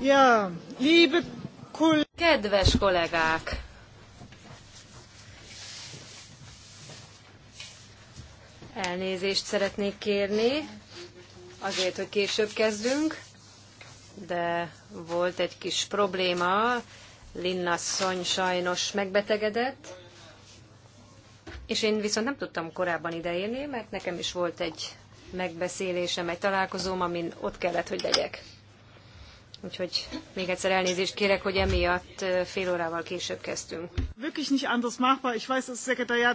Ja, liebe Kedves kollégák! Elnézést szeretnék kérni, azért, hogy később kezdünk, de volt egy kis probléma. Linnasszony sajnos megbetegedett, és én viszont nem tudtam korábban ideérni, mert nekem is volt egy megbeszélésem, egy találkozóm, amin ott kellett, hogy legyek. Úgyhogy még egyszer elnézést kérek, hogy emiatt fél órával később kezdtünk. Wirklich nicht anders machbar. Ich weiß, dass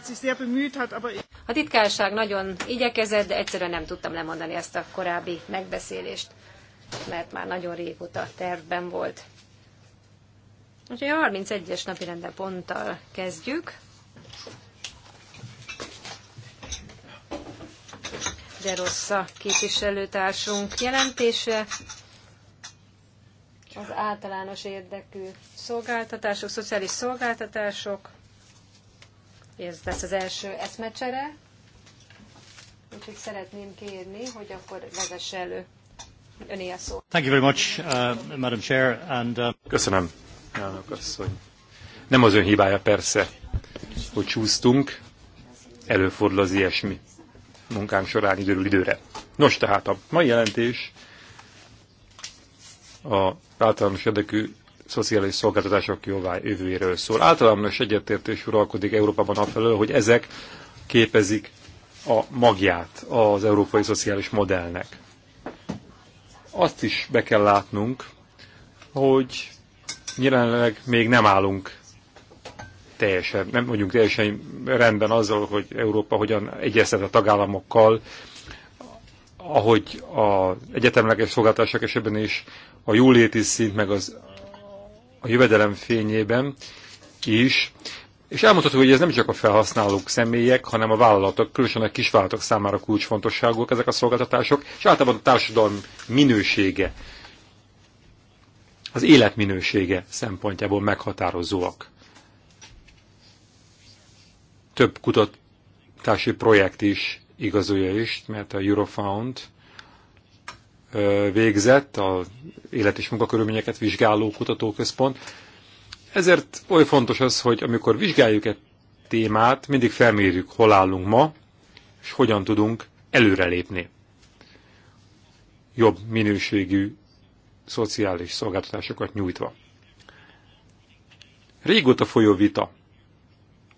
sich sehr bemüht hat, aber A titkárság nagyon igyekezett, de egyszerűen nem tudtam lemondani ezt a korábbi megbeszélést, mert már nagyon régóta tervben volt. Úgyhogy a 31-es napi ponttal kezdjük. De rossz a képviselőtársunk jelentése az általános érdekű szolgáltatások, szociális szolgáltatások. Ez lesz az első eszmecsere. Úgyhogy szeretném kérni, hogy akkor vezess elő. Öné a szó. Thank you very much, uh, Madam Chair. And, uh... Köszönöm, elnök asszony. Nem az ön hibája persze, hogy csúsztunk. Előfordul az ilyesmi munkám során időről időre. Nos, tehát a mai jelentés a általános érdekű szociális szolgáltatások jóvá jövőjéről szól. Általános egyetértés uralkodik Európában afelől, hogy ezek képezik a magját az európai szociális modellnek. Azt is be kell látnunk, hogy jelenleg még nem állunk teljesen, nem mondjuk teljesen rendben azzal, hogy Európa hogyan egyeztet a tagállamokkal, ahogy az egyetemleges szolgáltatások esetben is a jóléti szint, meg az, a jövedelem fényében is. És elmondható, hogy ez nem csak a felhasználók, személyek, hanem a vállalatok, különösen a kisvállalatok számára kulcsfontosságúak ezek a szolgáltatások, és általában a társadalom minősége, az életminősége szempontjából meghatározóak. Több kutatási projekt is igazolja is, mert a Eurofound végzett, a élet és munkakörülményeket vizsgáló kutatóközpont. Ezért oly fontos az, hogy amikor vizsgáljuk egy témát, mindig felmérjük, hol állunk ma, és hogyan tudunk előrelépni. Jobb minőségű szociális szolgáltatásokat nyújtva. Régóta folyó vita.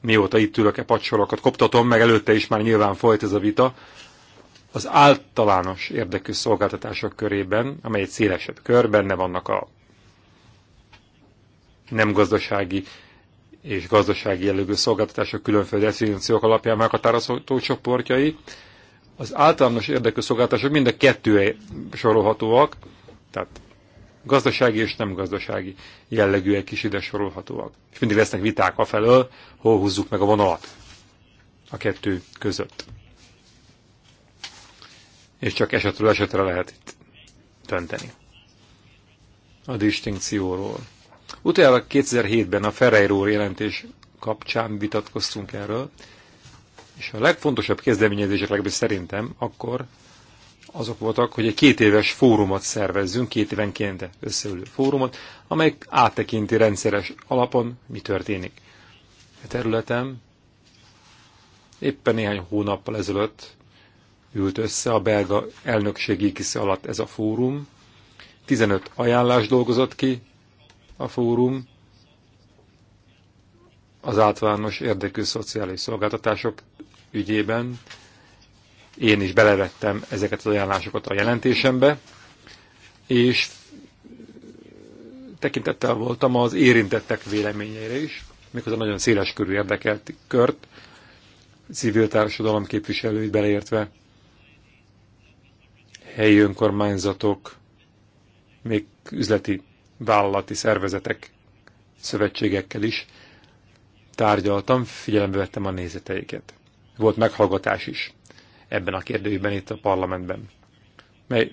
Mióta itt ülök-e pacsorokat, koptatom, meg előtte is már nyilván folyt ez a vita az általános érdekű szolgáltatások körében, amely egy szélesebb kör, benne vannak a nem gazdasági és gazdasági jellegű szolgáltatások különféle definíciók alapján meghatározható csoportjai. Az általános érdekű szolgáltatások mind a kettő sorolhatóak, tehát gazdasági és nem gazdasági jellegűek is ide sorolhatóak. És mindig lesznek viták afelől, hol húzzuk meg a vonalat a kettő között és csak esetről esetre lehet itt dönteni a distinkcióról. Utána 2007-ben a Ferreiro jelentés kapcsán vitatkoztunk erről, és a legfontosabb kezdeményezések legalábbis szerintem akkor azok voltak, hogy egy két éves fórumot szervezzünk, két évenként összeülő fórumot, amely áttekinti rendszeres alapon, mi történik. A területem éppen néhány hónappal ezelőtt ült össze a belga elnökség ékisze alatt ez a fórum. 15 ajánlás dolgozott ki a fórum az általános érdekű szociális szolgáltatások ügyében. Én is belevettem ezeket az ajánlásokat a jelentésembe, és tekintettel voltam az érintettek véleményeire is, miközben nagyon széles körű érdekelt kört, civil társadalom képviselőit beleértve, helyi önkormányzatok, még üzleti vállalati szervezetek, szövetségekkel is tárgyaltam, figyelembe vettem a nézeteiket. Volt meghallgatás is ebben a kérdőjében itt a parlamentben, mely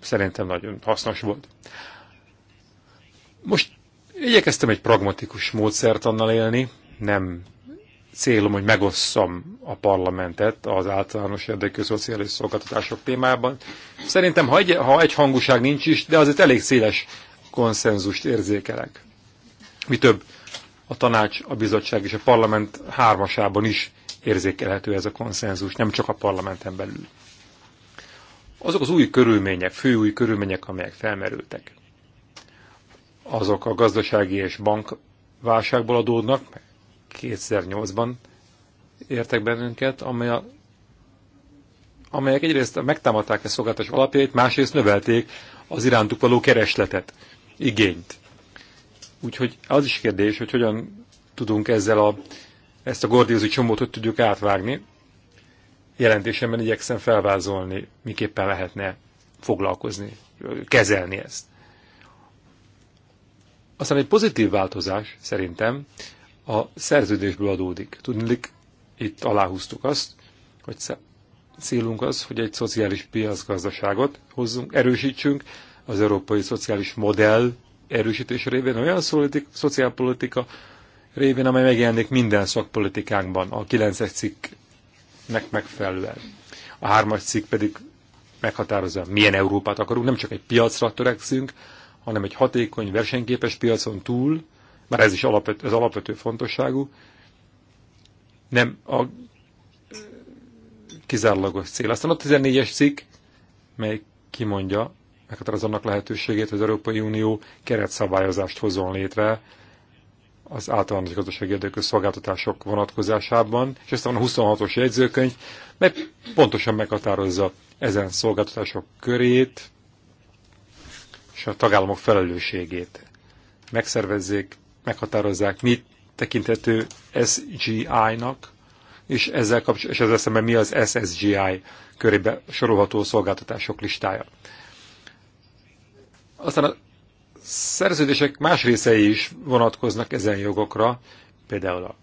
szerintem nagyon hasznos volt. Most igyekeztem egy pragmatikus módszert annal élni, nem célom, hogy megosszam a parlamentet az általános érdekű szociális szolgáltatások témában. Szerintem, ha egy, ha egy hangúság nincs is, de azért elég széles konszenzust érzékelek. Mi több, a tanács, a bizottság és a parlament hármasában is érzékelhető ez a konszenzus, nem csak a parlamenten belül. Azok az új körülmények, fő új körülmények, amelyek felmerültek, azok a gazdasági és bankválságból adódnak, 2008-ban értek bennünket, amely a, amelyek egyrészt megtámadták a szolgáltatás alapjait, másrészt növelték az irántuk való keresletet, igényt. Úgyhogy az is kérdés, hogy hogyan tudunk ezzel a, ezt a gordiózi csomót hogy tudjuk átvágni. Jelentésemben igyekszem felvázolni, miképpen lehetne foglalkozni, kezelni ezt. Aztán egy pozitív változás szerintem a szerződésből adódik. Tudnilik, itt aláhúztuk azt, hogy célunk az, hogy egy szociális piacgazdaságot hozzunk, erősítsünk, az európai szociális modell erősítés révén, olyan szolitik, szociálpolitika révén, amely megjelenik minden szakpolitikánkban, a 9 cikknek megfelelően. A hármas cikk pedig meghatározza, milyen Európát akarunk, nem csak egy piacra törekszünk, hanem egy hatékony, versenyképes piacon túl bár ez is alapvető, ez alapvető fontosságú, nem a kizárólagos cél. Aztán a 14-es cikk, mely kimondja, meghatároz annak lehetőségét, hogy az Európai Unió keretszabályozást hozzon létre az általános gazdasági érdekű szolgáltatások vonatkozásában, és aztán a 26-os jegyzőkönyv, mely pontosan meghatározza ezen szolgáltatások körét és a tagállamok felelősségét. Megszervezzék, meghatározzák, mit tekinthető SGI-nak, és ezzel, kapcsolatban, és ezzel szemben mi az SSGI körébe sorolható szolgáltatások listája. Aztán a szerződések más részei is vonatkoznak ezen jogokra, például a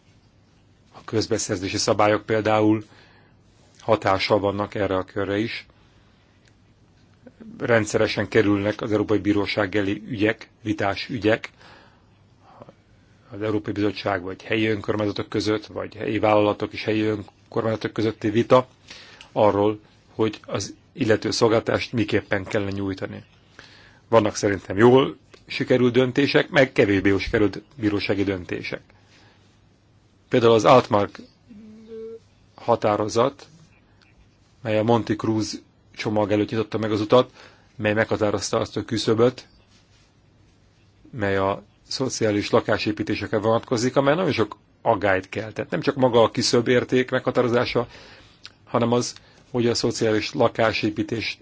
közbeszerzési szabályok például hatással vannak erre a körre is. Rendszeresen kerülnek az Európai Bíróság elé ügyek, vitás ügyek, az Európai Bizottság vagy helyi önkormányzatok között, vagy helyi vállalatok és helyi önkormányzatok közötti vita arról, hogy az illető szolgáltást miképpen kellene nyújtani. Vannak szerintem jól sikerült döntések, meg kevésbé jól sikerült bírósági döntések. Például az Altmark határozat, mely a Monte Cruz csomag előtt nyitotta meg az utat, mely meghatározta azt a küszöböt, mely a szociális lakásépítésekre vonatkozik, amely nagyon sok agályt kell. Tehát nem csak maga a érték meghatározása, hanem az, hogy a szociális lakásépítés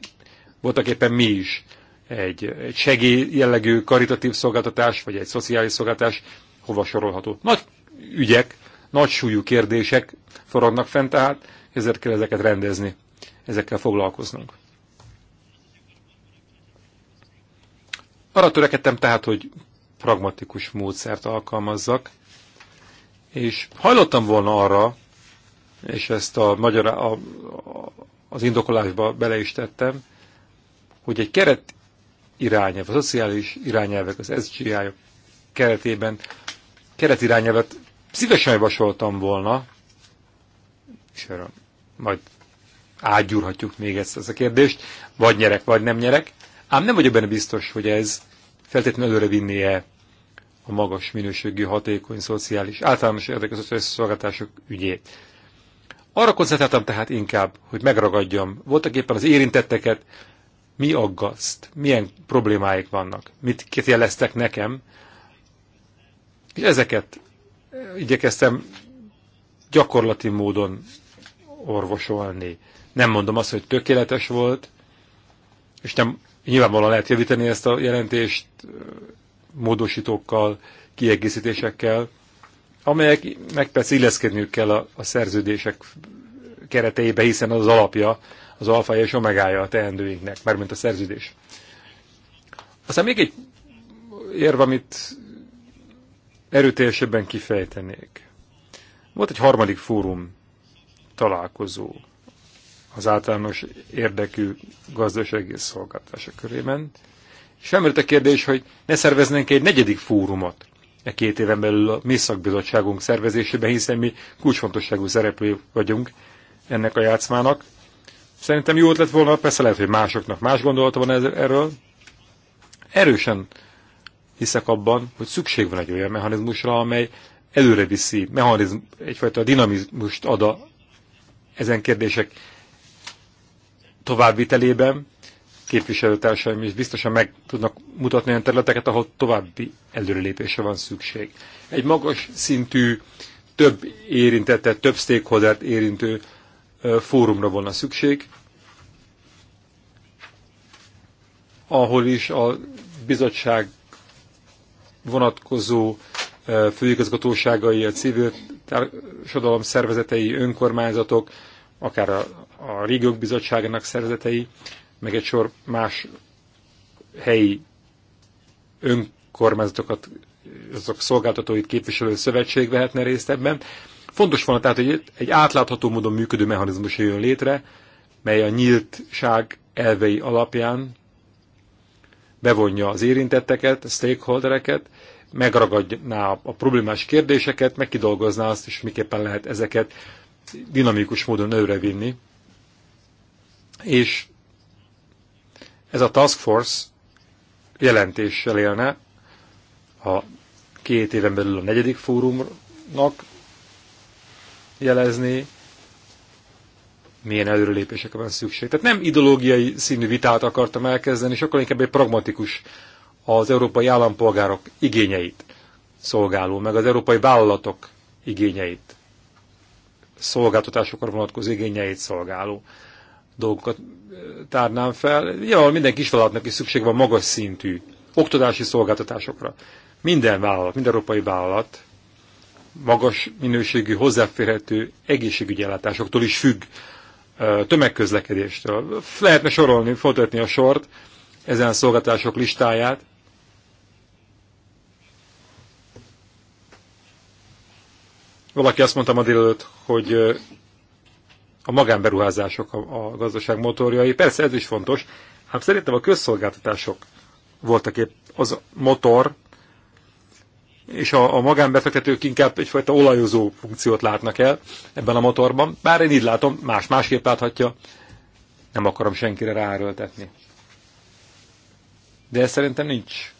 voltak éppen mi is egy, egy segély jellegű karitatív szolgáltatás, vagy egy szociális szolgáltatás, hova sorolható. Nagy ügyek, nagy súlyú kérdések forognak fent, tehát ezért kell ezeket rendezni, ezekkel foglalkoznunk. Arra törekedtem tehát, hogy pragmatikus módszert alkalmazzak, és hajlottam volna arra, és ezt a magyar, a, a, az indokolásba bele is tettem, hogy egy keret irányelv, a szociális irányelvek, az SGI -ok keretében irányelvet szívesen javasoltam volna, és erre majd átgyúrhatjuk még ezt, ezt a kérdést, vagy nyerek, vagy nem nyerek, ám nem vagyok benne biztos, hogy ez feltétlenül vinnie a magas minőségű, hatékony, szociális, általános érdekes szociális szolgáltások ügyét. Arra koncentráltam tehát inkább, hogy megragadjam voltak éppen az érintetteket, mi aggaszt, milyen problémáik vannak, mit jeleztek nekem, és ezeket eh, igyekeztem gyakorlati módon orvosolni. Nem mondom azt, hogy tökéletes volt, és nem Nyilvánvalóan lehet javítani ezt a jelentést módosítókkal, kiegészítésekkel, amelyeknek persze illeszkedniük kell a, a szerződések kereteibe, hiszen az alapja, az alfája és omegája a teendőinknek, mármint a szerződés. Aztán még egy érv, amit erőteljesebben kifejtenék. Volt egy harmadik fórum találkozó, az általános érdekű gazdasági szolgáltatások körében. És felmerült a kérdés, hogy ne szerveznénk egy negyedik fórumot e két éven belül a mi szakbizottságunk szervezésében, hiszen mi kulcsfontosságú szereplő vagyunk ennek a játszmának. Szerintem jó ötlet volna, persze lehet, hogy másoknak más gondolata van erről. Erősen hiszek abban, hogy szükség van egy olyan mechanizmusra, amely előre viszi, mechanizm, egyfajta dinamizmust ad a ezen kérdések továbbvitelében képviselőtársaim is biztosan meg tudnak mutatni olyan területeket, ahol további előrelépésre van szükség. Egy magas szintű, több érintettet, több stakeholdert érintő fórumra volna szükség, ahol is a bizottság vonatkozó főigazgatóságai, a civil társadalom szervezetei, önkormányzatok, akár a a Régiók Bizottságának szerzetei, meg egy sor más helyi önkormányzatokat, azok szolgáltatóit képviselő szövetség vehetne részt ebben. Fontos volna tehát, hogy egy átlátható módon működő mechanizmus jön létre, mely a nyíltság elvei alapján bevonja az érintetteket, a stakeholdereket, megragadná a problémás kérdéseket, megkidolgozná azt is, miképpen lehet ezeket dinamikus módon előrevinni és ez a Task Force jelentéssel élne a két éven belül a negyedik fórumnak jelezni, milyen előrelépésekre van szükség. Tehát nem ideológiai színű vitát akartam elkezdeni, sokkal inkább egy pragmatikus az európai állampolgárok igényeit szolgáló, meg az európai vállalatok igényeit, szolgáltatásokra vonatkozó igényeit szolgáló dolgokat tárnám fel. Nyilván minden kisvállalatnak is szükség van magas szintű oktatási szolgáltatásokra. Minden vállalat, minden európai vállalat magas minőségű, hozzáférhető egészségügyi ellátásoktól is függ, tömegközlekedéstől. Lehetne sorolni, folytatni a sort, ezen szolgáltatások listáját. Valaki azt mondta ma délelőtt, hogy a magánberuházások a, a gazdaság motorjai. Persze ez is fontos, hát szerintem a közszolgáltatások voltak épp az motor, és a, a magánbefektetők inkább egyfajta olajozó funkciót látnak el ebben a motorban. Bár én így látom, más másképp láthatja, nem akarom senkire ráerőltetni. De ez szerintem nincs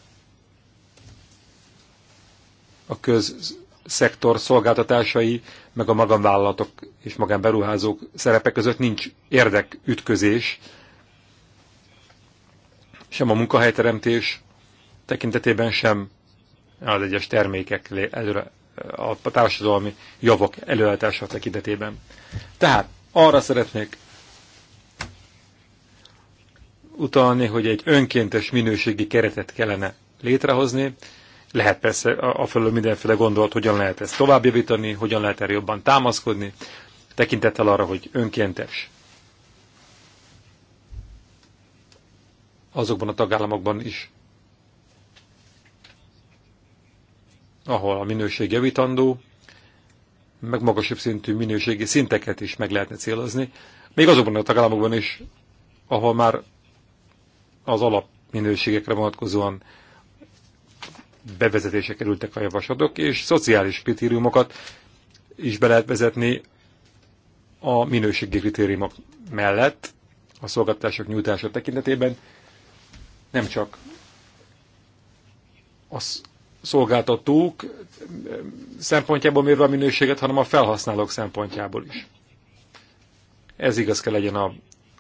a köz szektor szolgáltatásai, meg a magánvállalatok és magánberuházók szerepe között nincs érdekütközés, sem a munkahelyteremtés tekintetében, sem az egyes termékek előre, a társadalmi javak előállítása tekintetében. Tehát arra szeretnék utalni, hogy egy önkéntes minőségi keretet kellene létrehozni, lehet persze a fölül mindenféle gondolat, hogyan lehet ezt tovább javítani, hogyan lehet erre jobban támaszkodni, tekintettel arra, hogy önkéntes. Azokban a tagállamokban is, ahol a minőség javítandó, meg magasabb szintű minőségi szinteket is meg lehetne célozni, még azokban a tagállamokban is, ahol már az alapminőségekre vonatkozóan bevezetése kerültek a javaslatok, és szociális kritériumokat is be lehet vezetni a minőségi kritériumok mellett a szolgáltatások nyújtása tekintetében, nem csak a szolgáltatók szempontjából mérve a minőséget, hanem a felhasználók szempontjából is. Ez igaz kell legyen a,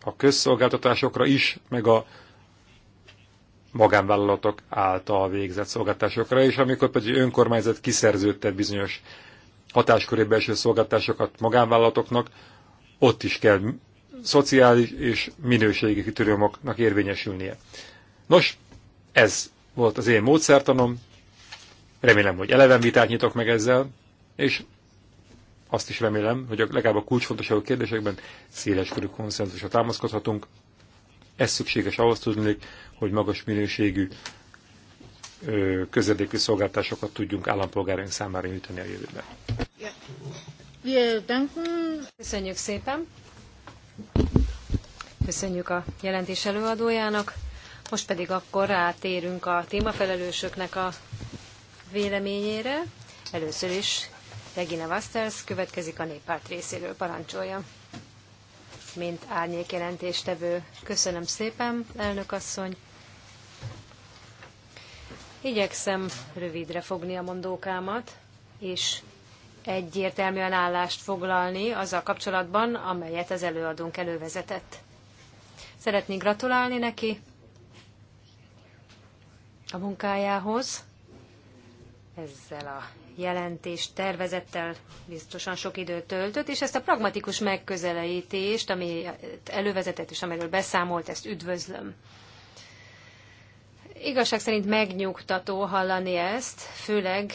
a közszolgáltatásokra is, meg a magánvállalatok által végzett szolgáltásokra, és amikor pedig önkormányzat kiszerződte bizonyos hatáskörébe eső szolgáltásokat magánvállalatoknak, ott is kell szociális és minőségi kritériumoknak érvényesülnie. Nos, ez volt az én módszertanom, remélem, hogy eleven vitát nyitok meg ezzel, és azt is remélem, hogy legalább a kulcsfontosságú kérdésekben széleskörű konszenzusra támaszkodhatunk. Ez szükséges ahhoz tudnék, hogy magas minőségű közérdekű szolgáltásokat tudjunk állampolgáraink számára nyújtani a jövőben. Köszönjük szépen! Köszönjük a jelentés előadójának. Most pedig akkor rátérünk a témafelelősöknek a véleményére. Először is Regina Wasters következik a néppárt részéről, parancsolja. Mint árnyék jelentéstevő. Köszönöm szépen, elnök asszony. Igyekszem rövidre fogni a mondókámat, és egyértelműen állást foglalni azzal kapcsolatban, amelyet az előadónk elővezetett. Szeretnék gratulálni neki a munkájához. Ezzel a jelentés tervezettel biztosan sok időt töltött, és ezt a pragmatikus megközelítést, ami elővezetett és amiről beszámolt, ezt üdvözlöm. Igazság szerint megnyugtató hallani ezt, főleg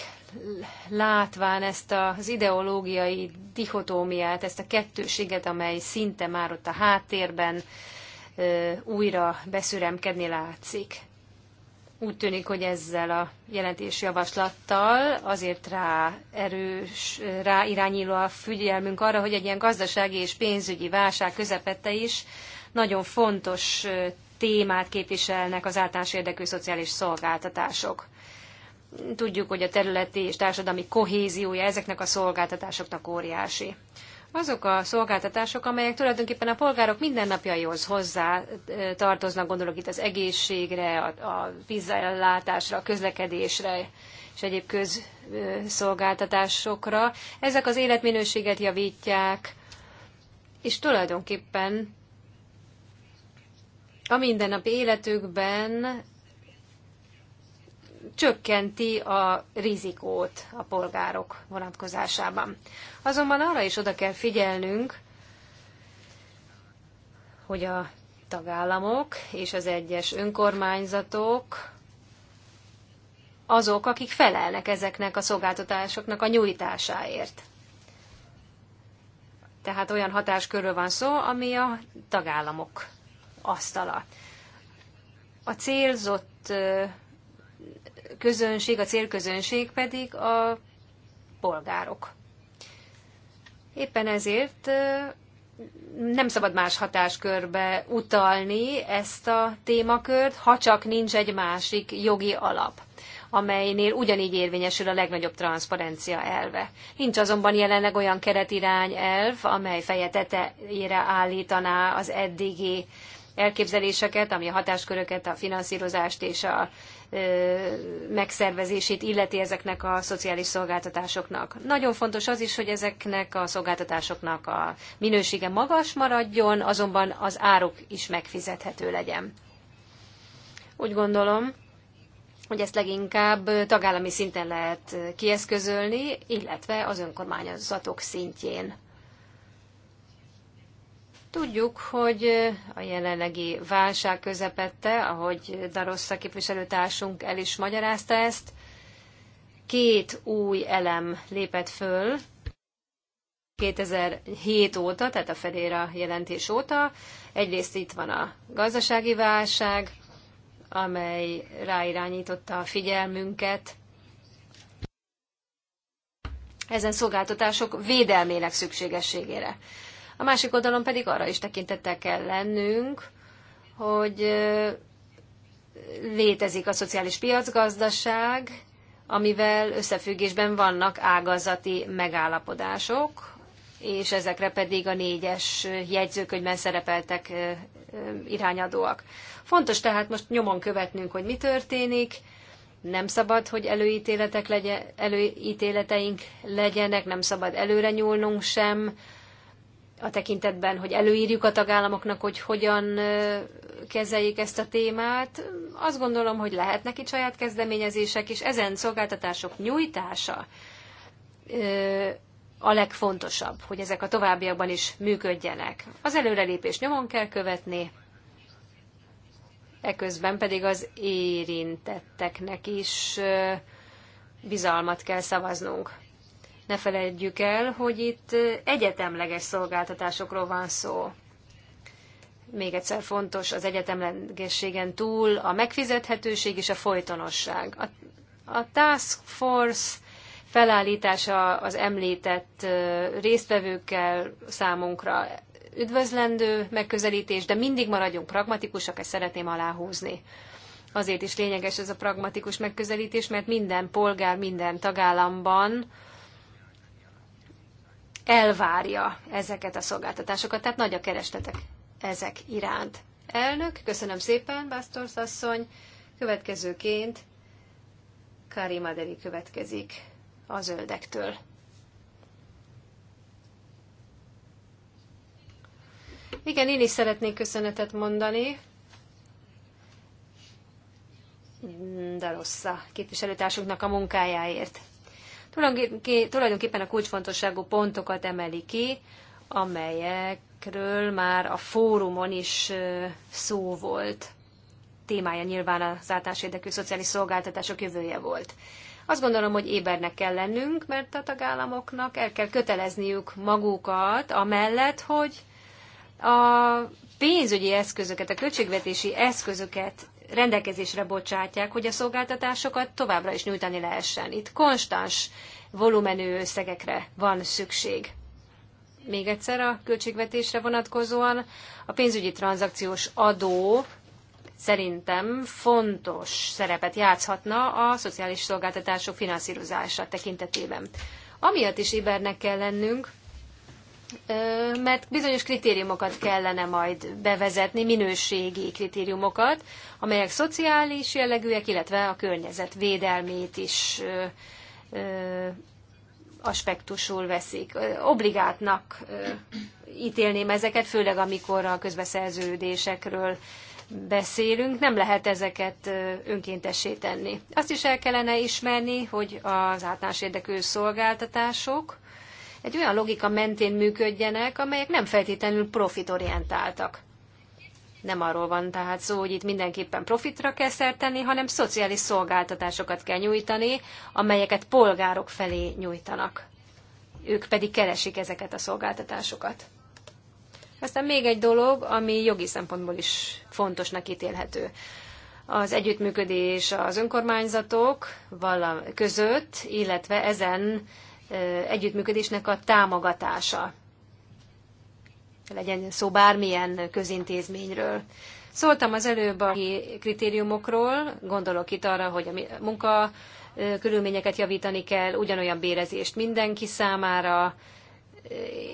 látván ezt az ideológiai dihotómiát, ezt a kettőséget, amely szinte már ott a háttérben újra beszüremkedni látszik. Úgy tűnik, hogy ezzel a javaslattal azért rá erős, rá irányuló a figyelmünk arra, hogy egy ilyen gazdasági és pénzügyi válság közepette is nagyon fontos témát képviselnek az általános érdekű szociális szolgáltatások. Tudjuk, hogy a területi és társadalmi kohéziója ezeknek a szolgáltatásoknak óriási. Azok a szolgáltatások, amelyek tulajdonképpen a polgárok mindennapjaihoz hozzá tartoznak, gondolok itt az egészségre, a, a vízellátásra, a közlekedésre, és egyéb közszolgáltatásokra. Ezek az életminőséget javítják, és tulajdonképpen a mindennapi életükben csökkenti a rizikót a polgárok vonatkozásában. Azonban arra is oda kell figyelnünk, hogy a tagállamok és az egyes önkormányzatok azok, akik felelnek ezeknek a szolgáltatásoknak a nyújtásáért. Tehát olyan hatáskörről van szó, ami a tagállamok asztala. A célzott közönség, a célközönség pedig a polgárok. Éppen ezért nem szabad más hatáskörbe utalni ezt a témakört, ha csak nincs egy másik jogi alap amelynél ugyanígy érvényesül a legnagyobb transzparencia elve. Nincs azonban jelenleg olyan keretirány elv, amely feje tetejére állítaná az eddigi elképzeléseket, ami a hatásköröket, a finanszírozást és a megszervezését illeti ezeknek a szociális szolgáltatásoknak. Nagyon fontos az is, hogy ezeknek a szolgáltatásoknak a minősége magas maradjon, azonban az áruk is megfizethető legyen. Úgy gondolom, hogy ezt leginkább tagállami szinten lehet kieszközölni, illetve az önkormányzatok szintjén. Tudjuk, hogy a jelenlegi válság közepette, ahogy Darossa képviselőtársunk el is magyarázta ezt, két új elem lépett föl 2007 óta, tehát a Fedéra jelentés óta. Egyrészt itt van a gazdasági válság, amely ráirányította a figyelmünket ezen szolgáltatások védelmének szükségességére. A másik oldalon pedig arra is tekintettel kell lennünk, hogy létezik a szociális piacgazdaság, amivel összefüggésben vannak ágazati megállapodások, és ezekre pedig a négyes jegyzőkönyvben szerepeltek irányadóak. Fontos tehát most nyomon követnünk, hogy mi történik, nem szabad, hogy előítéletek legyen, előítéleteink legyenek, nem szabad előre nyúlnunk sem, a tekintetben, hogy előírjuk a tagállamoknak, hogy hogyan kezeljék ezt a témát. Azt gondolom, hogy lehetnek itt saját kezdeményezések, és ezen szolgáltatások nyújtása a legfontosabb, hogy ezek a továbbiakban is működjenek. Az előrelépés nyomon kell követni, eközben pedig az érintetteknek is bizalmat kell szavaznunk. Ne felejtjük el, hogy itt egyetemleges szolgáltatásokról van szó. Még egyszer fontos az egyetemlegességen túl a megfizethetőség és a folytonosság. A, a Task Force felállítása az említett résztvevőkkel számunkra üdvözlendő megközelítés, de mindig maradjunk pragmatikusak, ezt szeretném aláhúzni. Azért is lényeges ez a pragmatikus megközelítés, mert minden polgár minden tagállamban elvárja ezeket a szolgáltatásokat, tehát nagy a keresletek ezek iránt. Elnök, köszönöm szépen, Basztorsz asszony. Következőként Karim Adeli következik a zöldektől. Igen, én is szeretnék köszönetet mondani. De rossza képviselőtársunknak a munkájáért. Tulajdonképpen a kulcsfontosságú pontokat emeli ki, amelyekről már a fórumon is szó volt. Témája nyilván az általános érdekű szociális szolgáltatások jövője volt. Azt gondolom, hogy ébernek kell lennünk, mert a tagállamoknak el kell kötelezniük magukat, amellett, hogy a pénzügyi eszközöket, a költségvetési eszközöket rendelkezésre bocsátják, hogy a szolgáltatásokat továbbra is nyújtani lehessen. Itt konstans volumenű összegekre van szükség. Még egyszer a költségvetésre vonatkozóan a pénzügyi tranzakciós adó szerintem fontos szerepet játszhatna a szociális szolgáltatások finanszírozása tekintetében. Amiatt is ébernek kell lennünk, mert bizonyos kritériumokat kellene majd bevezetni, minőségi kritériumokat, amelyek szociális jellegűek, illetve a környezet védelmét is aspektusul veszik. Obligátnak ítélném ezeket, főleg amikor a közbeszerződésekről beszélünk, nem lehet ezeket önkéntessé tenni. Azt is el kellene ismerni, hogy az általános érdekű szolgáltatások, egy olyan logika mentén működjenek, amelyek nem feltétlenül profitorientáltak. Nem arról van tehát szó, hogy itt mindenképpen profitra kell szerteni, hanem szociális szolgáltatásokat kell nyújtani, amelyeket polgárok felé nyújtanak. Ők pedig keresik ezeket a szolgáltatásokat. Aztán még egy dolog, ami jogi szempontból is fontosnak ítélhető. Az együttműködés az önkormányzatok között, illetve ezen együttműködésnek a támogatása. Legyen szó bármilyen közintézményről. Szóltam az előbb a kritériumokról, gondolok itt arra, hogy a munka körülményeket javítani kell, ugyanolyan bérezést mindenki számára,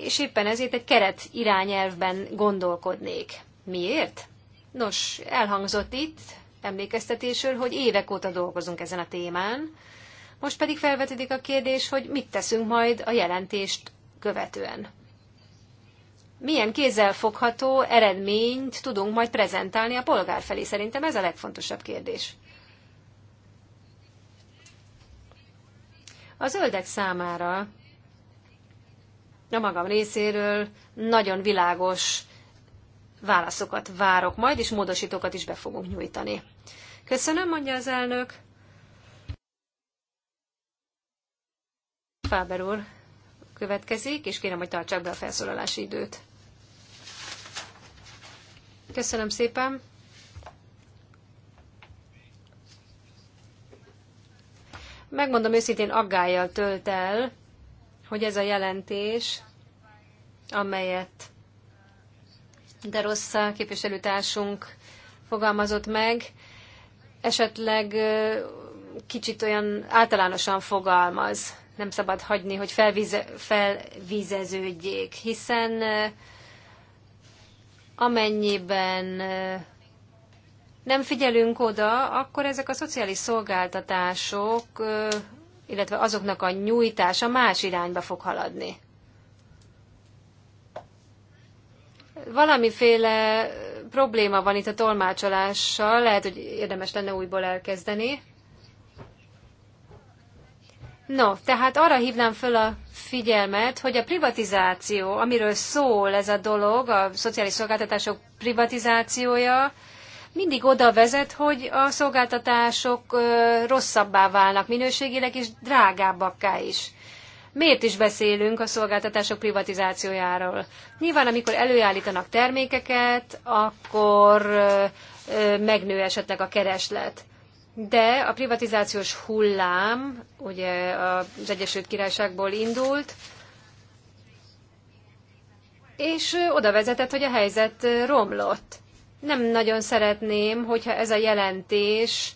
és éppen ezért egy keret irányelvben gondolkodnék. Miért? Nos, elhangzott itt emlékeztetésről, hogy évek óta dolgozunk ezen a témán, most pedig felvetődik a kérdés, hogy mit teszünk majd a jelentést követően. Milyen kézzelfogható eredményt tudunk majd prezentálni a polgár felé? Szerintem ez a legfontosabb kérdés. A zöldek számára a magam részéről nagyon világos válaszokat várok majd, és módosítókat is be fogunk nyújtani. Köszönöm, mondja az elnök. Fáber úr következik, és kérem, hogy tartsák be a felszólalási időt. Köszönöm szépen. Megmondom őszintén, aggájjal tölt el, hogy ez a jelentés, amelyet de rossz képviselőtársunk fogalmazott meg, esetleg kicsit olyan általánosan fogalmaz nem szabad hagyni, hogy felvize, hiszen amennyiben nem figyelünk oda, akkor ezek a szociális szolgáltatások, illetve azoknak a nyújtása más irányba fog haladni. Valamiféle probléma van itt a tolmácsolással, lehet, hogy érdemes lenne újból elkezdeni. No, tehát arra hívnám föl a figyelmet, hogy a privatizáció, amiről szól ez a dolog, a szociális szolgáltatások privatizációja, mindig oda vezet, hogy a szolgáltatások rosszabbá válnak minőségileg és drágábbakká is. Miért is beszélünk a szolgáltatások privatizációjáról? Nyilván, amikor előállítanak termékeket, akkor megnő esetleg a kereslet. De a privatizációs hullám ugye az Egyesült Királyságból indult, és oda vezetett, hogy a helyzet romlott. Nem nagyon szeretném, hogyha ez a jelentés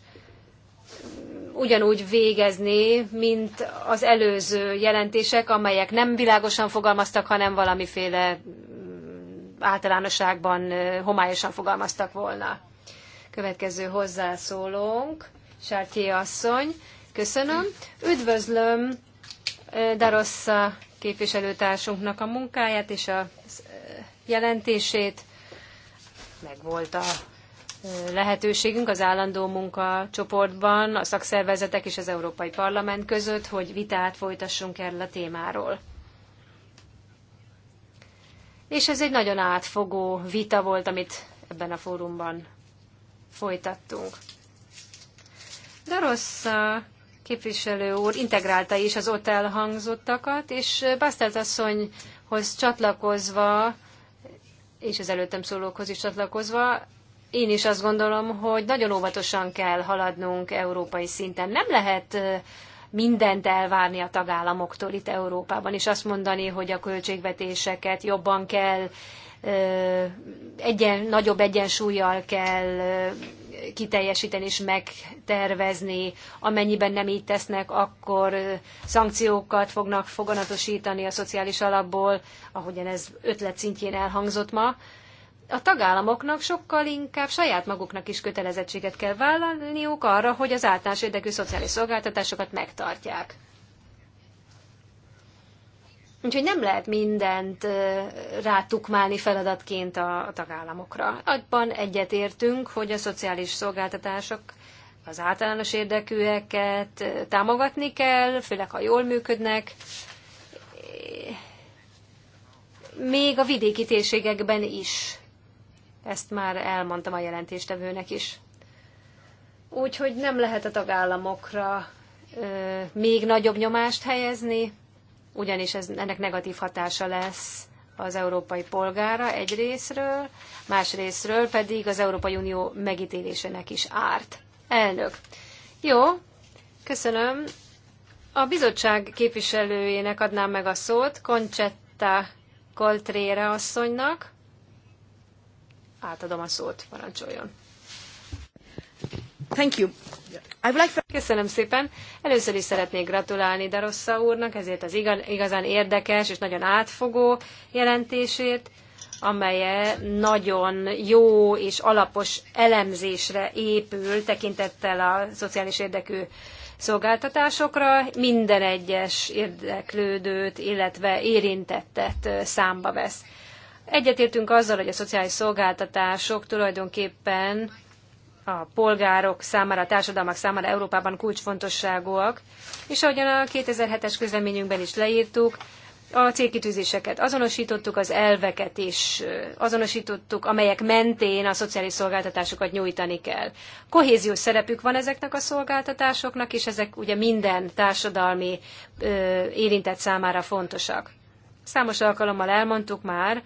ugyanúgy végezni, mint az előző jelentések, amelyek nem világosan fogalmaztak, hanem valamiféle mm, általánosságban homályosan fogalmaztak volna. Következő hozzászólónk, Sártyé asszony. Köszönöm. Üdvözlöm eh, Darossa képviselőtársunknak a munkáját és a eh, jelentését. Meg volt a eh, lehetőségünk az állandó munkacsoportban, a szakszervezetek és az Európai Parlament között, hogy vitát folytassunk erről a témáról. És ez egy nagyon átfogó vita volt, amit ebben a fórumban folytattunk. De rossz képviselő úr integrálta is az ott elhangzottakat, és Basztelt asszonyhoz csatlakozva, és az előttem szólókhoz is csatlakozva, én is azt gondolom, hogy nagyon óvatosan kell haladnunk európai szinten. Nem lehet mindent elvárni a tagállamoktól itt Európában, és azt mondani, hogy a költségvetéseket jobban kell egyen, nagyobb egyensúlyjal kell kiteljesíteni és megtervezni. Amennyiben nem így tesznek, akkor szankciókat fognak foganatosítani a szociális alapból, ahogyan ez ötlet szintjén elhangzott ma. A tagállamoknak sokkal inkább saját maguknak is kötelezettséget kell vállalniuk arra, hogy az általános érdekű szociális szolgáltatásokat megtartják. Úgyhogy nem lehet mindent rátukmálni feladatként a tagállamokra. Abban egyetértünk, hogy a szociális szolgáltatások az általános érdekűeket támogatni kell, főleg ha jól működnek. Még a vidéki térségekben is. Ezt már elmondtam a jelentéstevőnek is. Úgyhogy nem lehet a tagállamokra még nagyobb nyomást helyezni, ugyanis ez, ennek negatív hatása lesz az európai polgára egy részről, más részről pedig az Európai Unió megítélésének is árt. Elnök. Jó, köszönöm. A bizottság képviselőjének adnám meg a szót, Concetta Coltréra asszonynak. Átadom a szót, parancsoljon. Thank you. Köszönöm szépen. Először is szeretnék gratulálni Darossa úrnak ezért az igazán érdekes és nagyon átfogó jelentését, amelye nagyon jó és alapos elemzésre épül tekintettel a szociális érdekű szolgáltatásokra, minden egyes érdeklődőt, illetve érintettet számba vesz. Egyetértünk azzal, hogy a szociális szolgáltatások tulajdonképpen a polgárok számára, a társadalmak számára Európában kulcsfontosságúak, és ahogyan a 2007-es közleményünkben is leírtuk, a célkitűzéseket azonosítottuk, az elveket is azonosítottuk, amelyek mentén a szociális szolgáltatásokat nyújtani kell. Kohéziós szerepük van ezeknek a szolgáltatásoknak, és ezek ugye minden társadalmi érintett számára fontosak. Számos alkalommal elmondtuk már,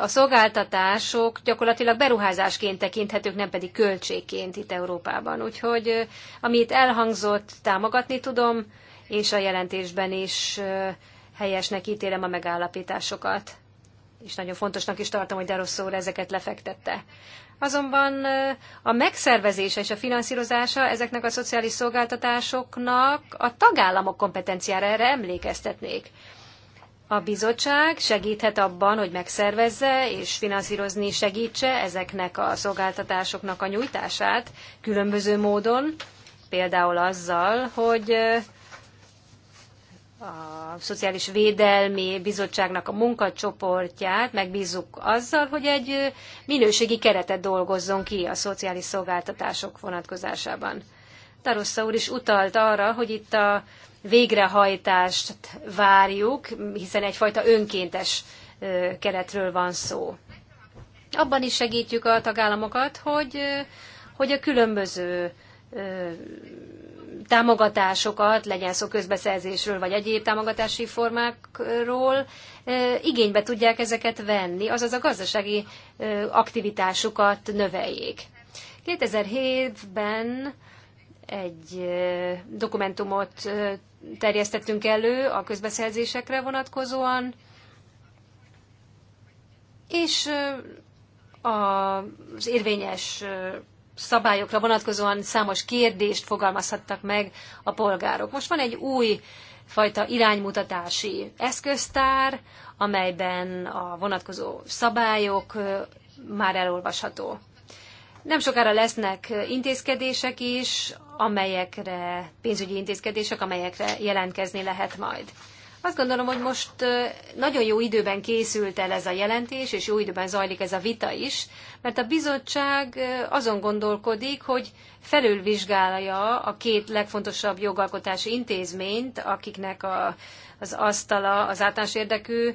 a szolgáltatások gyakorlatilag beruházásként tekinthetők, nem pedig költségként itt Európában. Úgyhogy amit elhangzott, támogatni tudom, és a jelentésben is helyesnek ítélem a megállapításokat. És nagyon fontosnak is tartom, hogy Derosszó ezeket lefektette. Azonban a megszervezése és a finanszírozása ezeknek a szociális szolgáltatásoknak a tagállamok kompetenciára erre emlékeztetnék. A bizottság segíthet abban, hogy megszervezze és finanszírozni segítse ezeknek a szolgáltatásoknak a nyújtását különböző módon, például azzal, hogy a Szociális Védelmi Bizottságnak a munkacsoportját megbízzuk azzal, hogy egy minőségi keretet dolgozzon ki a szociális szolgáltatások vonatkozásában. Tarossa úr is utalt arra, hogy itt a végrehajtást várjuk, hiszen egyfajta önkéntes keretről van szó. Abban is segítjük a tagállamokat, hogy, hogy a különböző támogatásokat, legyen szó közbeszerzésről vagy egyéb támogatási formákról, igénybe tudják ezeket venni, azaz a gazdasági aktivitásukat növeljék. 2007-ben egy dokumentumot terjesztettünk elő a közbeszerzésekre vonatkozóan, és az érvényes szabályokra vonatkozóan számos kérdést fogalmazhattak meg a polgárok. Most van egy új fajta iránymutatási eszköztár, amelyben a vonatkozó szabályok már elolvasható. Nem sokára lesznek intézkedések is, amelyekre, pénzügyi intézkedések, amelyekre jelentkezni lehet majd. Azt gondolom, hogy most nagyon jó időben készült el ez a jelentés, és jó időben zajlik ez a vita is, mert a bizottság azon gondolkodik, hogy felülvizsgálja a két legfontosabb jogalkotási intézményt, akiknek a, az asztala az általános érdekű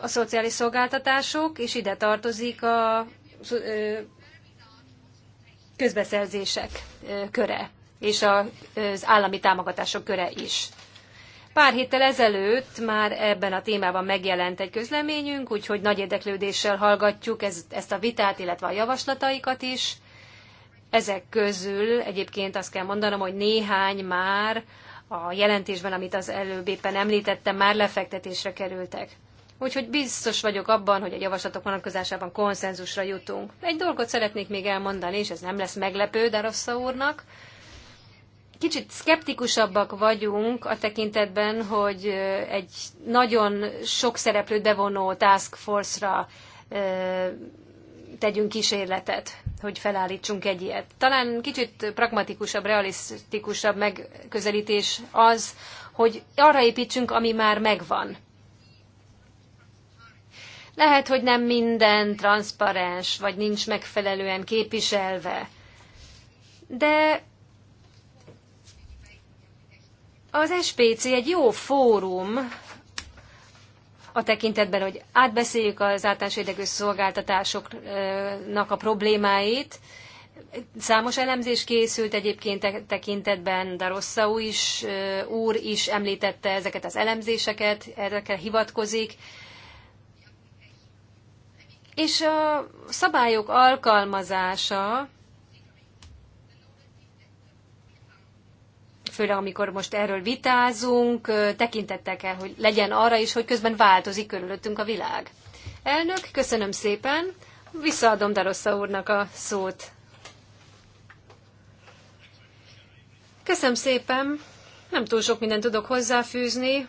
a szociális szolgáltatások, és ide tartozik a közbeszerzések köre és az állami támogatások köre is. Pár héttel ezelőtt már ebben a témában megjelent egy közleményünk, úgyhogy nagy érdeklődéssel hallgatjuk ezt a vitát, illetve a javaslataikat is. Ezek közül egyébként azt kell mondanom, hogy néhány már a jelentésben, amit az előbb éppen említettem, már lefektetésre kerültek. Úgyhogy biztos vagyok abban, hogy a javaslatok vonatkozásában konszenzusra jutunk. Egy dolgot szeretnék még elmondani, és ez nem lesz meglepő Darossza úrnak. Kicsit szkeptikusabbak vagyunk a tekintetben, hogy egy nagyon sok szereplő bevonó task force-ra tegyünk kísérletet, hogy felállítsunk egy ilyet. Talán kicsit pragmatikusabb, realisztikusabb megközelítés az, hogy arra építsünk, ami már megvan lehet, hogy nem minden transzparens, vagy nincs megfelelően képviselve, de az SPC egy jó fórum a tekintetben, hogy átbeszéljük az általános érdekű szolgáltatásoknak a problémáit. Számos elemzés készült egyébként tekintetben, Darosszaú is, úr is említette ezeket az elemzéseket, ezekkel hivatkozik. És a szabályok alkalmazása, főleg amikor most erről vitázunk, tekintettek el, hogy legyen arra is, hogy közben változik körülöttünk a világ. Elnök, köszönöm szépen. Visszaadom Darossa úrnak a szót. Köszönöm szépen. Nem túl sok mindent tudok hozzáfűzni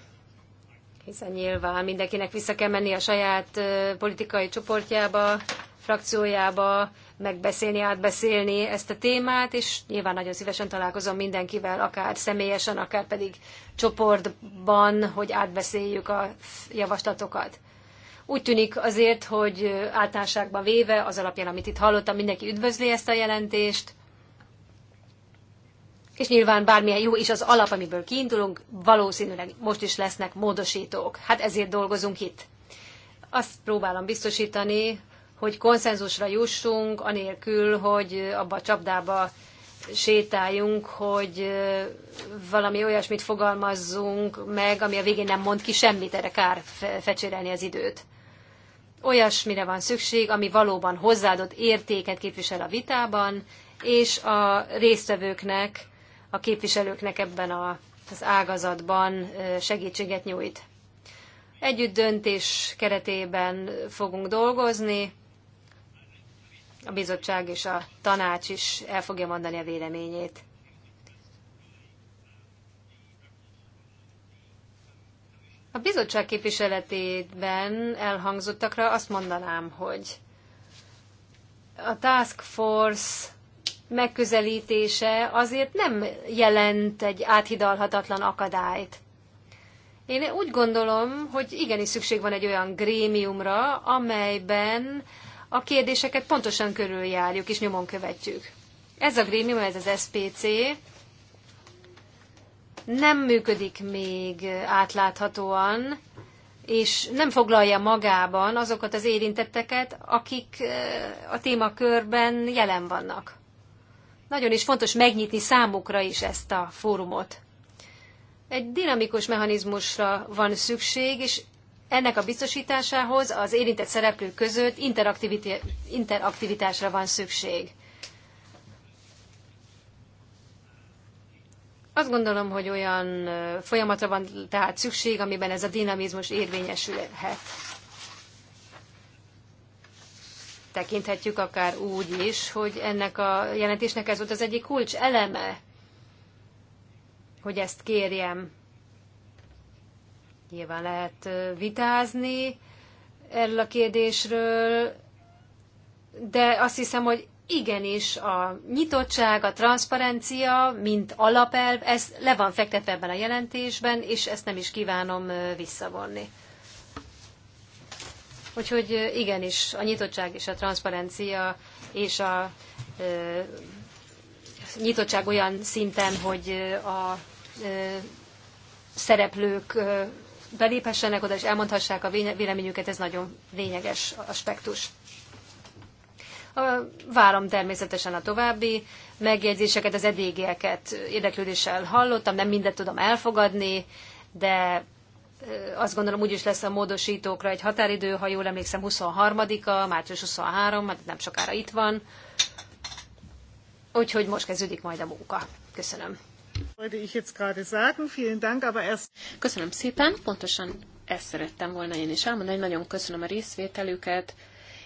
hiszen nyilván mindenkinek vissza kell menni a saját politikai csoportjába, frakciójába, megbeszélni, átbeszélni ezt a témát, és nyilván nagyon szívesen találkozom mindenkivel, akár személyesen, akár pedig csoportban, hogy átbeszéljük a javaslatokat. Úgy tűnik azért, hogy általánosságban véve, az alapján, amit itt hallottam, mindenki üdvözli ezt a jelentést, és nyilván bármilyen jó is az alap, amiből kiindulunk, valószínűleg most is lesznek módosítók. Hát ezért dolgozunk itt. Azt próbálom biztosítani, hogy konszenzusra jussunk, anélkül, hogy abba a csapdába sétáljunk, hogy valami olyasmit fogalmazzunk meg, ami a végén nem mond ki semmit, erre kár fecsérelni az időt. Olyasmire van szükség, ami valóban hozzáadott értéket képvisel a vitában, és a résztvevőknek a képviselőknek ebben a, az ágazatban segítséget nyújt. Együtt döntés keretében fogunk dolgozni, a bizottság és a tanács is el fogja mondani a véleményét. A bizottság képviseletében elhangzottakra azt mondanám, hogy a Task Force megközelítése azért nem jelent egy áthidalhatatlan akadályt. Én úgy gondolom, hogy igenis szükség van egy olyan grémiumra, amelyben a kérdéseket pontosan körüljárjuk és nyomon követjük. Ez a grémium, ez az SPC nem működik még átláthatóan, és nem foglalja magában azokat az érintetteket, akik eh, a témakörben jelen vannak nagyon is fontos megnyitni számukra is ezt a fórumot. Egy dinamikus mechanizmusra van szükség, és ennek a biztosításához az érintett szereplők között interaktivitásra van szükség. Azt gondolom, hogy olyan folyamatra van tehát szükség, amiben ez a dinamizmus érvényesülhet. tekinthetjük akár úgy is, hogy ennek a jelentésnek ez volt az egyik kulcs eleme, hogy ezt kérjem. Nyilván lehet vitázni erről a kérdésről, de azt hiszem, hogy igenis a nyitottság, a transzparencia, mint alapelv, ez le van fektetve ebben a jelentésben, és ezt nem is kívánom visszavonni. Úgyhogy igenis, a nyitottság és a transzparencia és a e, nyitottság olyan szinten, hogy a e, szereplők e, beléphessenek oda, és elmondhassák a véleményüket, ez nagyon lényeges aspektus. Várom természetesen a további megjegyzéseket, az eddigieket érdeklődéssel hallottam, nem mindet tudom elfogadni, de azt gondolom úgy is lesz a módosítókra egy határidő, ha jól emlékszem 23-a, március 23, Mert nem sokára itt van. Úgyhogy most kezdődik majd a munka. Köszönöm. Köszönöm szépen, pontosan ezt szerettem volna én is elmondani, nagyon köszönöm a részvételüket,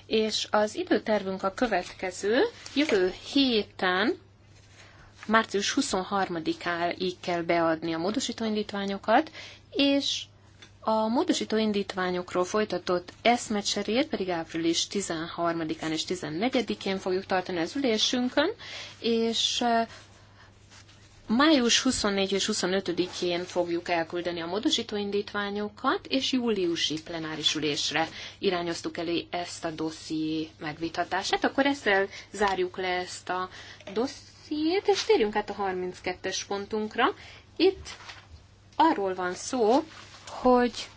és az időtervünk a következő, jövő héten, március 23-áig kell beadni a módosítóindítványokat, és a módosító indítványokról folytatott eszmecserét pedig április 13-án és 14-én fogjuk tartani az ülésünkön, és Május 24 és 25-én fogjuk elküldeni a módosító indítványokat, és júliusi plenáris ülésre irányoztuk elé ezt a dosszié megvitatását. Akkor ezzel zárjuk le ezt a dossziét, és térjünk át a 32-es pontunkra. Itt arról van szó, hogy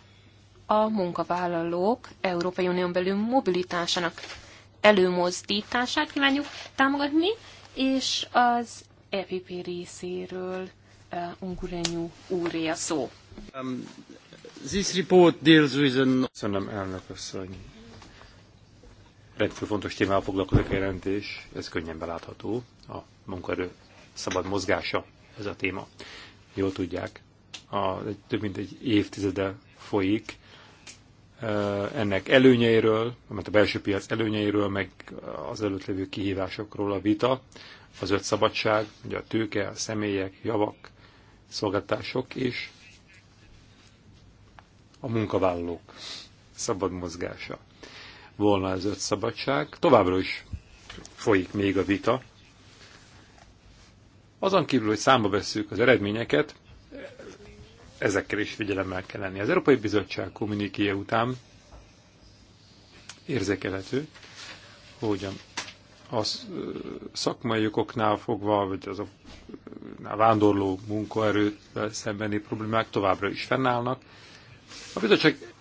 a munkavállalók Európai Unión belül mobilitásának előmozdítását kívánjuk támogatni, és az EPP részéről uh, Ungurenyú úré a szó. Um, this report deals with an... Köszönöm, elnök asszony. Rendkívül fontos témával foglalkozik a jelentés, ez könnyen belátható. A munkaerő szabad mozgása, ez a téma. Jól tudják, a, több mint egy évtizede folyik, ennek előnyeiről, mert a belső piac előnyeiről, meg az előtt lévő kihívásokról a vita, az öt szabadság, ugye a tőke, a személyek, javak, szolgáltások és a munkavállalók szabad mozgása. Volna az öt szabadság. Továbbra is folyik még a vita. Azon kívül, hogy számba vesszük az eredményeket, ezekkel is figyelemmel kell lenni. Az Európai Bizottság kommunikéje után érzékelhető, hogy a szakmai okoknál fogva, vagy az a vándorló munkaerővel szembeni problémák továbbra is fennállnak. A bizottság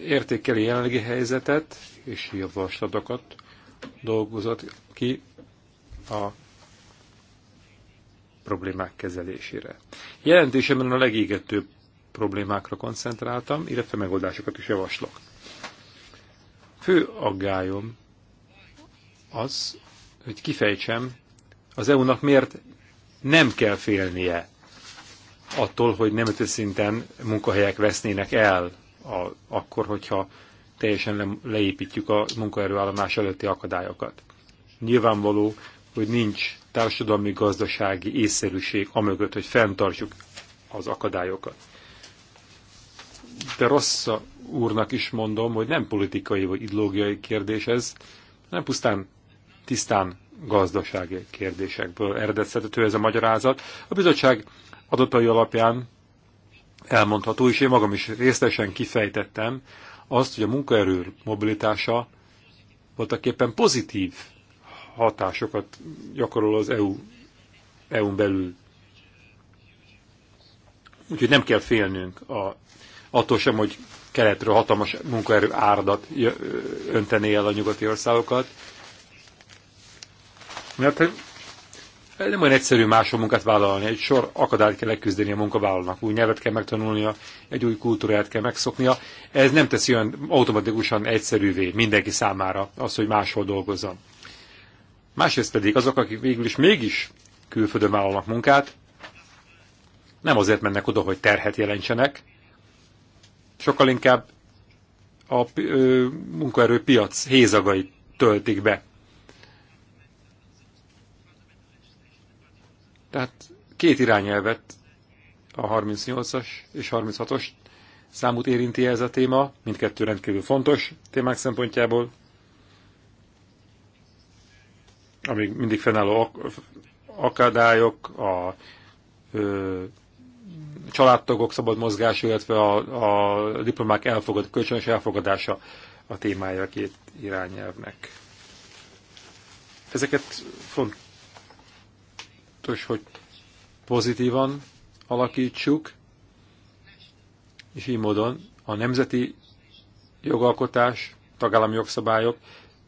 értékeli jelenlegi helyzetet és javaslatokat dolgozott ki a problémák kezelésére. Jelentésemben a legégetőbb problémákra koncentráltam, illetve megoldásokat is javaslok. Fő aggályom az, hogy kifejtsem, az EU-nak miért nem kell félnie attól, hogy nemzeti szinten munkahelyek vesznének el, a, akkor, hogyha teljesen le, leépítjük a munkaerőállomás előtti akadályokat. Nyilvánvaló, hogy nincs társadalmi-gazdasági észszerűség amögött, hogy fenntartsuk az akadályokat. De rossz úrnak is mondom, hogy nem politikai vagy ideológiai kérdés ez, nem pusztán tisztán gazdasági kérdésekből eredetszethető ez a magyarázat. A bizottság adatai alapján elmondható, és én magam is részletesen kifejtettem azt, hogy a munkaerő mobilitása voltaképpen pozitív hatásokat gyakorol az EU, EU-n belül. Úgyhogy nem kell félnünk a, attól sem, hogy keletről hatalmas munkaerő áradat öntené el a nyugati országokat. Mert nem olyan egyszerű máshol munkát vállalni, egy sor akadályt kell leküzdeni a munkavállalónak, új nyelvet kell megtanulnia, egy új kultúrát kell megszoknia. Ez nem teszi olyan automatikusan egyszerűvé mindenki számára az, hogy máshol dolgozzon. Másrészt pedig azok, akik végül is mégis külföldön vállalnak munkát, nem azért mennek oda, hogy terhet jelentsenek, sokkal inkább a ö, munkaerőpiac hézagai töltik be. Tehát két irányelvet, a 38-as és 36-os számút érinti ez a téma, mindkettő rendkívül fontos témák szempontjából, amíg mindig fennálló akadályok, a ö, családtagok szabad mozgása, illetve a, a diplomák elfogad, kölcsönös elfogadása a témája a két irányelvnek. Ezeket fontos, hogy pozitívan alakítsuk, és így módon a nemzeti jogalkotás, tagállami jogszabályok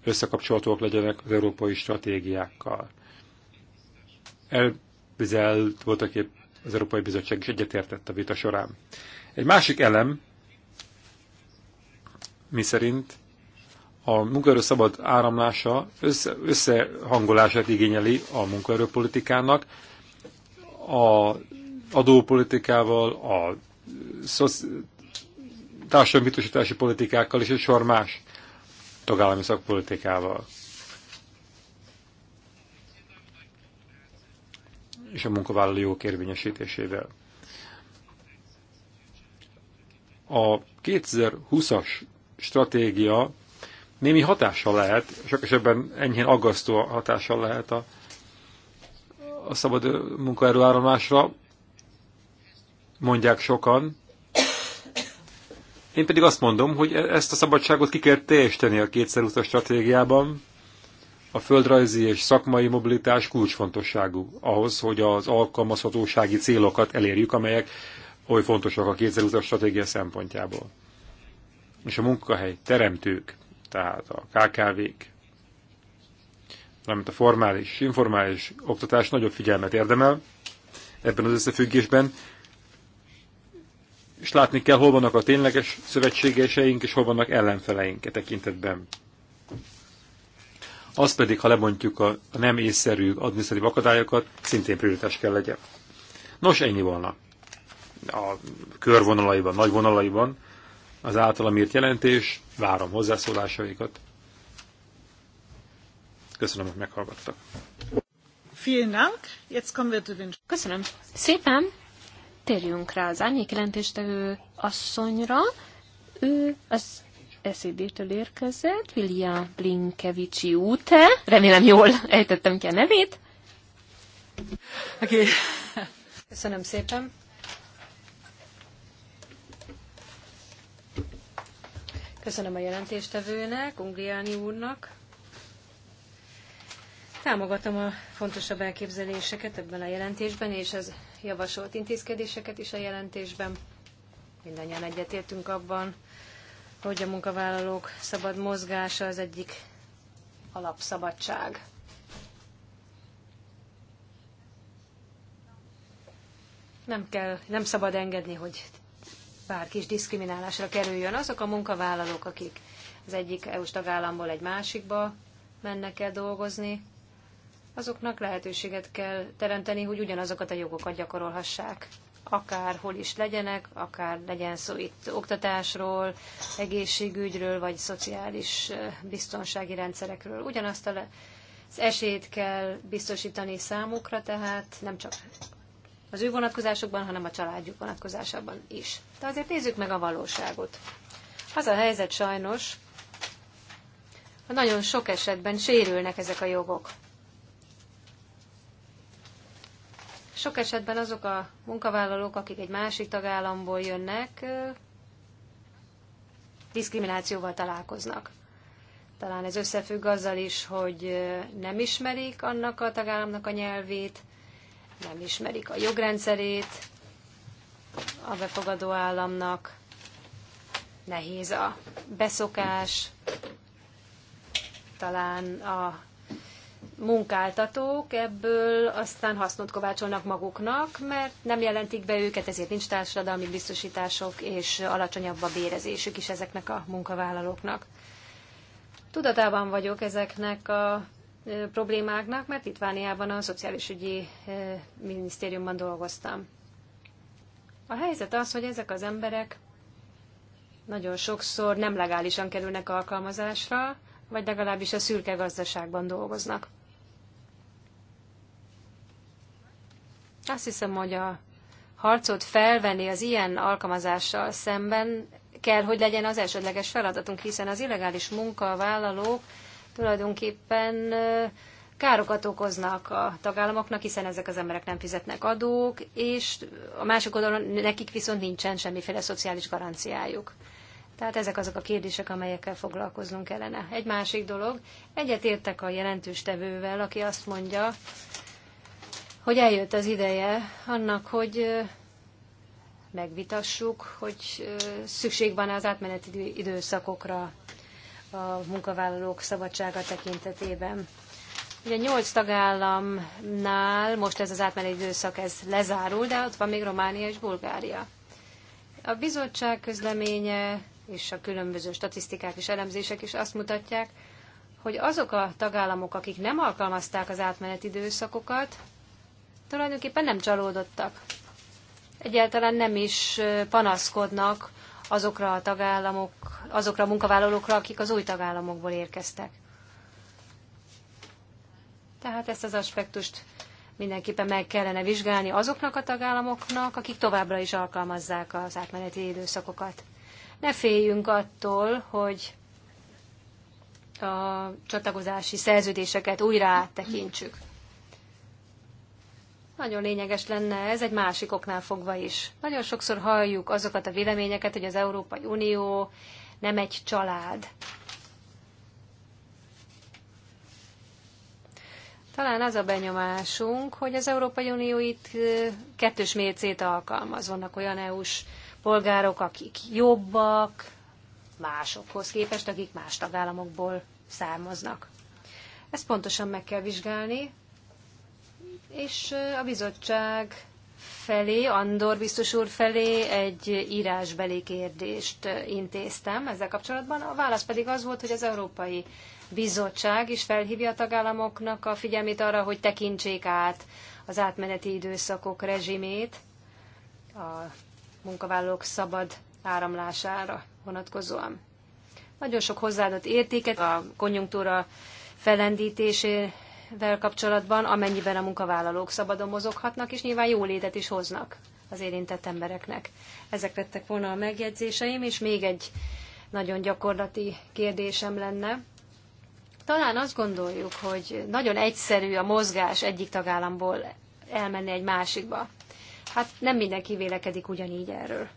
összekapcsolatok legyenek az európai stratégiákkal. Elbizelt voltak épp az Európai Bizottság is egyetértett a vita során. Egy másik elem, mi szerint a munkaerő szabad áramlása össze, összehangolását igényeli a munkaerőpolitikának, a adópolitikával, a társadalmi biztosítási politikákkal és egy sor más tagállami szakpolitikával. és a munkavállaló jogok érvényesítésével. A 2020-as stratégia némi hatással lehet, sok esetben enyhén aggasztó hatással lehet a, a szabad munkaerőáramlásra, mondják sokan, én pedig azt mondom, hogy e- ezt a szabadságot ki kell teljesíteni a kétszer utas stratégiában. A földrajzi és szakmai mobilitás kulcsfontosságú ahhoz, hogy az alkalmazhatósági célokat elérjük, amelyek oly fontosak a kétszer utas stratégia szempontjából. És a munkahely teremtők, tehát a KKV-k, valamint a formális, informális oktatás nagyobb figyelmet érdemel ebben az összefüggésben, és látni kell, hol vannak a tényleges szövetségeseink, és hol vannak ellenfeleink e tekintetben. Az pedig, ha lemondjuk a nem észszerű adminisztratív akadályokat, szintén prioritás kell legyen. Nos, ennyi volna. A körvonalaiban, nagy vonalaiban az általam írt jelentés, várom hozzászólásaikat. Köszönöm, hogy meghallgattak. Köszönöm szépen! Térjünk rá az árnyék jelentéstevő asszonyra. Ő az SZD-től érkezett, Vilja Blinkevicsi úte. Remélem jól ejtettem ki a nevét. Oké. Okay. Köszönöm szépen. Köszönöm a jelentéstevőnek, Ungriáni úrnak. Támogatom a fontosabb elképzeléseket ebben a jelentésben, és az javasolt intézkedéseket is a jelentésben. Mindannyian egyetértünk abban, hogy a munkavállalók szabad mozgása az egyik alapszabadság. Nem, kell, nem szabad engedni, hogy bárki is diszkriminálásra kerüljön. Azok a munkavállalók, akik az egyik EU-s tagállamból egy másikba mennek el dolgozni, azoknak lehetőséget kell teremteni, hogy ugyanazokat a jogokat gyakorolhassák. Akár hol is legyenek, akár legyen szó itt oktatásról, egészségügyről, vagy szociális biztonsági rendszerekről. Ugyanazt a az esélyt kell biztosítani számukra, tehát nem csak az ő vonatkozásokban, hanem a családjuk vonatkozásában is. De azért nézzük meg a valóságot. Az a helyzet sajnos, hogy nagyon sok esetben sérülnek ezek a jogok. Sok esetben azok a munkavállalók, akik egy másik tagállamból jönnek, diszkriminációval találkoznak. Talán ez összefügg azzal is, hogy nem ismerik annak a tagállamnak a nyelvét, nem ismerik a jogrendszerét a befogadó államnak, nehéz a beszokás, talán a munkáltatók ebből aztán hasznot kovácsolnak maguknak, mert nem jelentik be őket, ezért nincs társadalmi biztosítások és alacsonyabb a bérezésük is ezeknek a munkavállalóknak. Tudatában vagyok ezeknek a problémáknak, mert Litvániában a Szociális Ügyi Minisztériumban dolgoztam. A helyzet az, hogy ezek az emberek nagyon sokszor nem legálisan kerülnek alkalmazásra, vagy legalábbis a szürke gazdaságban dolgoznak. Azt hiszem, hogy a harcot felvenni az ilyen alkalmazással szemben kell, hogy legyen az elsődleges feladatunk, hiszen az illegális munkavállalók tulajdonképpen károkat okoznak a tagállamoknak, hiszen ezek az emberek nem fizetnek adók, és a másik oldalon nekik viszont nincsen semmiféle szociális garanciájuk. Tehát ezek azok a kérdések, amelyekkel foglalkoznunk kellene. Egy másik dolog, egyetértek a jelentős tevővel, aki azt mondja, hogy eljött az ideje annak, hogy megvitassuk, hogy szükség van az átmeneti időszakokra a munkavállalók szabadsága tekintetében. Ugye nyolc tagállamnál most ez az átmeneti időszak ez lezárul, de ott van még Románia és Bulgária. A bizottság közleménye és a különböző statisztikák és elemzések is azt mutatják, hogy azok a tagállamok, akik nem alkalmazták az átmeneti időszakokat, tulajdonképpen nem csalódottak. Egyáltalán nem is panaszkodnak azokra a tagállamok, azokra a munkavállalókra, akik az új tagállamokból érkeztek. Tehát ezt az aspektust mindenképpen meg kellene vizsgálni azoknak a tagállamoknak, akik továbbra is alkalmazzák az átmeneti időszakokat. Ne féljünk attól, hogy a csatlakozási szerződéseket újra áttekintsük. Nagyon lényeges lenne ez egy másik oknál fogva is. Nagyon sokszor halljuk azokat a véleményeket, hogy az Európai Unió nem egy család. Talán az a benyomásunk, hogy az Európai Unió itt kettős mércét alkalmaz. Vannak olyan EU-s polgárok, akik jobbak, másokhoz képest, akik más tagállamokból származnak. Ezt pontosan meg kell vizsgálni, és a bizottság felé, Andor biztos úr felé egy írásbeli kérdést intéztem ezzel kapcsolatban. A válasz pedig az volt, hogy az Európai Bizottság is felhívja a tagállamoknak a figyelmét arra, hogy tekintsék át az átmeneti időszakok rezsimét a munkavállalók szabad áramlására vonatkozóan. Nagyon sok hozzáadott értéket a konjunktúra fellendítésére vel kapcsolatban, amennyiben a munkavállalók szabadon mozoghatnak, és nyilván jólétet is hoznak az érintett embereknek. Ezek lettek volna a megjegyzéseim, és még egy nagyon gyakorlati kérdésem lenne. Talán azt gondoljuk, hogy nagyon egyszerű a mozgás egyik tagállamból elmenni egy másikba. Hát nem mindenki vélekedik ugyanígy erről.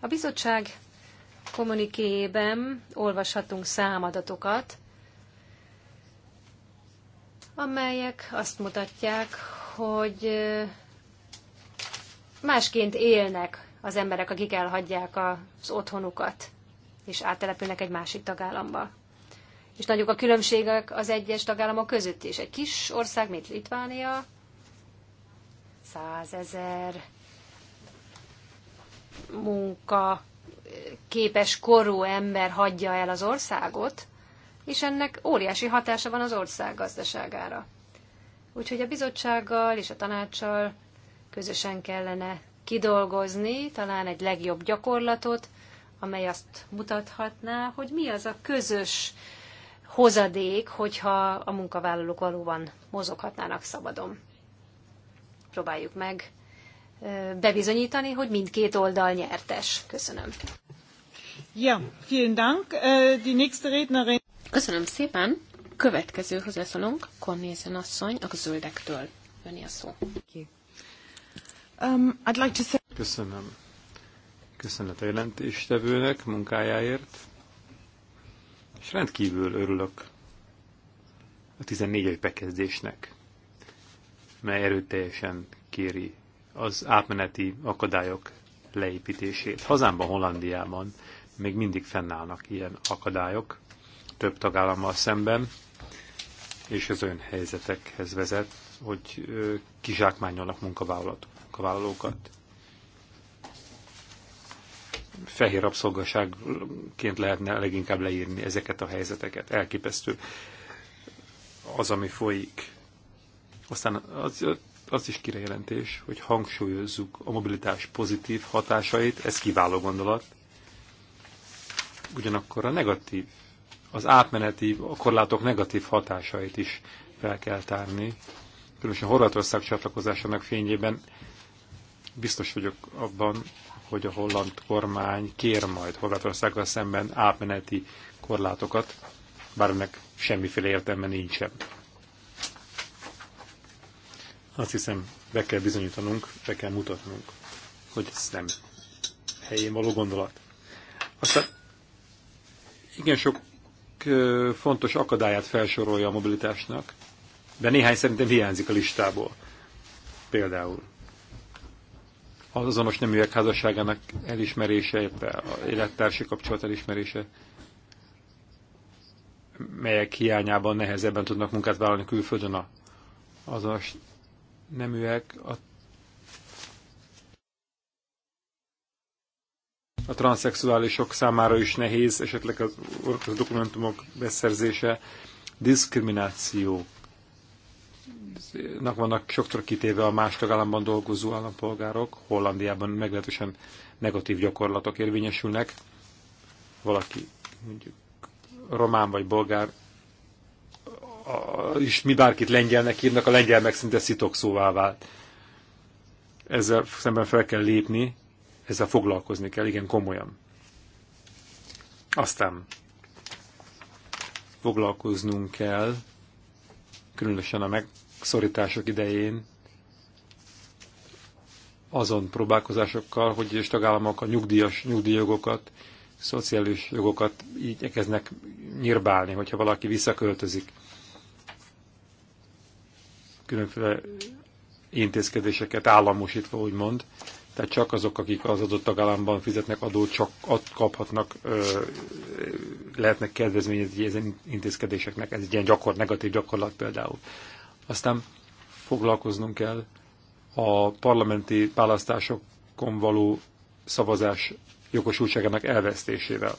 A bizottság kommunikéjében olvashatunk számadatokat, amelyek azt mutatják, hogy másként élnek az emberek, akik elhagyják az otthonukat, és áttelepülnek egy másik tagállamba. És nagyok a különbségek az egyes tagállamok között is. Egy kis ország, mint Litvánia, százezer munka képes korú ember hagyja el az országot, és ennek óriási hatása van az ország gazdaságára. Úgyhogy a bizottsággal és a tanácssal közösen kellene kidolgozni talán egy legjobb gyakorlatot, amely azt mutathatná, hogy mi az a közös hozadék, hogyha a munkavállalók valóban mozoghatnának szabadon. Próbáljuk meg bebizonyítani, hogy mindkét oldal nyertes. Köszönöm. Ja, vielen Dank. Äh, die nächste Rednerin. Köszönöm szépen. Következő hozzászólónk, Cornézen asszony, a zöldektől. Jönni a szó. Um, I'd like to say... Köszönöm. Köszönet a jelentéstevőnek munkájáért. És rendkívül örülök a 14. bekezdésnek, mely erőteljesen kéri az átmeneti akadályok leépítését. Hazámban, Hollandiában még mindig fennállnak ilyen akadályok, több tagállammal szemben, és ez olyan helyzetekhez vezet, hogy kizsákmányolnak munkavállalókat. Fehér rabszolgaságként lehetne leginkább leírni ezeket a helyzeteket. Elképesztő az, ami folyik. Aztán az, az is kirejelentés, hogy hangsúlyozzuk a mobilitás pozitív hatásait, ez kiváló gondolat. Ugyanakkor a negatív az átmeneti korlátok negatív hatásait is fel kell tárni. Különösen Horvátország csatlakozásának fényében biztos vagyok abban, hogy a holland kormány kér majd Horvátországgal szemben átmeneti korlátokat, bár ennek semmiféle értelme nincsen. Azt hiszem, be kell bizonyítanunk, be kell mutatnunk, hogy ez nem helyén való gondolat. Aztán igen sok fontos akadályát felsorolja a mobilitásnak, de néhány szerintem hiányzik a listából. Például az azonos neműek házasságának elismerése, éppen a élettársi kapcsolat elismerése, melyek hiányában nehezebben tudnak munkát vállalni külföldön a azonos neműek, a a transzexuálisok számára is nehéz, esetleg az orvos dokumentumok beszerzése, diszkriminációnak vannak sokszor kitéve a más tagállamban dolgozó állampolgárok, Hollandiában meglehetősen negatív gyakorlatok érvényesülnek. Valaki mondjuk román vagy bolgár is mi bárkit lengyelnek írnak, a lengyel meg szinte szóvá vált. Ezzel szemben fel kell lépni, ezzel foglalkozni kell, igen komolyan. Aztán foglalkoznunk kell, különösen a megszorítások idején, azon próbálkozásokkal, hogy és tagállamok a nyugdíjas nyugdíjjogokat, szociális jogokat így ekeznek nyírbálni, hogyha valaki visszaköltözik. Különféle intézkedéseket államosítva, úgymond. mond tehát csak azok, akik az adott tagállamban fizetnek adót, csak kaphatnak, lehetnek kedvezményezni ezen intézkedéseknek. Ez egy ilyen gyakor, negatív gyakorlat például. Aztán foglalkoznunk kell a parlamenti választásokon való szavazás jogosultságának elvesztésével.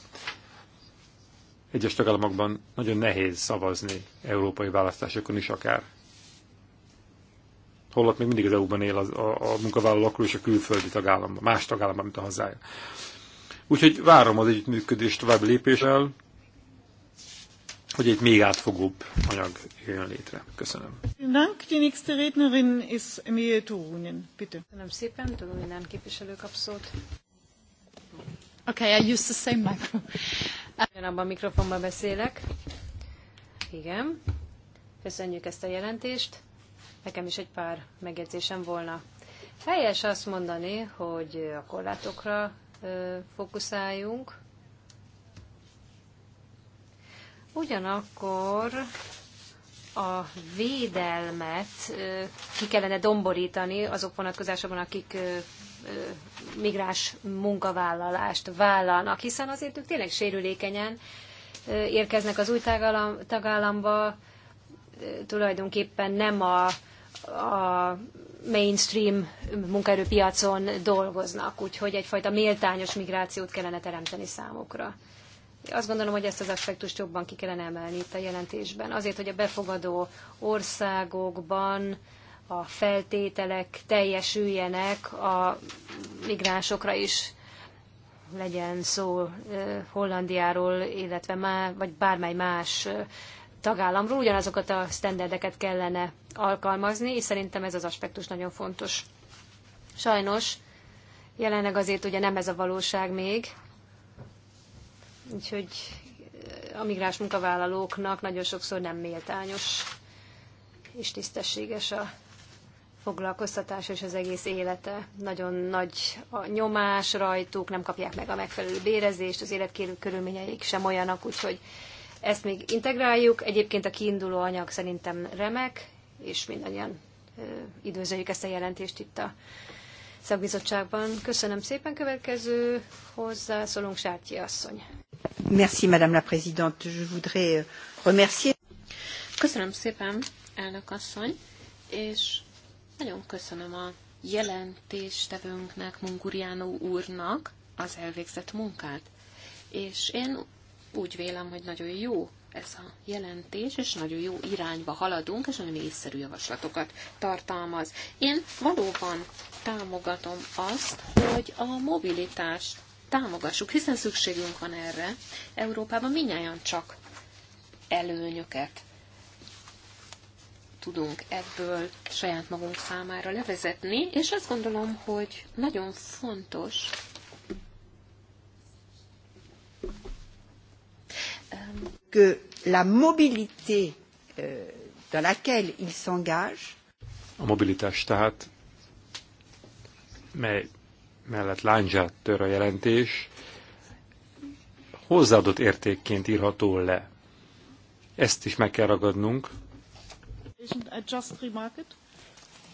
Egyes tagállamokban nagyon nehéz szavazni európai választásokon is akár holott még mindig az EU-ban él a, a, a munkavállalókról és a külföldi tagállamban, más tagállamban, mint a hazája. Úgyhogy várom az együttműködés további lépéssel, hogy egy még átfogóbb anyag jön létre. Köszönöm. nächste Rednerin ist Emilie Bitte. Köszönöm szépen. tudom Turunen képviselő kap szót. Okay, I use the same micro. Abban a mikrofonban beszélek. Igen. Köszönjük ezt a jelentést. Nekem is egy pár megjegyzésem volna. Helyes azt mondani, hogy a korlátokra fókuszáljunk. Ugyanakkor a védelmet ki kellene domborítani azok vonatkozásában, akik migráns munkavállalást vállalnak, hiszen azért ők tényleg sérülékenyen érkeznek az új tagállamba, tulajdonképpen nem a a mainstream munkaerőpiacon dolgoznak, úgyhogy egyfajta méltányos migrációt kellene teremteni számukra. Azt gondolom, hogy ezt az aspektust jobban ki kellene emelni itt a jelentésben. Azért, hogy a befogadó országokban a feltételek teljesüljenek a migránsokra is legyen szó eh, Hollandiáról, illetve má, vagy bármely más eh, tagállamról ugyanazokat a sztenderdeket kellene alkalmazni, és szerintem ez az aspektus nagyon fontos. Sajnos jelenleg azért ugye nem ez a valóság még, úgyhogy eh, a migráns munkavállalóknak nagyon sokszor nem méltányos és tisztességes a foglalkoztatás és az egész élete. Nagyon nagy a nyomás rajtuk, nem kapják meg a megfelelő bérezést, az életkérő körülményeik sem olyanak, úgyhogy ezt még integráljuk. Egyébként a kiinduló anyag szerintem remek, és mindannyian üdvözöljük ezt a jelentést itt a szakbizottságban. Köszönöm szépen. Következő hozzászólunk Sártyi asszony. Merci, Madame la Présidente. Je voudrais euh, remercier. Köszönöm szépen, elnök asszony, és nagyon köszönöm a jelentéstevőnknek, Munguriánó úrnak az elvégzett munkát. És én úgy vélem, hogy nagyon jó ez a jelentés, és nagyon jó irányba haladunk, és nagyon észszerű javaslatokat tartalmaz. Én valóban támogatom azt, hogy a mobilitást támogassuk, hiszen szükségünk van erre. Európában minnyáján csak előnyöket tudunk ebből saját magunk számára levezetni, és azt gondolom, hogy nagyon fontos que la mobilité euh, dans laquelle il s'engage a mobilitás tehát, mely mellett lányzsát tör a jelentés, hozzáadott értékként írható le. Ezt is meg kell ragadnunk.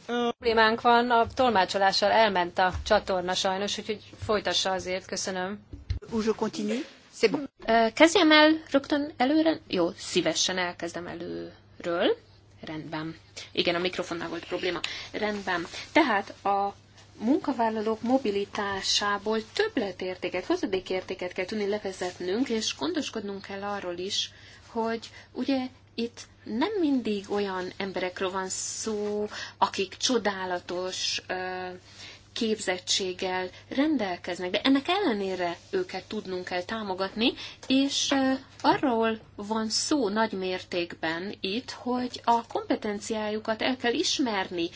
A problémánk van, a tolmácsolással elment a csatorna sajnos, úgyhogy folytassa azért, köszönöm. Où je continue? bon. Kezdjem el rögtön előre? Jó, szívesen elkezdem előről. Rendben. Igen, a mikrofonnál volt probléma. Rendben. Tehát a munkavállalók mobilitásából többletértéket, hozadékértéket kell tudni levezetnünk, és gondoskodnunk kell arról is, hogy ugye itt nem mindig olyan emberekről van szó, akik csodálatos uh, képzettséggel rendelkeznek, de ennek ellenére őket tudnunk kell támogatni, és arról van szó nagy mértékben itt, hogy a kompetenciájukat el kell ismerni,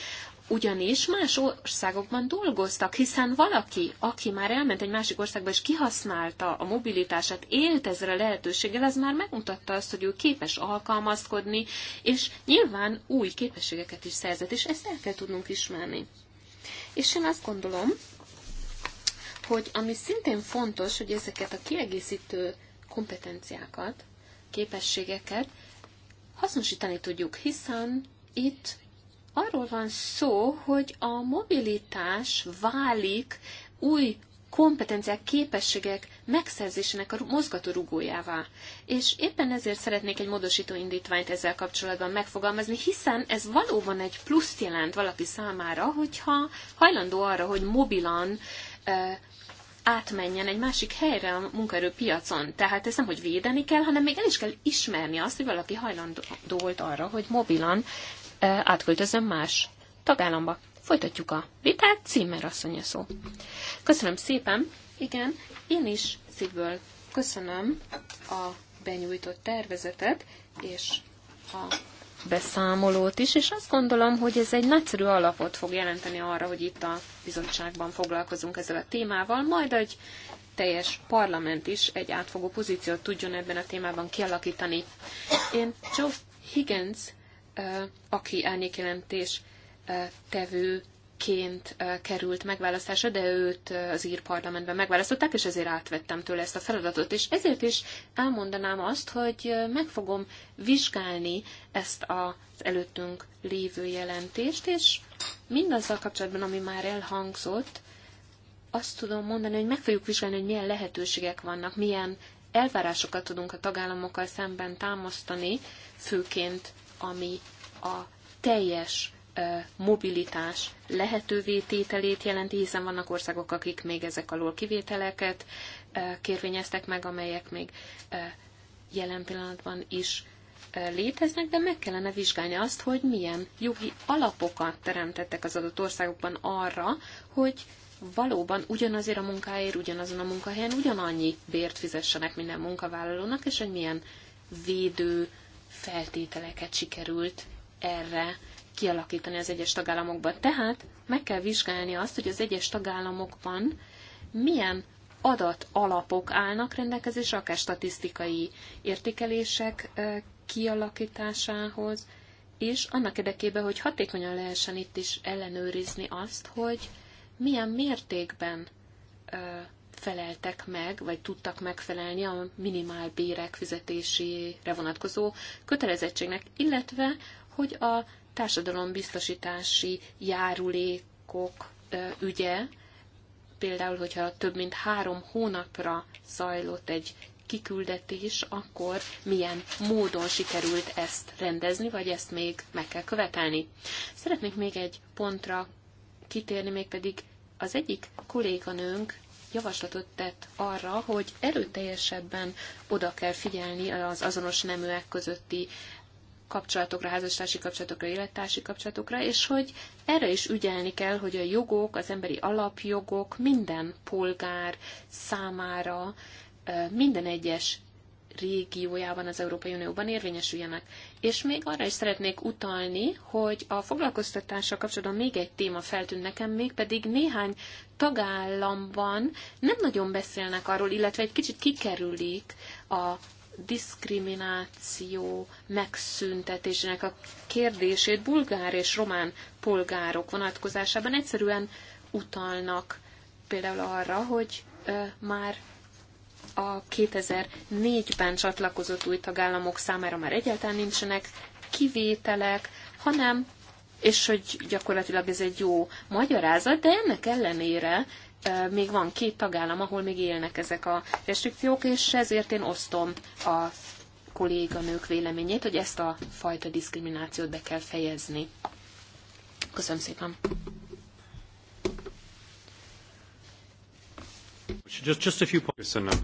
ugyanis más országokban dolgoztak, hiszen valaki, aki már elment egy másik országba és kihasználta a mobilitását, élt ezzel a lehetőséggel, az már megmutatta azt, hogy ő képes alkalmazkodni, és nyilván új képességeket is szerzett, és ezt el kell tudnunk ismerni. És én azt gondolom, hogy ami szintén fontos, hogy ezeket a kiegészítő kompetenciákat, képességeket hasznosítani tudjuk, hiszen itt arról van szó, hogy a mobilitás válik új kompetenciák, képességek megszerzésének a mozgató rugójává. És éppen ezért szeretnék egy módosító indítványt ezzel kapcsolatban megfogalmazni, hiszen ez valóban egy pluszt jelent valaki számára, hogyha hajlandó arra, hogy mobilan átmenjen egy másik helyre a munkaerőpiacon. Tehát ezt nem, hogy védeni kell, hanem még el is kell ismerni azt, hogy valaki hajlandó volt arra, hogy mobilan átköltözön más tagállamba. Folytatjuk a vitát, címmel asszony a szó. Köszönöm szépen! Igen, én is szívből köszönöm a benyújtott tervezetet, és a beszámolót is, és azt gondolom, hogy ez egy nagyszerű alapot fog jelenteni arra, hogy itt a bizottságban foglalkozunk ezzel a témával, majd egy teljes parlament is egy átfogó pozíciót tudjon ebben a témában kialakítani. Én Joe Higgins, aki elnékjelentés tevő ként került megválasztása, de őt az ír parlamentben megválasztották, és ezért átvettem tőle ezt a feladatot. És ezért is elmondanám azt, hogy meg fogom vizsgálni ezt az előttünk lévő jelentést, és mindazzal kapcsolatban, ami már elhangzott, azt tudom mondani, hogy meg fogjuk vizsgálni, hogy milyen lehetőségek vannak, milyen elvárásokat tudunk a tagállamokkal szemben támasztani, főként ami a teljes mobilitás lehetővé tételét jelenti, hiszen vannak országok, akik még ezek alól kivételeket kérvényeztek meg, amelyek még jelen pillanatban is léteznek, de meg kellene vizsgálni azt, hogy milyen jogi alapokat teremtettek az adott országokban arra, hogy valóban ugyanazért a munkáért, ugyanazon a munkahelyen ugyanannyi bért fizessenek minden munkavállalónak, és hogy milyen védő feltételeket sikerült erre kialakítani az egyes tagállamokban. Tehát meg kell vizsgálni azt, hogy az egyes tagállamokban milyen adat alapok állnak rendelkezésre, akár statisztikai értékelések kialakításához, és annak érdekében, hogy hatékonyan lehessen itt is ellenőrizni azt, hogy milyen mértékben feleltek meg, vagy tudtak megfelelni a minimál bérek fizetésére vonatkozó kötelezettségnek, illetve hogy a társadalombiztosítási járulékok ügye, például, hogyha több mint három hónapra zajlott egy kiküldetés, akkor milyen módon sikerült ezt rendezni, vagy ezt még meg kell követelni. Szeretnék még egy pontra kitérni, mégpedig az egyik kolléganőnk javaslatot tett arra, hogy erőteljesebben oda kell figyelni az azonos neműek közötti kapcsolatokra, házastársi kapcsolatokra, élettársi kapcsolatokra, és hogy erre is ügyelni kell, hogy a jogok, az emberi alapjogok minden polgár számára minden egyes régiójában az Európai Unióban érvényesüljenek. És még arra is szeretnék utalni, hogy a foglalkoztatással kapcsolatban még egy téma feltűnt nekem, mégpedig néhány tagállamban nem nagyon beszélnek arról, illetve egy kicsit kikerülik a diszkrimináció megszüntetésének a kérdését bulgár és román polgárok vonatkozásában egyszerűen utalnak például arra, hogy már a 2004-ben csatlakozott új tagállamok számára már egyáltalán nincsenek kivételek, hanem, és hogy gyakorlatilag ez egy jó magyarázat, de ennek ellenére még van két tagállam, ahol még élnek ezek a restrikciók, és ezért én osztom a kolléganők véleményét, hogy ezt a fajta diszkriminációt be kell fejezni. Köszönöm szépen. Just, just a few points. Köszönöm.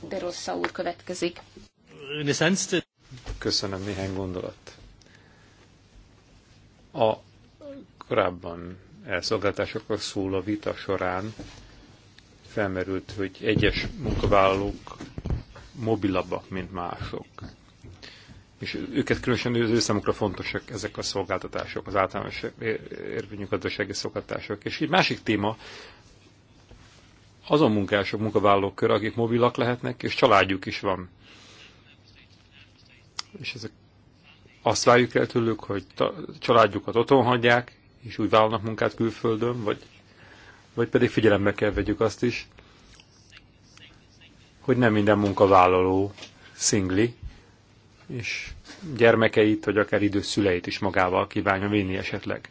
De rossz úr következik. Köszönöm, néhány gondolat. A korábban elszolgáltásokra szól a vita során felmerült, hogy egyes munkavállalók mobilabbak, mint mások. És őket különösen az ő számukra fontosak ezek a szolgáltatások, az általános érvényű gazdasági szolgáltatások. És egy másik téma, azon munkások, munkavállalók kör, akik mobilak lehetnek, és családjuk is van. És ezek azt várjuk el tőlük, hogy családjukat otthon hagyják, és úgy vállalnak munkát külföldön, vagy, vagy pedig figyelembe kell vegyük azt is, hogy nem minden munkavállaló szingli, és gyermekeit, vagy akár idős szüleit is magával kívánja vinni esetleg.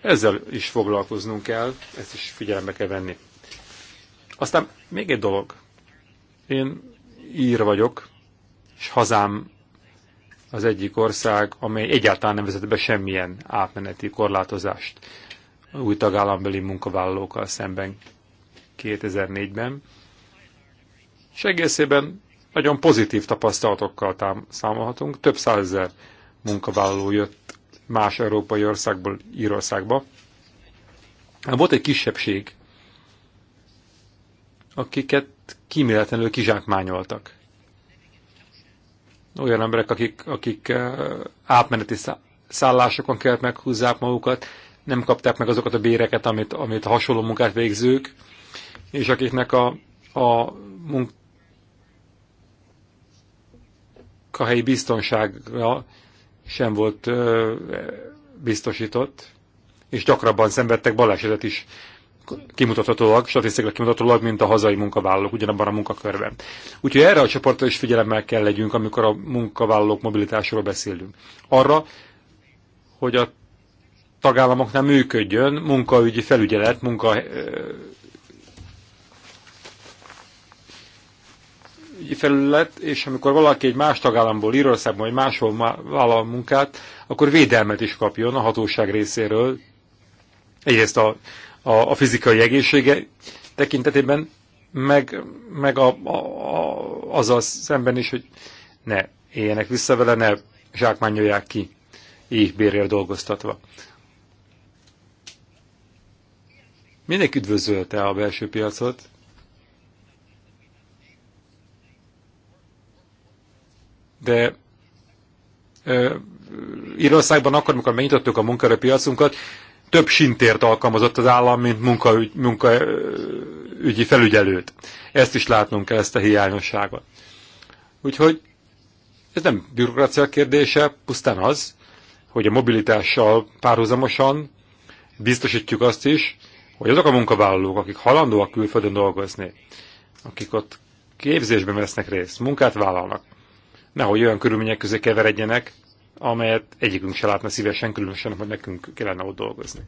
Ezzel is foglalkoznunk kell, ezt is figyelembe kell venni. Aztán még egy dolog. Én ír vagyok, és hazám az egyik ország, amely egyáltalán nem vezet be semmilyen átmeneti korlátozást új tagállambeli munkavállalókkal szemben 2004-ben. És egészében nagyon pozitív tapasztalatokkal tám- számolhatunk. Több százezer munkavállaló jött más európai országból Írországba. Hát volt egy kisebbség, akiket kíméletlenül kizsákmányoltak olyan emberek, akik, akik eh, átmeneti szállásokon kellett meghúzzák magukat, nem kapták meg azokat a béreket, amit, amit a hasonló munkát végzők, és akiknek a, a munkahelyi biztonsága sem volt eh, biztosított, és gyakrabban szenvedtek balesetet is kimutathatóak, statisztikailag kimutathatóak, mint a hazai munkavállalók ugyanabban a munkakörben. Úgyhogy erre a csoportra is figyelemmel kell legyünk, amikor a munkavállalók mobilitásról beszélünk. Arra, hogy a tagállamoknál működjön munkaügyi felügyelet, munka felület, és amikor valaki egy más tagállamból, Írországban, vagy máshol vállal munkát, akkor védelmet is kapjon a hatóság részéről. Egyrészt a a, a fizikai egészsége tekintetében, meg, meg a, a, a, azzal szemben is, hogy ne éljenek vissza vele, ne zsákmányolják ki éhbérrel dolgoztatva. Mindenki üdvözölte a belső piacot. De Írországban akkor, amikor megnyitottuk a munkaerőpiacunkat, több sintért alkalmazott az állam, mint munkaügy, munkaügyi felügyelőt. Ezt is látnunk kell, ezt a hiányosságot. Úgyhogy ez nem bürokrácia kérdése, pusztán az, hogy a mobilitással párhuzamosan biztosítjuk azt is, hogy azok a munkavállalók, akik halandóak külföldön dolgozni, akik ott képzésben vesznek részt, munkát vállalnak, nehogy olyan körülmények közé keveredjenek, amelyet egyikünk se látna szívesen, különösen, hogy nekünk kellene ott dolgozni.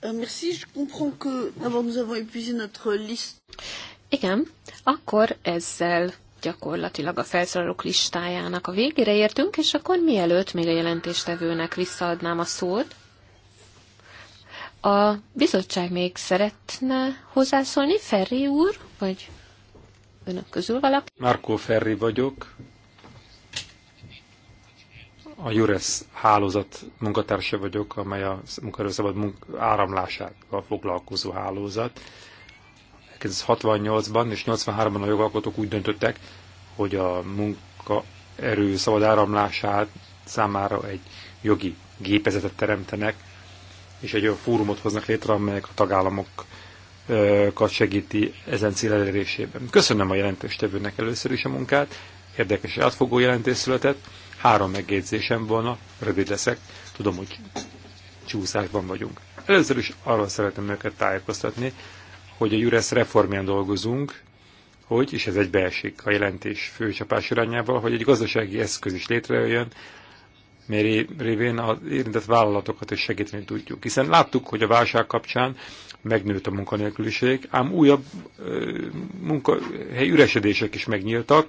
Euh, merci, je comprends que d'abord nous avons épuisé notre liste. Igen, akkor ezzel gyakorlatilag a felszólalók listájának a végére értünk, és akkor mielőtt még a jelentéstevőnek visszaadnám a szót, a bizottság még szeretne hozzászólni, Ferri úr, vagy önök közül valaki? Marco Ferri vagyok, a Jures hálózat munkatársa vagyok, amely a munkaerőszabad munk áramlásával foglalkozó hálózat. 1968-ban és 83-ban a jogalkotók úgy döntöttek, hogy a munkaerő szabad áramlását számára egy jogi gépezetet teremtenek, és egy olyan fórumot hoznak létre, amelyek a tagállamokat segíti ezen cél elérésében. Köszönöm a jelentéstevőnek először is a munkát, érdekes és átfogó jelentés született, Három megjegyzésem volna, rövid leszek, tudom, hogy csúszásban vagyunk. Először is arról szeretném őket tájékoztatni, hogy a Juresz reformján dolgozunk, hogy, és ez egybeesik a jelentés főcsapás irányával, hogy egy gazdasági eszköz is létrejöjjön, mert révén az érintett vállalatokat is segíteni tudjuk. Hiszen láttuk, hogy a válság kapcsán megnőtt a munkanélküliség, ám újabb munkahely üresedések is megnyíltak,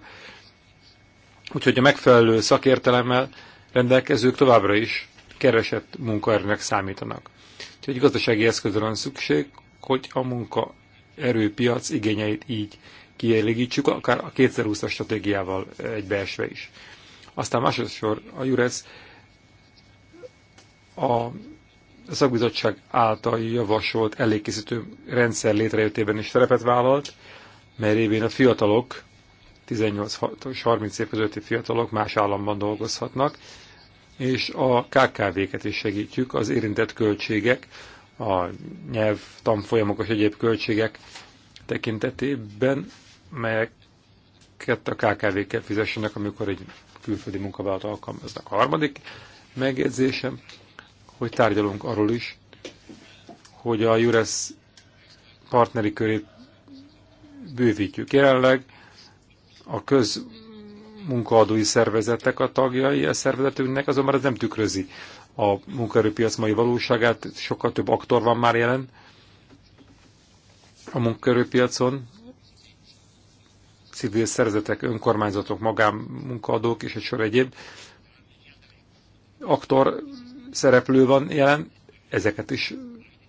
Úgyhogy a megfelelő szakértelemmel rendelkezők továbbra is keresett munkaerőnek számítanak. Úgyhogy gazdasági eszközre van szükség, hogy a munkaerőpiac igényeit így kielégítsük, akár a 2020-as stratégiával egybeesve is. Aztán másodszor a Jurez a szakbizottság által javasolt elégkészítő rendszer létrejöttében is szerepet vállalt, mert révén a fiatalok 18-30 év közötti fiatalok más államban dolgozhatnak, és a KKV-ket is segítjük, az érintett költségek, a nyelv, tanfolyamok és egyéb költségek tekintetében, melyeket a kkv kkel fizessenek, amikor egy külföldi munkavállalat alkalmaznak. A harmadik megjegyzésem, hogy tárgyalunk arról is, hogy a Jures partneri körét bővítjük. Jelenleg a közmunkaadói szervezetek a tagjai a szervezetünknek, azonban ez nem tükrözi a munkaerőpiac mai valóságát, sokkal több aktor van már jelen a munkaerőpiacon, civil szervezetek, önkormányzatok, magánmunkaadók és egy sor egyéb aktor szereplő van jelen, ezeket is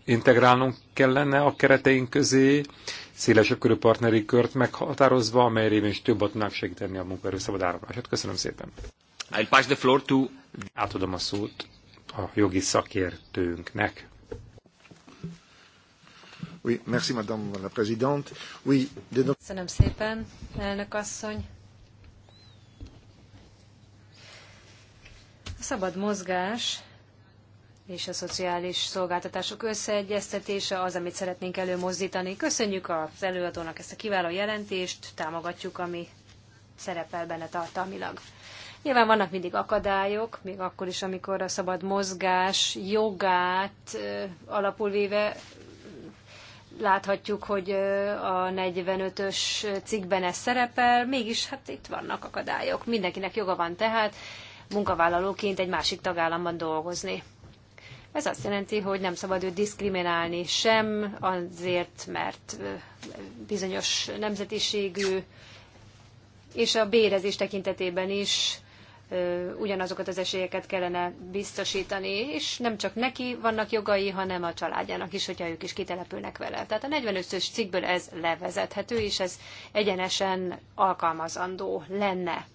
integrálnunk kellene a kereteink közé, szélesebb körű partneri kört meghatározva, amely révén is többet tudnák segíteni a munkaerő szabad áramlását. Köszönöm szépen. I'll pass the floor to... Átadom a szót a jogi szakértőnknek. Oui, merci, madame la présidente. Oui, de... Köszönöm szépen, elnök asszony. A szabad mozgás és a szociális szolgáltatások összeegyeztetése az, amit szeretnénk előmozdítani. Köszönjük az előadónak ezt a kiváló jelentést, támogatjuk, ami szerepel benne tartalmilag. Nyilván vannak mindig akadályok, még akkor is, amikor a szabad mozgás jogát alapul véve láthatjuk, hogy a 45-ös cikkben ez szerepel, mégis hát itt vannak akadályok. Mindenkinek joga van tehát munkavállalóként egy másik tagállamban dolgozni. Ez azt jelenti, hogy nem szabad őt diszkriminálni sem azért, mert bizonyos nemzetiségű, és a bérezés tekintetében is ugyanazokat az esélyeket kellene biztosítani, és nem csak neki vannak jogai, hanem a családjának is, hogyha ők is kitelepülnek vele. Tehát a 45-ös cikkből ez levezethető, és ez egyenesen alkalmazandó lenne.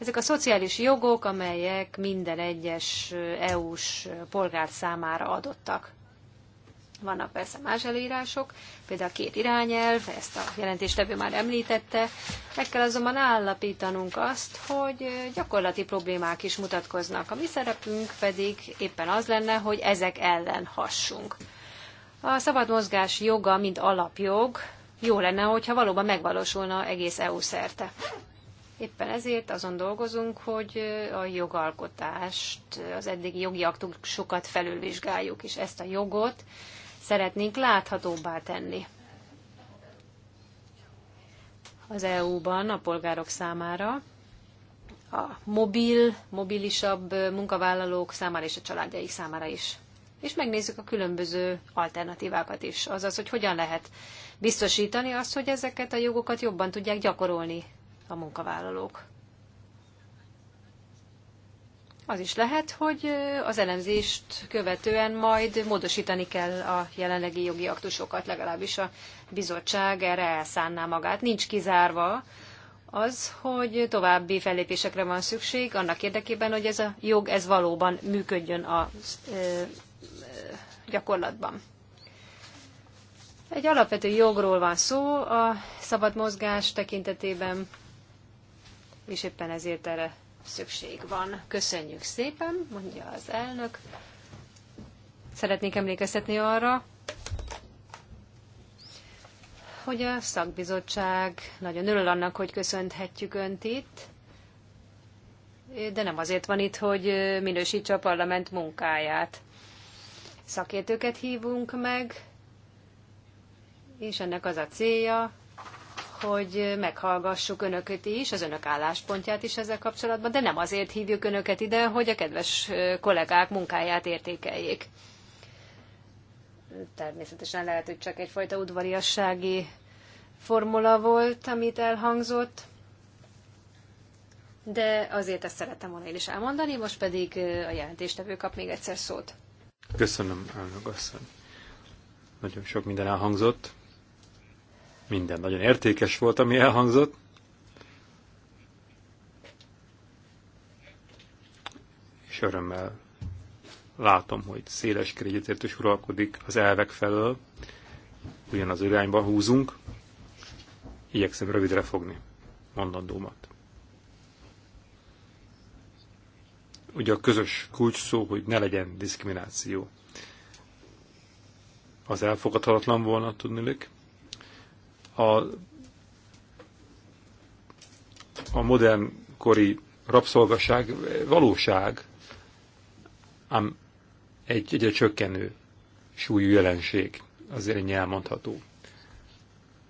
Ezek a szociális jogok, amelyek minden egyes EU-s polgár számára adottak. Vannak persze más előírások, például két irányelv, ezt a jelentéstevő már említette. Meg kell azonban állapítanunk azt, hogy gyakorlati problémák is mutatkoznak. A mi szerepünk pedig éppen az lenne, hogy ezek ellen hassunk. A szabad mozgás joga, mint alapjog, jó lenne, hogyha valóban megvalósulna egész EU szerte. Éppen ezért azon dolgozunk, hogy a jogalkotást, az eddigi jogi aktusokat felülvizsgáljuk, és ezt a jogot szeretnénk láthatóbbá tenni az EU-ban a polgárok számára, a mobil, mobilisabb munkavállalók számára és a családjaik számára is. És megnézzük a különböző alternatívákat is, azaz, hogy hogyan lehet biztosítani azt, hogy ezeket a jogokat jobban tudják gyakorolni a munkavállalók. Az is lehet, hogy az elemzést követően majd módosítani kell a jelenlegi jogi aktusokat, legalábbis a bizottság erre elszánná magát. Nincs kizárva az, hogy további fellépésekre van szükség annak érdekében, hogy ez a jog ez valóban működjön a ö, gyakorlatban. Egy alapvető jogról van szó a szabad mozgás tekintetében, és éppen ezért erre szükség van. Köszönjük szépen, mondja az elnök. Szeretnék emlékeztetni arra, hogy a szakbizottság nagyon örül annak, hogy köszönhetjük Önt itt, de nem azért van itt, hogy minősítse a parlament munkáját. Szakértőket hívunk meg, és ennek az a célja, hogy meghallgassuk önöket is, az önök álláspontját is ezzel kapcsolatban, de nem azért hívjuk önöket ide, hogy a kedves kollégák munkáját értékeljék. Természetesen lehet, hogy csak egyfajta udvariassági formula volt, amit elhangzott, de azért ezt szerettem volna én is elmondani, most pedig a jelentéstevő kap még egyszer szót. Köszönöm, elnök asszony. Nagyon sok minden elhangzott minden nagyon értékes volt, ami elhangzott. És örömmel látom, hogy széles egyetértés uralkodik az elvek felől, ugyanaz irányba húzunk, igyekszem rövidre fogni mondandómat. Ugye a közös kulcs szó, hogy ne legyen diszkrimináció. Az elfogadhatatlan volna, tudnilik a, a modern kori rabszolgaság valóság, ám egy egyre csökkenő súlyú jelenség, azért ennyi elmondható.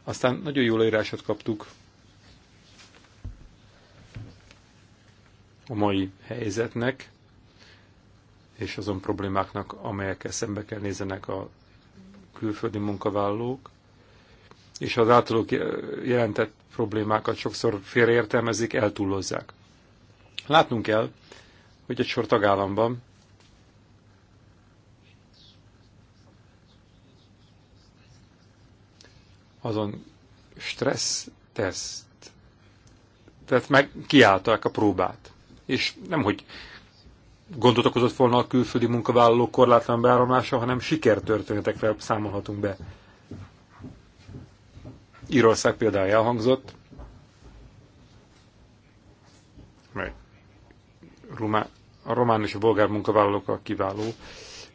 Aztán nagyon jó leírásot kaptuk a mai helyzetnek, és azon problémáknak, amelyekkel szembe kell nézenek a külföldi munkavállalók és az általuk jelentett problémákat sokszor félreértelmezik, eltúlozzák. Látnunk kell, hogy egy sor tagállamban azon stressz teszt, tehát meg kiállták a próbát. És nem, hogy gondot okozott volna a külföldi munkavállalók korlátlan beáramlása, hanem sikertörténetekre számolhatunk be Írország példája elhangzott, mely a román és a bolgár munkavállalókkal kiváló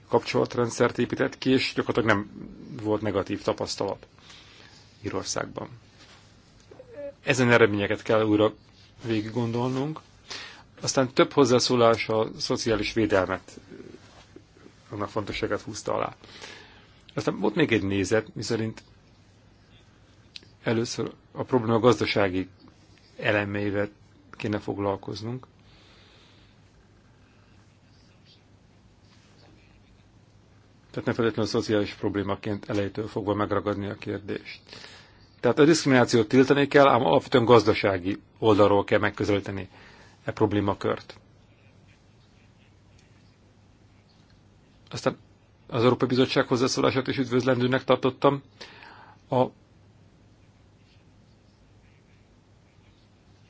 kapcsolatrendszert épített ki, és gyakorlatilag nem volt negatív tapasztalat Írországban. Ezen eredményeket kell újra végig gondolnunk. Aztán több hozzászólás a szociális védelmet, annak fontosságát húzta alá. Aztán volt még egy nézet, miszerint Először a probléma gazdasági elemével kéne foglalkoznunk. Tehát ne feltétlenül a szociális problémaként elejétől fogva megragadni a kérdést. Tehát a diszkriminációt tiltani kell, ám alapvetően gazdasági oldalról kell megközelíteni e problémakört. Aztán az Európai Bizottság hozzászólását is üdvözlendőnek tartottam. A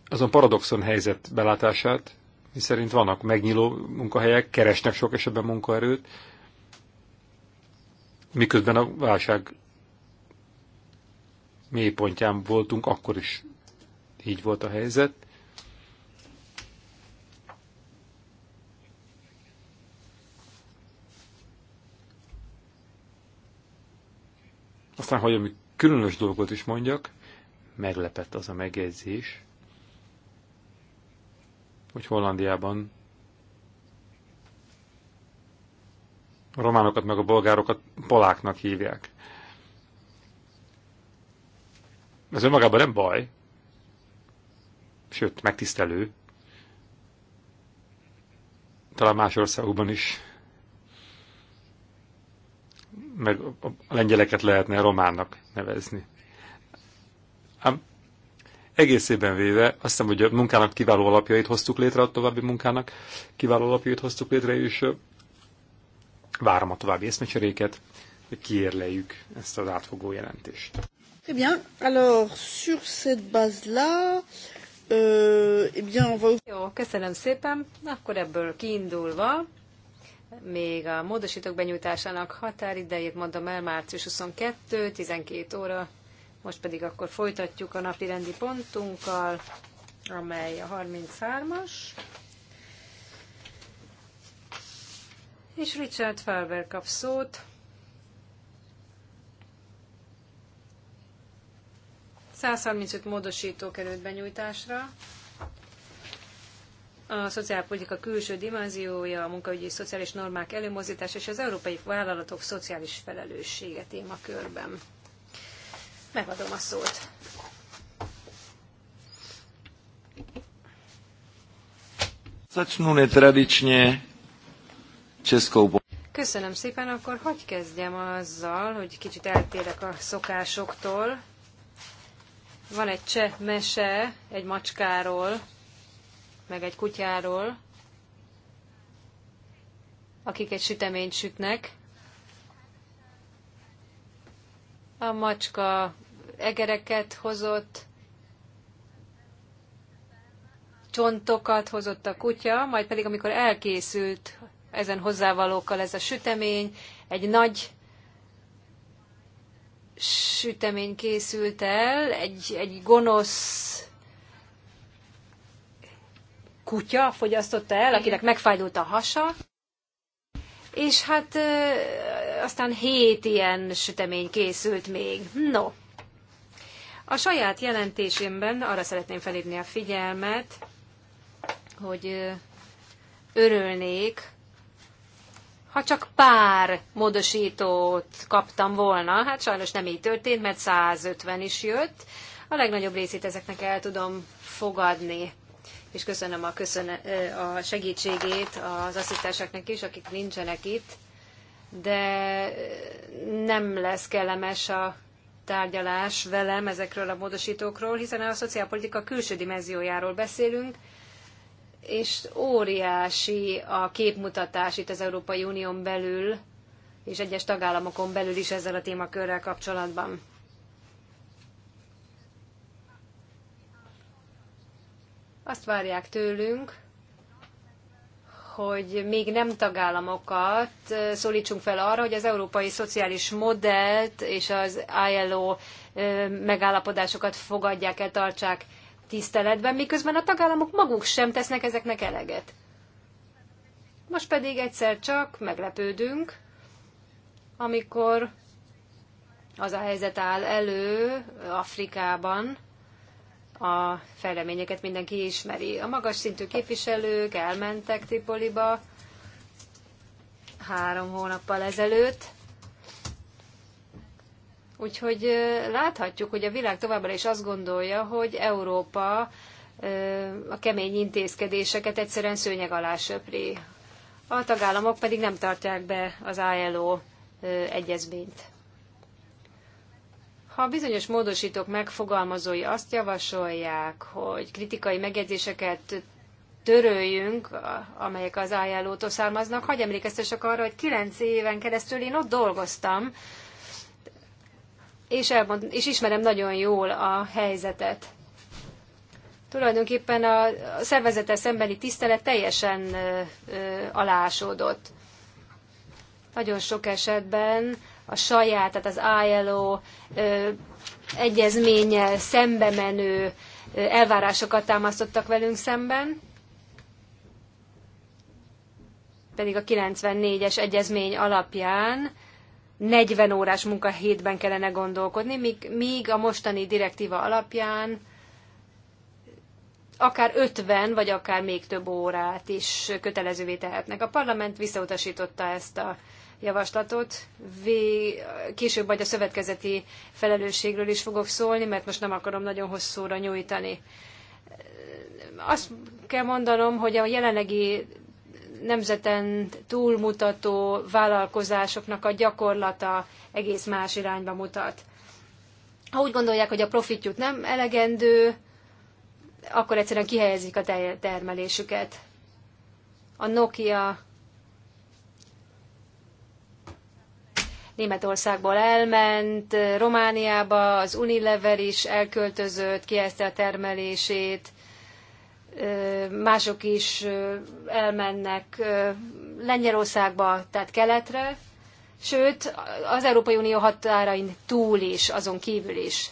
azon paradoxon helyzet belátását, miszerint vannak megnyíló munkahelyek, keresnek sok esetben munkaerőt, miközben a válság mélypontján voltunk, akkor is így volt a helyzet. Aztán, hogy különös dolgot is mondjak, meglepett az a megjegyzés, hogy Hollandiában a románokat meg a bolgárokat poláknak hívják. Ez önmagában nem baj, sőt, megtisztelő. Talán más országokban is. Meg a lengyeleket lehetne románnak nevezni. Ám Egészében véve azt hiszem, hogy a munkának kiváló alapjait hoztuk létre, a további munkának kiváló alapjait hoztuk létre, és várom a további eszmecseréket, hogy kiérleljük ezt az átfogó jelentést. Très bien. Alors, sur cette base-là, euh, eh bien, on va... Jó, köszönöm szépen. Akkor ebből kiindulva, még a módosítók benyújtásának határidejét mondom el, március 22, 12 óra most pedig akkor folytatjuk a napi rendi pontunkkal, amely a 33-as. És Richard Felber kap szót. módosító került benyújtásra. A szociálpolitika külső dimenziója, a munkaügyi szociális normák előmozdítása és az európai vállalatok szociális felelőssége témakörben. Megadom a szót. Začnu netradičně českou Köszönöm szépen, akkor hogy kezdjem azzal, hogy kicsit eltérek a szokásoktól. Van egy cseh mese, egy macskáról, meg egy kutyáról, akik egy süteményt sütnek. A macska egereket hozott, csontokat hozott a kutya, majd pedig amikor elkészült ezen hozzávalókkal ez a sütemény, egy nagy sütemény készült el, egy, egy gonosz kutya fogyasztotta el, akinek megfájdult a hasa, és hát ö, aztán hét ilyen sütemény készült még. No, a saját jelentésémben arra szeretném felhívni a figyelmet, hogy örülnék, ha csak pár módosítót kaptam volna, hát sajnos nem így történt, mert 150 is jött. A legnagyobb részét ezeknek el tudom fogadni. És köszönöm a, köszön a segítségét az asszisztenseknek is, akik nincsenek itt, de nem lesz kellemes a tárgyalás velem ezekről a módosítókról, hiszen a szociálpolitika külső dimenziójáról beszélünk, és óriási a képmutatás itt az Európai Unión belül, és egyes tagállamokon belül is ezzel a témakörrel kapcsolatban. Azt várják tőlünk, hogy még nem tagállamokat szólítsunk fel arra, hogy az európai szociális modellt és az ILO megállapodásokat fogadják el, tartsák tiszteletben, miközben a tagállamok maguk sem tesznek ezeknek eleget. Most pedig egyszer csak meglepődünk, amikor az a helyzet áll elő Afrikában, a fejleményeket mindenki ismeri. A magas szintű képviselők elmentek Tripoliba három hónappal ezelőtt, Úgyhogy láthatjuk, hogy a világ továbbra is azt gondolja, hogy Európa a kemény intézkedéseket egyszerűen szőnyeg alá söpri. A tagállamok pedig nem tartják be az ILO egyezményt. Ha bizonyos módosítók megfogalmazói azt javasolják, hogy kritikai megjegyzéseket töröljünk, amelyek az ajánlótól származnak, hagyj emlékeztessek arra, hogy kilenc éven keresztül én ott dolgoztam, és, elmond, és ismerem nagyon jól a helyzetet. Tulajdonképpen a szervezete szembeni tisztelet teljesen ö, alásódott. Nagyon sok esetben a saját, tehát az ILO ö, egyezménnyel szembe menő elvárásokat támasztottak velünk szemben, pedig a 94-es egyezmény alapján 40 órás munkahétben kellene gondolkodni, míg, míg a mostani direktíva alapján akár 50, vagy akár még több órát is kötelezővé tehetnek. A parlament visszautasította ezt a javaslatot. Vé... Később majd a szövetkezeti felelősségről is fogok szólni, mert most nem akarom nagyon hosszúra nyújtani. Azt kell mondanom, hogy a jelenlegi nemzeten túlmutató vállalkozásoknak a gyakorlata egész más irányba mutat. Ha úgy gondolják, hogy a profitjuk nem elegendő, akkor egyszerűen kihelyezik a termelésüket. A Nokia Németországból elment, Romániába, az Unilever is elköltözött, kiezte a termelését, mások is elmennek Lengyelországba, tehát keletre, sőt az Európai Unió határain túl is, azon kívül is.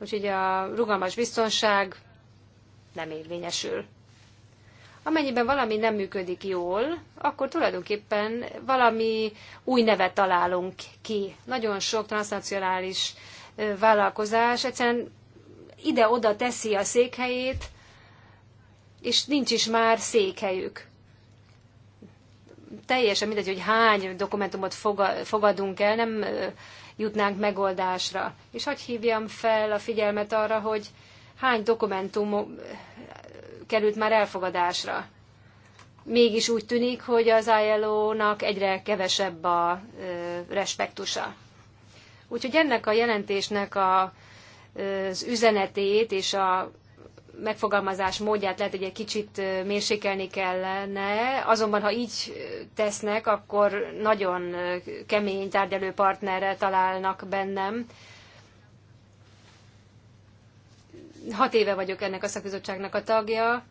Úgyhogy a rugalmas biztonság nem érvényesül amennyiben valami nem működik jól, akkor tulajdonképpen valami új nevet találunk ki. Nagyon sok transnacionális vállalkozás egyszerűen ide-oda teszi a székhelyét, és nincs is már székhelyük. Teljesen mindegy, hogy hány dokumentumot fogadunk el, nem jutnánk megoldásra. És hogy hívjam fel a figyelmet arra, hogy hány dokumentum került már elfogadásra. Mégis úgy tűnik, hogy az ILO-nak egyre kevesebb a respektusa. Úgyhogy ennek a jelentésnek a, az üzenetét és a megfogalmazás módját lehet, hogy egy kicsit mérsékelni kellene, azonban ha így tesznek, akkor nagyon kemény tárgyalópartnerre találnak bennem, Hat éve vagyok ennek a szakbizottságnak a tagja,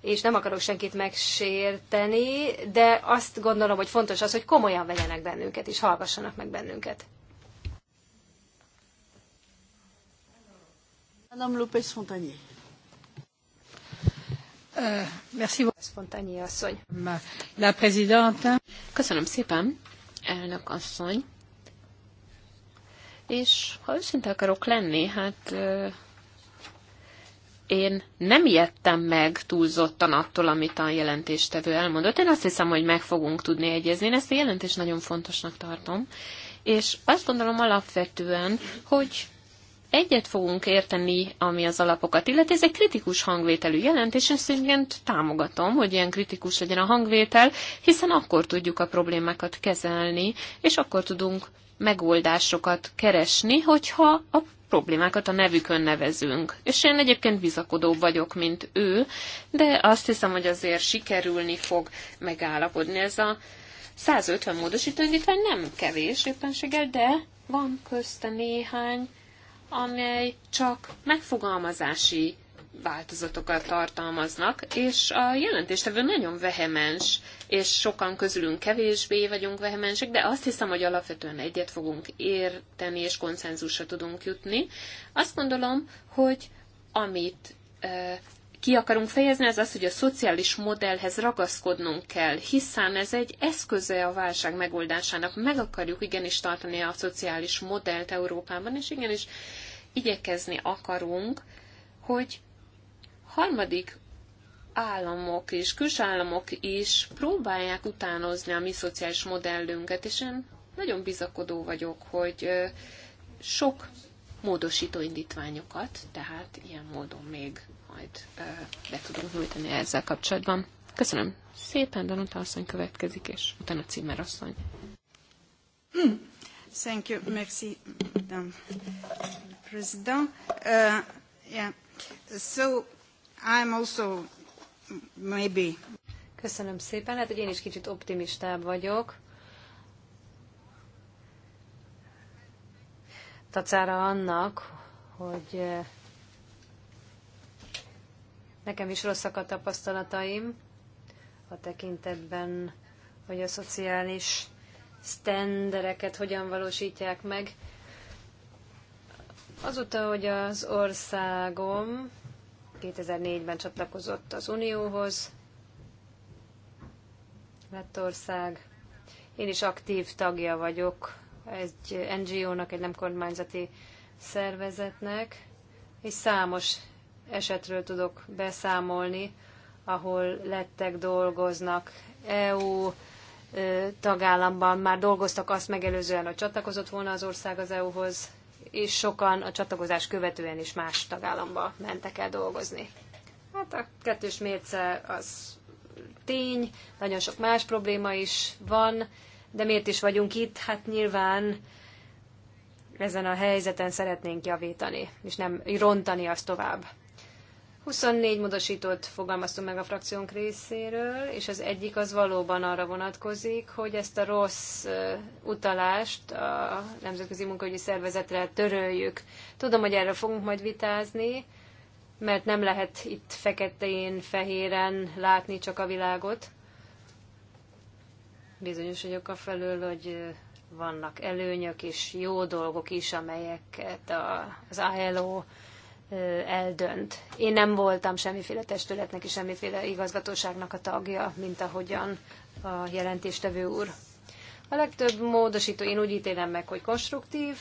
és nem akarok senkit megsérteni, de azt gondolom, hogy fontos az, hogy komolyan vegyenek bennünket, és hallgassanak meg bennünket. Madame López Fontanier. Uh, merci. Fontanier asszony. La présidente. Köszönöm szépen, elnök asszony. És ha őszinte akarok lenni, hát én nem ijedtem meg túlzottan attól, amit a jelentéstevő elmondott. Én azt hiszem, hogy meg fogunk tudni egyezni. Én ezt a jelentést nagyon fontosnak tartom. És azt gondolom alapvetően, hogy egyet fogunk érteni, ami az alapokat illeti. Ez egy kritikus hangvételű jelentés, és szintén támogatom, hogy ilyen kritikus legyen a hangvétel, hiszen akkor tudjuk a problémákat kezelni, és akkor tudunk megoldásokat keresni, hogyha a problémákat a nevükön nevezünk. És én egyébként bizakodó vagyok, mint ő, de azt hiszem, hogy azért sikerülni fog megállapodni. Ez a 150 módosító indítvány nem kevés éppenséggel, de van közte néhány, amely csak megfogalmazási változatokat tartalmaznak, és a jelentéstevő nagyon vehemens, és sokan közülünk kevésbé vagyunk vehemensek, de azt hiszem, hogy alapvetően egyet fogunk érteni, és konszenzusra tudunk jutni. Azt gondolom, hogy amit ki akarunk fejezni, az az, hogy a szociális modellhez ragaszkodnunk kell, hiszen ez egy eszköze a válság megoldásának. Meg akarjuk igenis tartani a szociális modellt Európában, és igenis igyekezni akarunk, hogy harmadik államok és külsállamok is próbálják utánozni a mi szociális modellünket, és én nagyon bizakodó vagyok, hogy sok módosító indítványokat, tehát ilyen módon még majd be tudunk nyújtani ezzel kapcsolatban. Köszönöm szépen, Danuta asszony következik, és utána Cimmer asszony. Hmm. Thank you, merci, Madame President. Uh, yeah. So, I'm also maybe. Köszönöm szépen, hát hogy én is kicsit optimistább vagyok. Tacára annak, hogy eh, nekem is rosszak a tapasztalataim a tekintetben, hogy a szociális sztendereket hogyan valósítják meg. Azóta, hogy az országom 2004-ben csatlakozott az Unióhoz, Lettország. Én is aktív tagja vagyok egy NGO-nak, egy nem kormányzati szervezetnek, és számos esetről tudok beszámolni, ahol lettek, dolgoznak EU tagállamban, már dolgoztak azt megelőzően, hogy csatlakozott volna az ország az EU-hoz, és sokan a csatlakozás követően is más tagállamba mentek el dolgozni. Hát a kettős mérce az tény, nagyon sok más probléma is van, de miért is vagyunk itt? Hát nyilván ezen a helyzeten szeretnénk javítani, és nem rontani azt tovább. 24 módosítót fogalmaztunk meg a frakciónk részéről, és az egyik az valóban arra vonatkozik, hogy ezt a rossz utalást a Nemzetközi Munkahogyi Szervezetre töröljük. Tudom, hogy erről fogunk majd vitázni, mert nem lehet itt feketén, fehéren látni csak a világot. Bizonyos vagyok a felől, hogy vannak előnyök és jó dolgok is, amelyeket az ILO eldönt. Én nem voltam semmiféle testületnek és semmiféle igazgatóságnak a tagja, mint ahogyan a jelentéstevő úr. A legtöbb módosító én úgy ítélem meg, hogy konstruktív,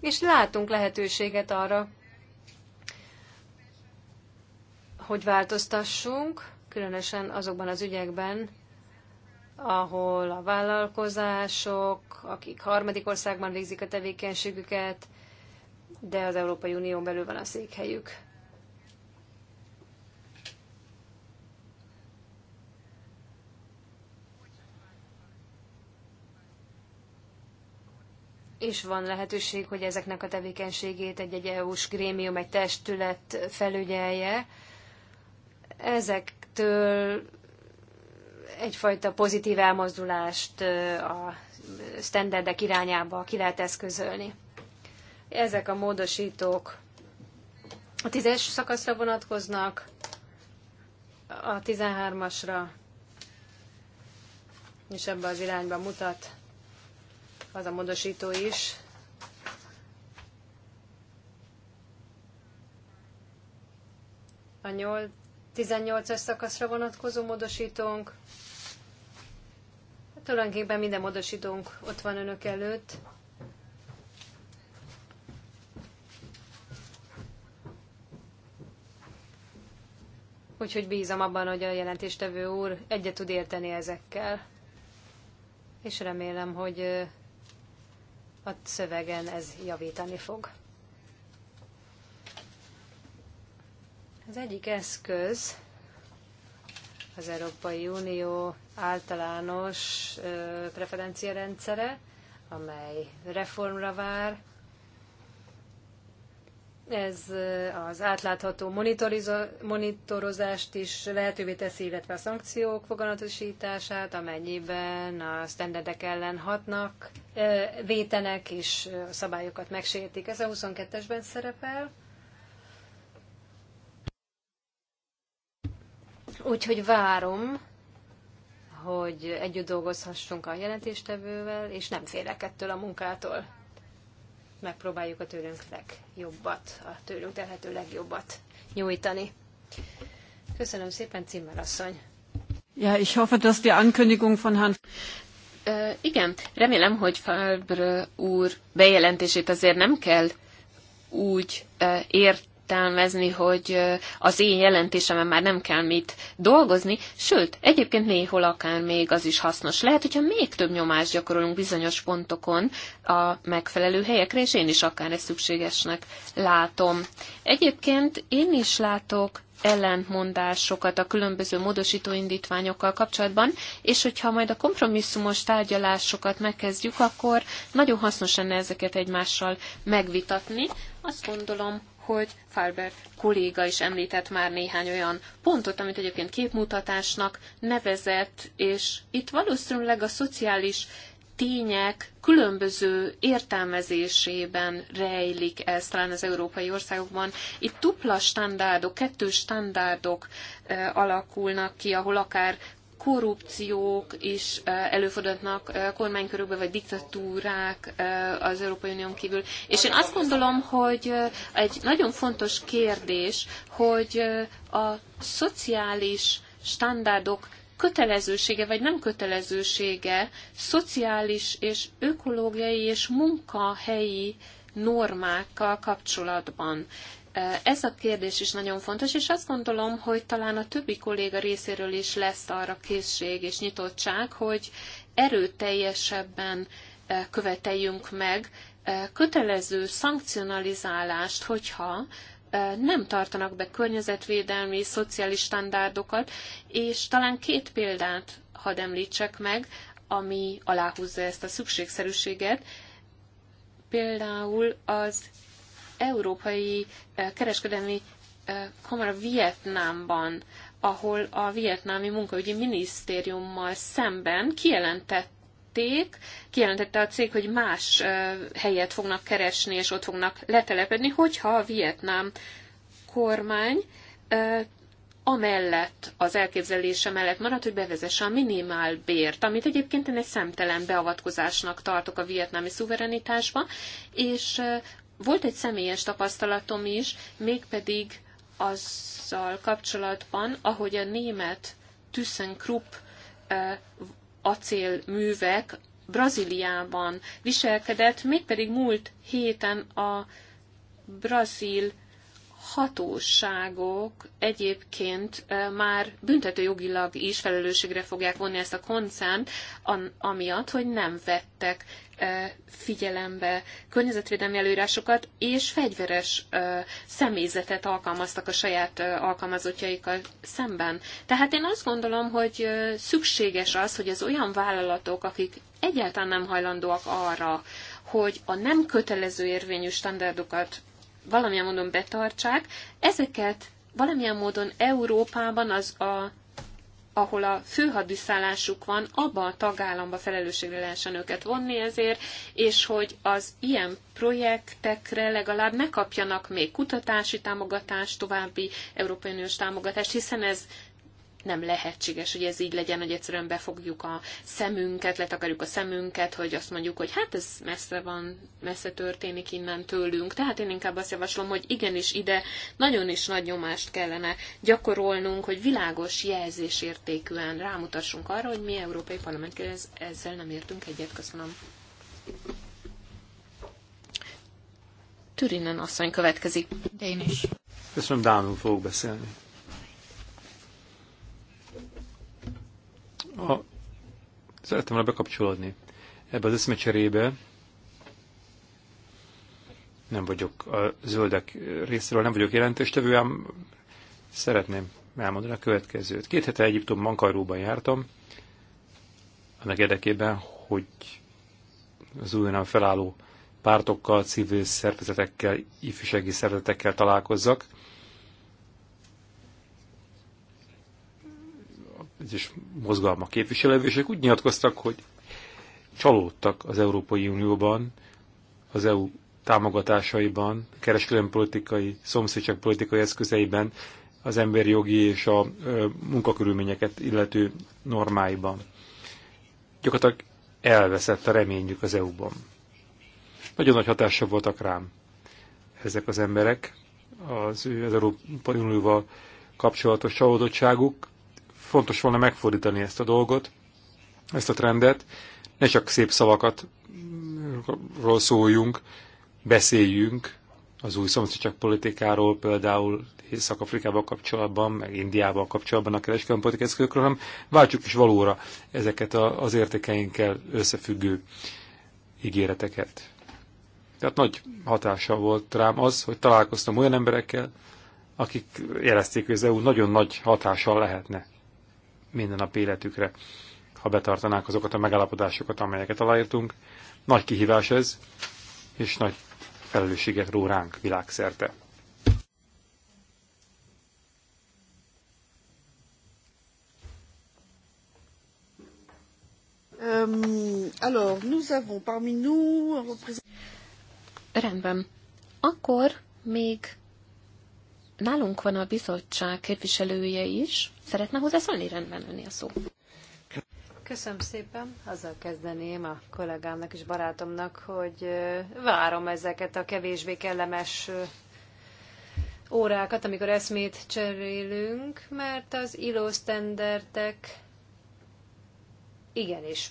és látunk lehetőséget arra, hogy változtassunk, különösen azokban az ügyekben, ahol a vállalkozások, akik harmadik országban végzik a tevékenységüket, de az Európai Unión belül van a székhelyük. és van lehetőség, hogy ezeknek a tevékenységét egy-egy EU-s grémium, egy testület felügyelje. Ezektől egyfajta pozitív elmozdulást a standardek irányába ki lehet eszközölni. Ezek a módosítók a tízes szakaszra vonatkoznak, a 13-asra, és ebbe az irányba mutat az a módosító is. A 18-as szakaszra vonatkozó módosítónk. Tulajdonképpen minden módosítónk ott van önök előtt. Úgyhogy bízom abban, hogy a jelentéstevő úr egyet tud érteni ezekkel. És remélem, hogy a szövegen ez javítani fog. Az egyik eszköz az Európai Unió általános preferenciarendszere, amely reformra vár, ez az átlátható monitorozást is lehetővé teszi, illetve a szankciók foganatosítását, amennyiben a standardek ellen hatnak, vétenek és a szabályokat megsértik. Ez a 22-esben szerepel. Úgyhogy várom, hogy együtt dolgozhassunk a jelentéstevővel, és nem félek ettől a munkától megpróbáljuk a tőlünk legjobbat, a tőlünk telhető legjobbat nyújtani. Köszönöm szépen, Cimmer asszony. Ja, ich hoffe, dass die Ankündigung von Herrn uh, igen, remélem, hogy Fabre úr bejelentését azért nem kell úgy uh, ért, értelmezni, hogy az én jelentésemen már nem kell mit dolgozni, sőt, egyébként néhol akár még az is hasznos. Lehet, hogyha még több nyomást gyakorolunk bizonyos pontokon a megfelelő helyekre, és én is akár ezt szükségesnek látom. Egyébként én is látok ellentmondásokat a különböző módosító indítványokkal kapcsolatban, és hogyha majd a kompromisszumos tárgyalásokat megkezdjük, akkor nagyon hasznos lenne ezeket egymással megvitatni. Azt gondolom, hogy Farber kolléga is említett már néhány olyan pontot, amit egyébként képmutatásnak nevezett, és itt valószínűleg a szociális tények különböző értelmezésében rejlik ez talán az európai országokban. Itt dupla standardok, kettős standardok eh, alakulnak ki, ahol akár korrupciók is előfordulnak kormánykörökbe, vagy diktatúrák az Európai Unión kívül. És én azt gondolom, hogy egy nagyon fontos kérdés, hogy a szociális standardok kötelezősége vagy nem kötelezősége szociális és ökológiai és munkahelyi normákkal kapcsolatban ez a kérdés is nagyon fontos, és azt gondolom, hogy talán a többi kolléga részéről is lesz arra készség és nyitottság, hogy erőteljesebben e, követeljünk meg e, kötelező szankcionalizálást, hogyha e, nem tartanak be környezetvédelmi, szociális standardokat, és talán két példát hadd említsek meg, ami aláhúzza ezt a szükségszerűséget. Például az európai kereskedelmi kamara Vietnámban, ahol a vietnámi munkaügyi minisztériummal szemben kijelentett kijelentette a cég, hogy más helyet fognak keresni, és ott fognak letelepedni, hogyha a vietnám kormány amellett az elképzelése mellett marad, hogy bevezesse a bért, amit egyébként én egy szemtelen beavatkozásnak tartok a vietnámi szuverenitásba, és volt egy személyes tapasztalatom is, mégpedig azzal kapcsolatban, ahogy a német ThyssenKrupp acélművek Brazíliában viselkedett, mégpedig múlt héten a brazil hatóságok egyébként már büntetőjogilag is felelősségre fogják vonni ezt a koncent, amiatt, hogy nem vettek figyelembe környezetvédelmi előírásokat, és fegyveres személyzetet alkalmaztak a saját alkalmazottjaikkal szemben. Tehát én azt gondolom, hogy szükséges az, hogy az olyan vállalatok, akik egyáltalán nem hajlandóak arra, hogy a nem kötelező érvényű standardokat valamilyen módon betartsák, ezeket valamilyen módon Európában az a ahol a főhadiszállásuk van, abba a tagállamba felelősségre lehessen őket vonni ezért, és hogy az ilyen projektekre legalább ne kapjanak még kutatási támogatást, további Európai Uniós támogatást, hiszen ez nem lehetséges, hogy ez így legyen, hogy egyszerűen befogjuk a szemünket, letakarjuk a szemünket, hogy azt mondjuk, hogy hát ez messze van, messze történik innen tőlünk. Tehát én inkább azt javaslom, hogy igenis ide nagyon is nagy nyomást kellene gyakorolnunk, hogy világos jelzésértékűen rámutassunk arra, hogy mi Európai Parlamentként ezzel nem értünk egyet. Köszönöm. Türinen asszony következik. De én is. Köszönöm, Dánul fogok beszélni. a, szerettem volna bekapcsolódni ebbe az eszmecserébe. Nem vagyok a zöldek részéről, nem vagyok jelentéstevő, ám szeretném elmondani a következőt. Két hete Egyiptom Mankajróban jártam, annak érdekében, hogy az újonnan felálló pártokkal, civil szervezetekkel, ifjúsági szervezetekkel találkozzak, is mozgalma képviselővések úgy nyilatkoztak, hogy csalódtak az Európai Unióban, az EU támogatásaiban, kereskedelmi politikai, szomszédság politikai eszközeiben, az emberi jogi és a munkakörülményeket illető normáiban. Gyakorlatilag elveszett a reményük az EU-ban. Nagyon nagy hatása voltak rám ezek az emberek, az, az Európai Unióval kapcsolatos csalódottságuk fontos volna megfordítani ezt a dolgot, ezt a trendet, ne csak szép szavakat ról szóljunk, beszéljünk az új szomszédság politikáról, például Észak-Afrikával kapcsolatban, meg Indiával kapcsolatban a kereskedelmi politikai eszközökről, hanem váltsuk is valóra ezeket az értékeinkkel összefüggő ígéreteket. Tehát nagy hatása volt rám az, hogy találkoztam olyan emberekkel, akik jelezték, hogy az EU nagyon nagy hatással lehetne minden nap életükre, ha betartanák azokat a megállapodásokat, amelyeket aláírtunk. Nagy kihívás ez, és nagy felelősséget ró ránk világszerte. Rendben. Akkor még Nálunk van a bizottság képviselője is. Szeretne hozzászólni? Rendben, önni a szó. Köszönöm szépen. Azzal kezdeném a kollégámnak és barátomnak, hogy várom ezeket a kevésbé kellemes órákat, amikor eszmét cserélünk, mert az ILO standardek igenis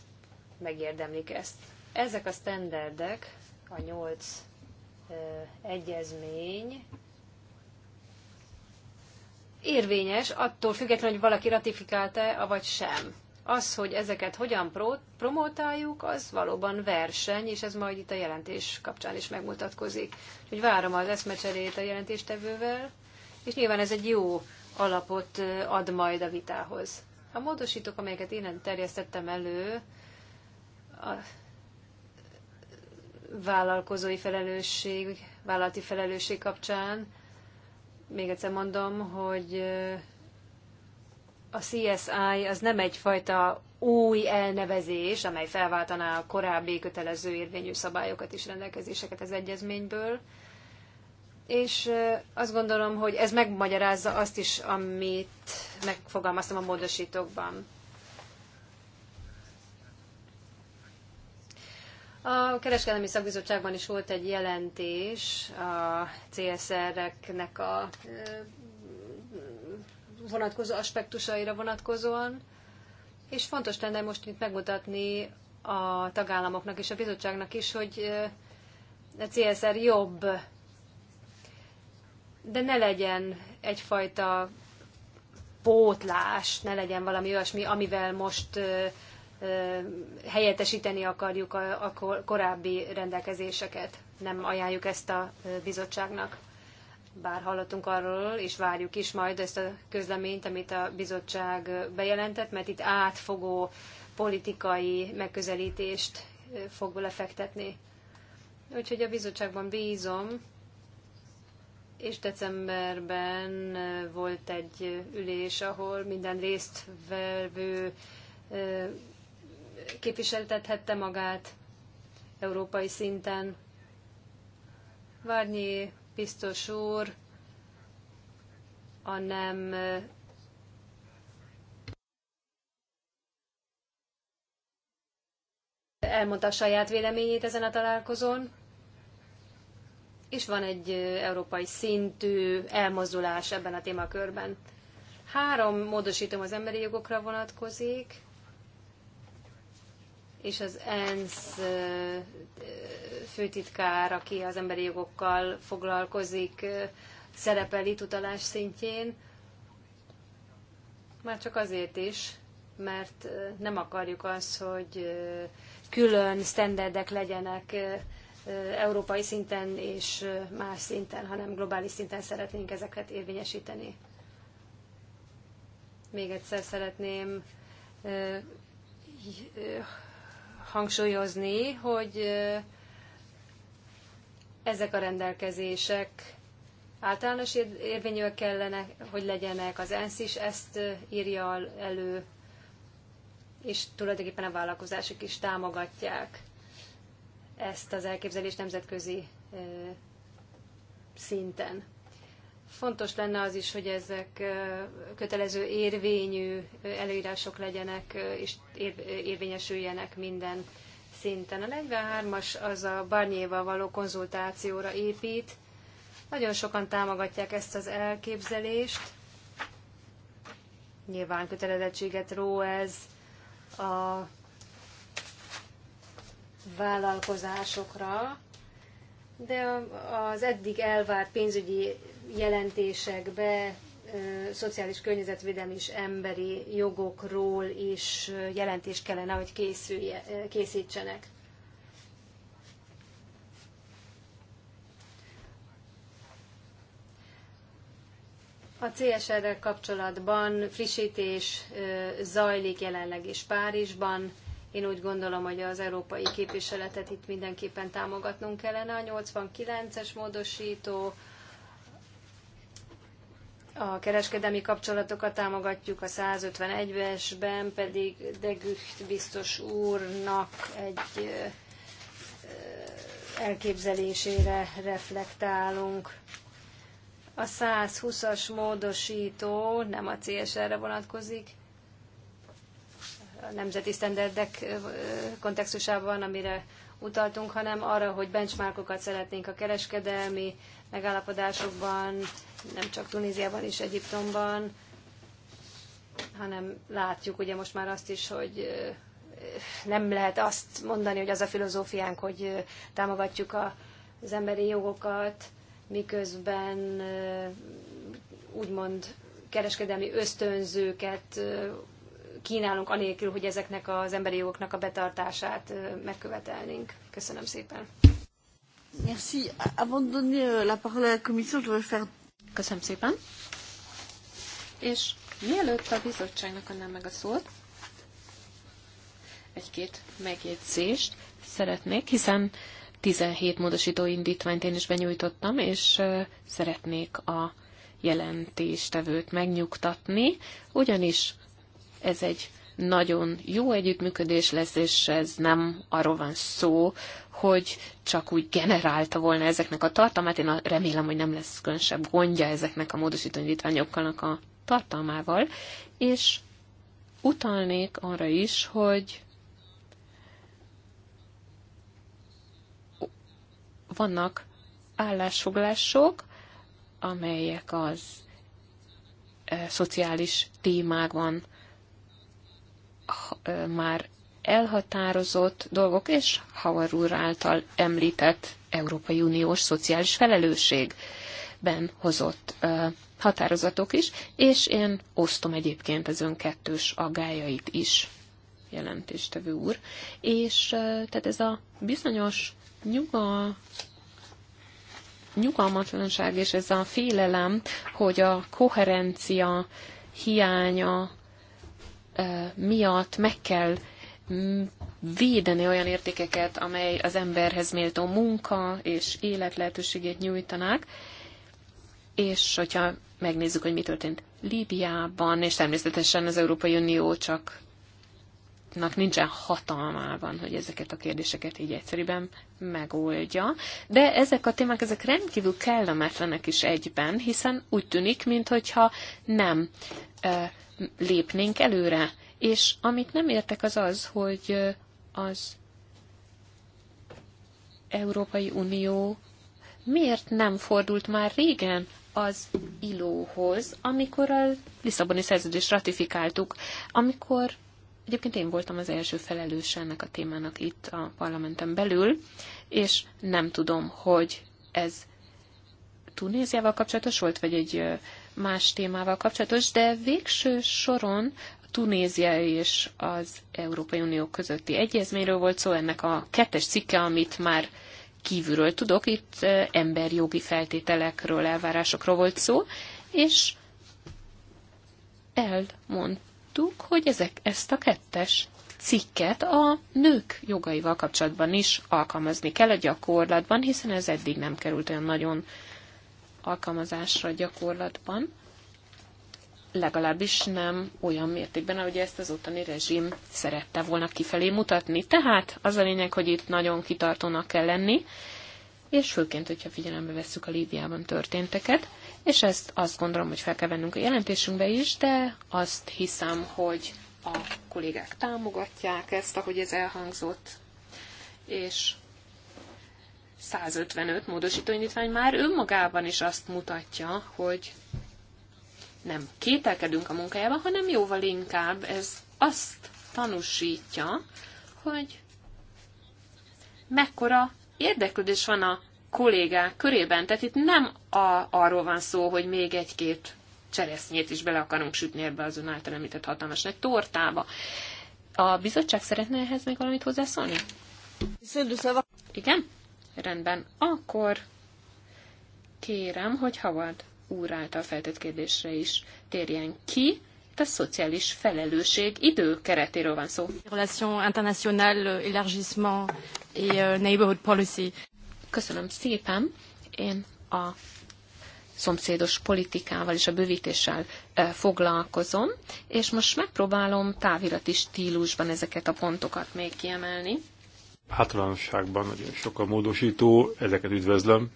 megérdemlik ezt. Ezek a standardek, a nyolc egyezmény, érvényes, attól függetlenül, hogy valaki ratifikálta-e, vagy sem. Az, hogy ezeket hogyan pro- promotáljuk, az valóban verseny, és ez majd itt a jelentés kapcsán is megmutatkozik. Úgyhogy várom az eszmecserét a jelentéstevővel, és nyilván ez egy jó alapot ad majd a vitához. A módosítók, amelyeket én terjesztettem elő, a vállalkozói felelősség, vállalati felelősség kapcsán, még egyszer mondom, hogy a CSI az nem egyfajta új elnevezés, amely felváltaná a korábbi kötelező érvényű szabályokat és rendelkezéseket az egyezményből. És azt gondolom, hogy ez megmagyarázza azt is, amit megfogalmaztam a módosítókban. A Kereskedelmi Szakbizottságban is volt egy jelentés a CSR-eknek a vonatkozó aspektusaira vonatkozóan, és fontos lenne most itt megmutatni a tagállamoknak és a bizottságnak is, hogy a CSR jobb, de ne legyen egyfajta pótlás, ne legyen valami olyasmi, amivel most helyettesíteni akarjuk a, korábbi rendelkezéseket. Nem ajánljuk ezt a bizottságnak. Bár hallottunk arról, és várjuk is majd ezt a közleményt, amit a bizottság bejelentett, mert itt átfogó politikai megközelítést fog lefektetni. Úgyhogy a bizottságban bízom, és decemberben volt egy ülés, ahol minden résztvevő képviseltethette magát európai szinten. Várnyi biztos úr a nem elmondta a saját véleményét ezen a találkozón, és van egy európai szintű elmozdulás ebben a témakörben. Három módosítom az emberi jogokra vonatkozik, és az ENSZ főtitkár, aki az emberi jogokkal foglalkozik, szerepel itt utalás szintjén, már csak azért is, mert nem akarjuk azt, hogy külön standardek legyenek európai szinten és más szinten, hanem globális szinten szeretnénk ezeket érvényesíteni. Még egyszer szeretném hangsúlyozni, hogy ezek a rendelkezések általános érvényűek kellene, hogy legyenek. Az ENSZ is ezt írja elő, és tulajdonképpen a vállalkozások is támogatják ezt az elképzelést nemzetközi szinten. Fontos lenne az is, hogy ezek kötelező érvényű előírások legyenek, és érvényesüljenek minden szinten. A 43-as az a Barnyéval való konzultációra épít. Nagyon sokan támogatják ezt az elképzelést. Nyilván kötelezettséget ró ez a vállalkozásokra, de az eddig elvárt pénzügyi jelentésekbe szociális környezetvédelmi és emberi jogokról is jelentést kellene, hogy készülje, készítsenek. A CSR-rel kapcsolatban frissítés zajlik jelenleg is Párizsban. Én úgy gondolom, hogy az európai képviseletet itt mindenképpen támogatnunk kellene. A 89-es módosító a kereskedelmi kapcsolatokat támogatjuk, a 151-esben pedig de Gucht biztos úrnak egy elképzelésére reflektálunk. A 120-as módosító nem a CSR-re vonatkozik, a nemzeti sztenderdek kontextusában, amire utaltunk, hanem arra, hogy benchmarkokat szeretnénk a kereskedelmi megállapodásokban nem csak Tunéziában és Egyiptomban, hanem látjuk ugye most már azt is, hogy nem lehet azt mondani, hogy az a filozófiánk, hogy támogatjuk az emberi jogokat, miközben úgymond kereskedelmi ösztönzőket kínálunk anélkül, hogy ezeknek az emberi jogoknak a betartását megkövetelnénk. Köszönöm szépen. Merci. Avant de donner euh, la parole à la Commission, je voudrais faire Köszönöm szépen. És mielőtt a bizottságnak annál meg a szót, egy-két megjegyzést szeretnék, hiszen 17 módosító indítványt én is benyújtottam, és szeretnék a jelentéstevőt megnyugtatni, ugyanis ez egy nagyon jó együttműködés lesz, és ez nem arról van szó, hogy csak úgy generálta volna ezeknek a tartalmát. Én remélem, hogy nem lesz különösebb gondja ezeknek a módosító indítványoknak a tartalmával, és utalnék arra is, hogy vannak állásfoglások, amelyek az e, szociális témákban már elhatározott dolgok, és Havar úr által említett Európai Uniós szociális felelősségben hozott határozatok is, és én osztom egyébként az ön kettős aggájait is, jelentéstevő úr. És tehát ez a bizonyos nyugal, nyugalmatlanság és ez a félelem, hogy a koherencia hiánya miatt meg kell védeni olyan értékeket, amely az emberhez méltó munka és életlehetőségét nyújtanák, és hogyha megnézzük, hogy mi történt Líbiában, és természetesen az Európai Unió csak nak nincsen hatalmában, hogy ezeket a kérdéseket így egyszerűen megoldja. De ezek a témák, ezek rendkívül kellemetlenek is egyben, hiszen úgy tűnik, mintha nem e, lépnénk előre. És amit nem értek az az, hogy az Európai Unió miért nem fordult már régen az ilóhoz, amikor a Lisszaboni szerződést ratifikáltuk, amikor Egyébként én voltam az első felelős ennek a témának itt a parlamenten belül, és nem tudom, hogy ez Tunéziával kapcsolatos volt, vagy egy más témával kapcsolatos, de végső soron Tunézia és az Európai Unió közötti egyezményről volt szó, ennek a kettes cikke, amit már kívülről tudok, itt emberjogi feltételekről, elvárásokról volt szó, és elmond, láttuk, hogy ezek, ezt a kettes cikket a nők jogaival kapcsolatban is alkalmazni kell a gyakorlatban, hiszen ez eddig nem került olyan nagyon alkalmazásra a gyakorlatban, legalábbis nem olyan mértékben, ahogy ezt az ottani rezsim szerette volna kifelé mutatni. Tehát az a lényeg, hogy itt nagyon kitartónak kell lenni, és főként, hogyha figyelembe vesszük a Líbiában történteket és ezt azt gondolom, hogy fel kell vennünk a jelentésünkbe is, de azt hiszem, hogy a kollégák támogatják ezt, ahogy ez elhangzott, és 155 módosítóindítvány már önmagában is azt mutatja, hogy nem kételkedünk a munkájában, hanem jóval inkább ez azt tanúsítja, hogy mekkora érdeklődés van a kollégák körében. Tehát itt nem a, arról van szó, hogy még egy-két cseresznyét is bele akarunk sütni ebbe az ön által említett hatalmas nagy tortába. A bizottság szeretne ehhez még valamit hozzászólni? Igen? Rendben. Akkor kérem, hogy Havard úr által feltett kérdésre is térjen ki. Itt a szociális felelősség időkeretéről van szó. Relation internationale, élargissement et euh, neighborhood policy. Köszönöm szépen. Én a szomszédos politikával és a bővítéssel e, foglalkozom, és most megpróbálom távirati stílusban ezeket a pontokat még kiemelni. Hátalanságban nagyon sok a módosító, ezeket üdvözlöm,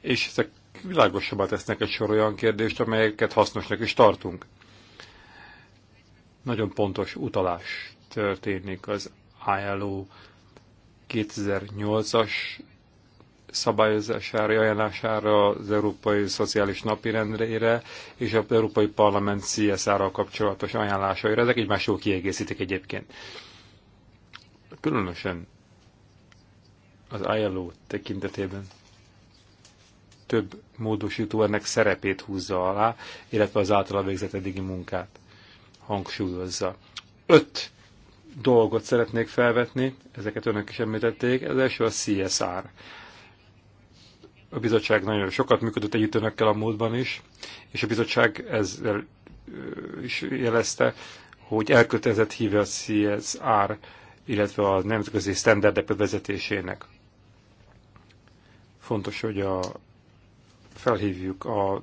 és ezek világosabbá tesznek egy sor olyan kérdést, amelyeket hasznosnak is tartunk. Nagyon pontos utalás történik az ILO 2008-as szabályozására, ajánlására, az Európai Szociális Napirendre és az Európai Parlament csr ra kapcsolatos ajánlásaira. Ezek egymástól kiegészítik egyébként. Különösen az ILO tekintetében több módosító ennek szerepét húzza alá, illetve az általa végzett eddigi munkát hangsúlyozza. Öt dolgot szeretnék felvetni, ezeket önök is említették. Az első a CSR. A bizottság nagyon sokat működött együtt önökkel a múltban is, és a bizottság ezzel is jelezte, hogy elkötelezett híve a CSR, illetve a nemzetközi sztenderdek bevezetésének. Fontos, hogy a, felhívjuk a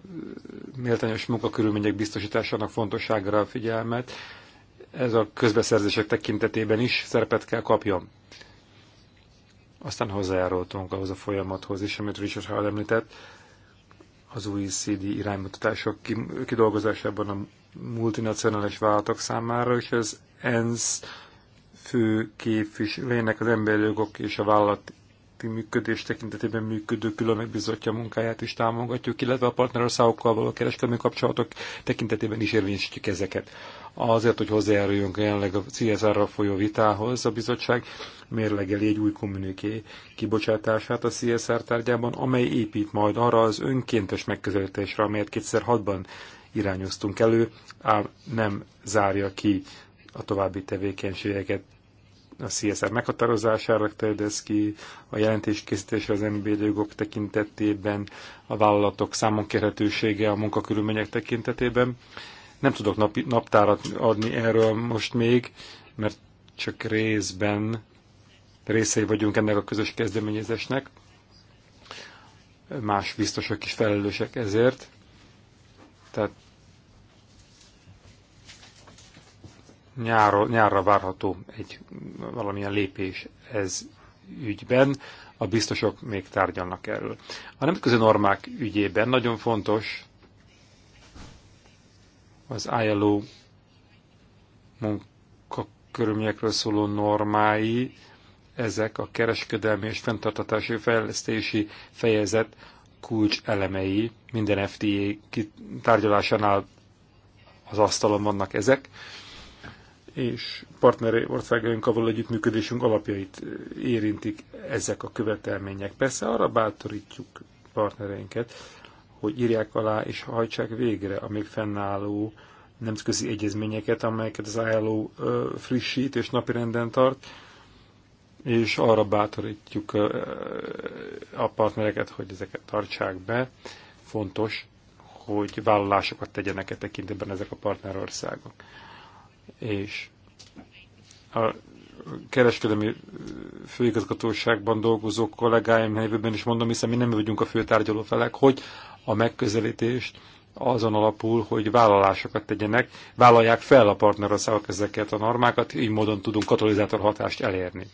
méltányos munkakörülmények biztosításának fontosságra a figyelmet, ez a közbeszerzések tekintetében is szerepet kell kapjon. Aztán hozzájárultunk ahhoz a folyamathoz is, amit Richard Hall említett, az új CD iránymutatások kidolgozásában a multinacionális vállalatok számára, és az ENSZ fő képviselőjének az emberi jogok és a vállalati működés tekintetében működő külön megbizotja munkáját is támogatjuk, illetve a partnerországokkal való kereskedelmi kapcsolatok tekintetében is érvényesítjük ezeket azért, hogy hozzájáruljunk jelenleg a CSR-ra folyó vitához, a bizottság mérlegeli egy új kommuniké kibocsátását a CSR tárgyában, amely épít majd arra az önkéntes megközelítésre, amelyet 2006-ban irányoztunk elő, ám nem zárja ki a további tevékenységeket a CSR meghatározására terjedez ki, a jelentés készítése az emberi jogok tekintetében, a vállalatok számonkérhetősége a munkakörülmények tekintetében. Nem tudok napi, naptárat adni erről most még, mert csak részben részei vagyunk ennek a közös kezdeményezésnek. Más biztosok is felelősek ezért. Tehát nyárra, nyárra várható egy valamilyen lépés ez ügyben. A biztosok még tárgyalnak erről. A nemzetközi normák ügyében nagyon fontos, az ILO munkakörülményekről szóló normái, ezek a kereskedelmi és fenntartatási fejlesztési fejezet kulcs elemei, minden FTA tárgyalásánál az asztalon vannak ezek, és partneri országaink való együttműködésünk alapjait érintik ezek a követelmények. Persze arra bátorítjuk partnereinket, hogy írják alá és hajtsák végre a még fennálló nemzetközi egyezményeket, amelyeket az ILO frissít és napirenden tart, és arra bátorítjuk a partnereket, hogy ezeket tartsák be. Fontos, hogy vállalásokat tegyenek e tekintetben ezek a partnerországok. És a kereskedelmi főigazgatóságban dolgozó kollégáim nevében is mondom, hiszen mi nem vagyunk a fő tárgyaló felek, hogy a megközelítést azon alapul, hogy vállalásokat tegyenek, vállalják fel a partnerországok ezeket a normákat, így módon tudunk katalizátor hatást elérni.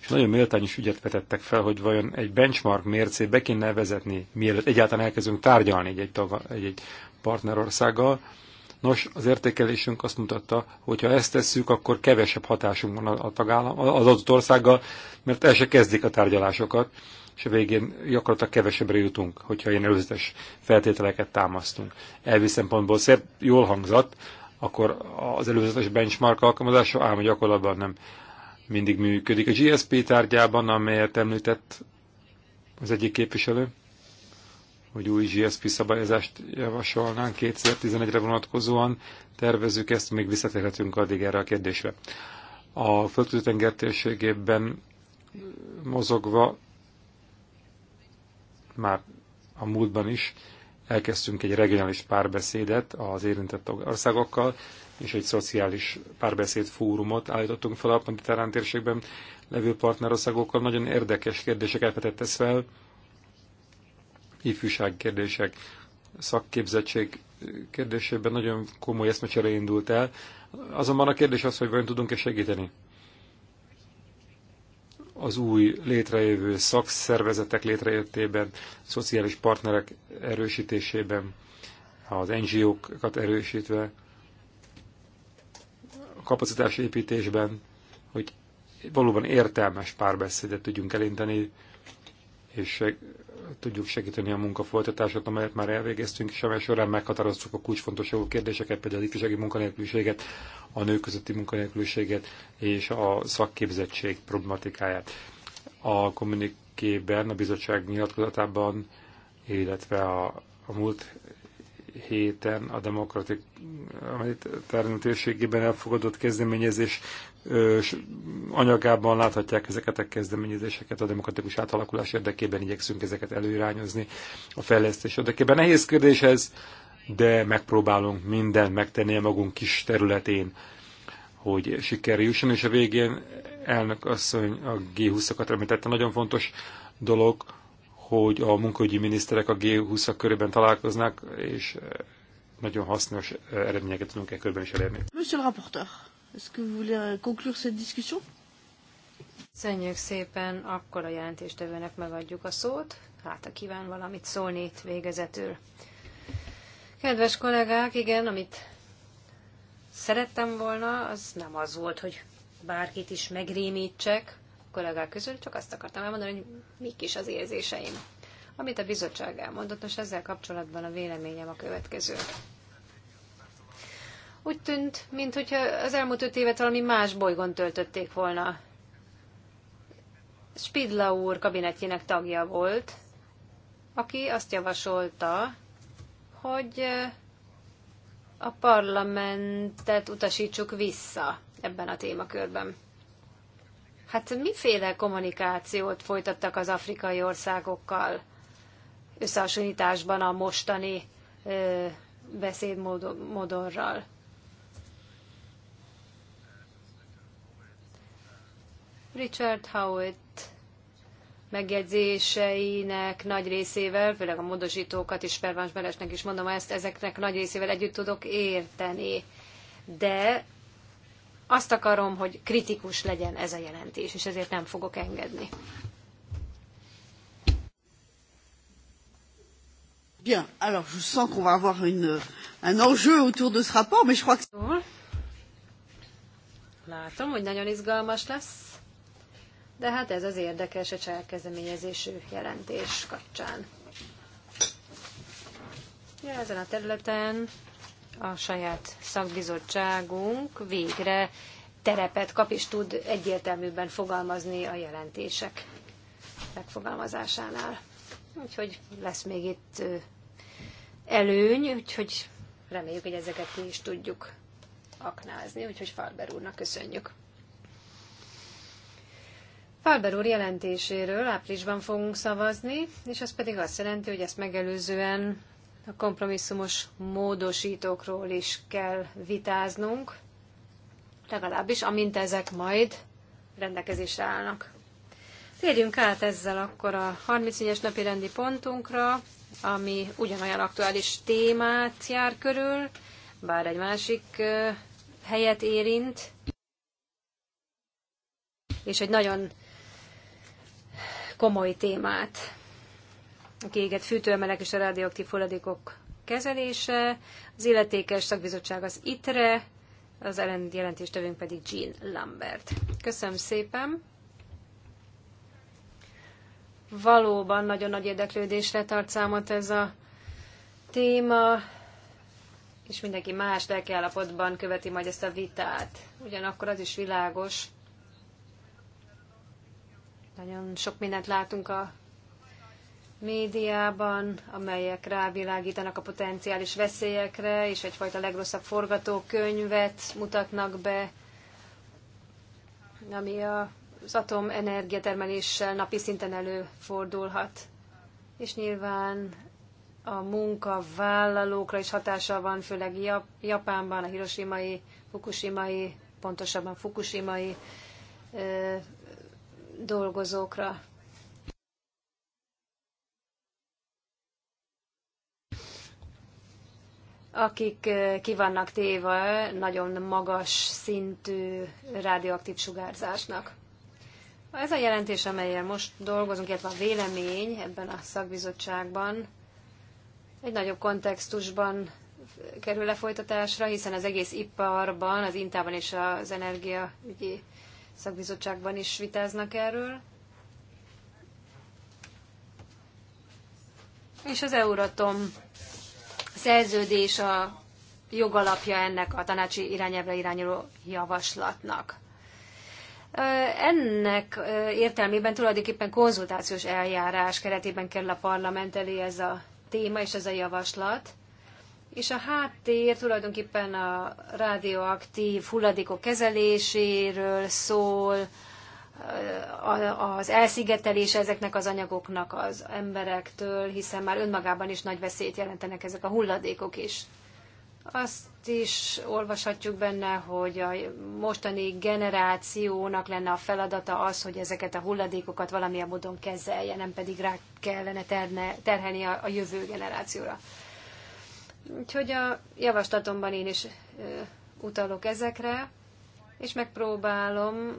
És nagyon méltányos ügyet vetettek fel, hogy vajon egy benchmark mércét be kéne vezetni, mielőtt egyáltalán elkezdünk tárgyalni egy-egy, taga, egy-egy partnerországgal. Nos, az értékelésünk azt mutatta, hogy ha ezt tesszük, akkor kevesebb hatásunk van a tagállam, az adott országgal, mert el se kezdik a tárgyalásokat és a végén gyakorlatilag kevesebbre jutunk, hogyha ilyen előzetes feltételeket támasztunk. Elvi szempontból szép, jól hangzott, akkor az előzetes benchmark alkalmazása ám a gyakorlatban nem mindig működik. A GSP tárgyában, amelyet említett az egyik képviselő, hogy új GSP szabályozást javasolnánk 2011-re vonatkozóan, tervezzük ezt, még visszatérhetünk addig erre a kérdésre. A földközi tengertérségében mozogva már a múltban is elkezdtünk egy regionális párbeszédet az érintett országokkal, és egy szociális párbeszéd fórumot állítottunk fel a mediterrán térségben levő partnerországokkal. Nagyon érdekes kérdéseket vetett ez fel, ifjúság kérdések, szakképzettség kérdésében nagyon komoly eszmecsere indult el. Azonban a kérdés az, hogy vajon tudunk-e segíteni az új létrejövő szakszervezetek létrejöttében, szociális partnerek erősítésében, az NGO-kat erősítve, a kapacitás építésben, hogy valóban értelmes párbeszédet tudjunk elinteni, és tudjuk segíteni a folytatását, amelyet már elvégeztünk, és amely során meghatároztuk a kulcsfontosságú kérdéseket, például az ifjúsági munkanélküliséget, a nők közötti munkanélküliséget és a szakképzettség problematikáját. A kommunikében, a bizottság nyilatkozatában, illetve a, a múlt héten a demokratik tárgyaló térségében elfogadott kezdeményezés anyagában láthatják ezeket a kezdeményezéseket, a demokratikus átalakulás érdekében igyekszünk ezeket előirányozni a fejlesztés érdekében. Nehéz kérdés ez, de megpróbálunk mindent megtenni a magunk kis területén, hogy sikerre jusson, és a végén elnök asszony a G20-akat említette, nagyon fontos dolog, hogy a munkahogyi miniszterek a G20-ak körében találkoznak, és eh, nagyon hasznos eh, eredményeket tudunk e körben is elérni. Monsieur le rapporteur, est-ce que vous voulez euh, conclure cette discussion? Köszönjük szépen, akkor a jelentéstevőnek megadjuk a szót, hát a kíván valamit szólni itt végezetül. Kedves kollégák, igen, amit szerettem volna, az nem az volt, hogy bárkit is megrémítsek, kollégák közül, csak azt akartam elmondani, hogy mik is az érzéseim. Amit a bizottság elmondott, most ezzel kapcsolatban a véleményem a következő. Úgy tűnt, mintha az elmúlt öt évet valami más bolygón töltötték volna. Spidla úr kabinetjének tagja volt, aki azt javasolta, hogy eh, a parlamentet utasítsuk vissza ebben a témakörben. Hát miféle kommunikációt folytattak az afrikai országokkal összehasonlításban a mostani ö, beszédmodorral? Richard Howitt megjegyzéseinek nagy részével, főleg a módosítókat is Pervans Belesnek is mondom ezt, ezeknek nagy részével együtt tudok érteni. De azt akarom, hogy kritikus legyen ez a jelentés, és ezért nem fogok engedni. Bien, alors je sens qu'on va avoir une, un enjeu autour de ce rapport, mais je crois que... Látom, hogy nagyon izgalmas lesz, de hát ez az érdekes a cselkezdeményezésű jelentés kapcsán. Ja, ezen a területen a saját szakbizottságunk végre terepet kap és tud egyértelműbben fogalmazni a jelentések megfogalmazásánál. Úgyhogy lesz még itt előny, úgyhogy reméljük, hogy ezeket mi is tudjuk aknázni, úgyhogy Farber úrnak köszönjük. Farber úr jelentéséről áprilisban fogunk szavazni, és az pedig azt jelenti, hogy ezt megelőzően a kompromisszumos módosítókról is kell vitáznunk, legalábbis amint ezek majd rendelkezésre állnak. Térjünk át ezzel akkor a 34-es napi rendi pontunkra, ami ugyanolyan aktuális témát jár körül, bár egy másik helyet érint, és egy nagyon komoly témát kiégett fűtőemelek és a radioaktív folyadékok kezelése, az illetékes szakbizottság az ITRE, az ellen jelentéstevőnk pedig Jean Lambert. Köszönöm szépen! Valóban nagyon nagy érdeklődésre tart számot ez a téma, és mindenki más lelkiállapotban követi majd ezt a vitát. Ugyanakkor az is világos, nagyon sok mindent látunk a médiában, amelyek rávilágítanak a potenciális veszélyekre, és egyfajta legrosszabb forgatókönyvet mutatnak be, ami az atomenergia termeléssel napi szinten előfordulhat. És nyilván a munkavállalókra is hatással van, főleg Japánban, a hiroshimai, fukushimai, pontosabban fukushimai dolgozókra. akik eh, ki vannak téve nagyon magas szintű rádióaktív sugárzásnak. Ez a jelentés, amelyen most dolgozunk, illetve a vélemény ebben a szakbizottságban egy nagyobb kontextusban kerül lefolytatásra, hiszen az egész iparban, az Intában és az Energiaügyi Szakbizottságban is vitáznak erről. És az Euratom szerződés a jogalapja ennek a tanácsi irányelvre irányuló javaslatnak. Ennek értelmében tulajdonképpen konzultációs eljárás keretében kerül a parlament elé ez a téma és ez a javaslat. És a háttér tulajdonképpen a radioaktív hulladékok kezeléséről szól, az elszigetelése ezeknek az anyagoknak az emberektől, hiszen már önmagában is nagy veszélyt jelentenek ezek a hulladékok is. Azt is olvashatjuk benne, hogy a mostani generációnak lenne a feladata az, hogy ezeket a hulladékokat valamilyen módon kezelje, nem pedig rá kellene terne, terhelni a, a jövő generációra. Úgyhogy a javaslatomban én is utalok ezekre, és megpróbálom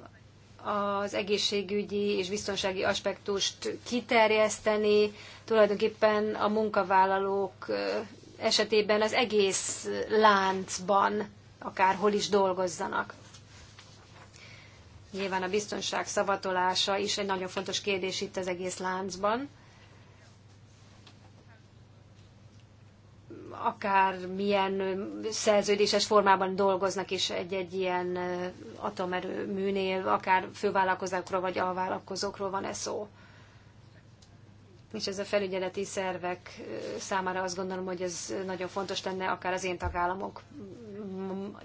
az egészségügyi és biztonsági aspektust kiterjeszteni, tulajdonképpen a munkavállalók esetében az egész láncban, akárhol is dolgozzanak. Nyilván a biztonság szavatolása is egy nagyon fontos kérdés itt az egész láncban. akármilyen milyen szerződéses formában dolgoznak is egy-egy ilyen atomerőműnél, akár fővállalkozókról vagy alvállalkozókról van-e szó. És ez a felügyeleti szervek számára azt gondolom, hogy ez nagyon fontos lenne, akár az én tagállamok,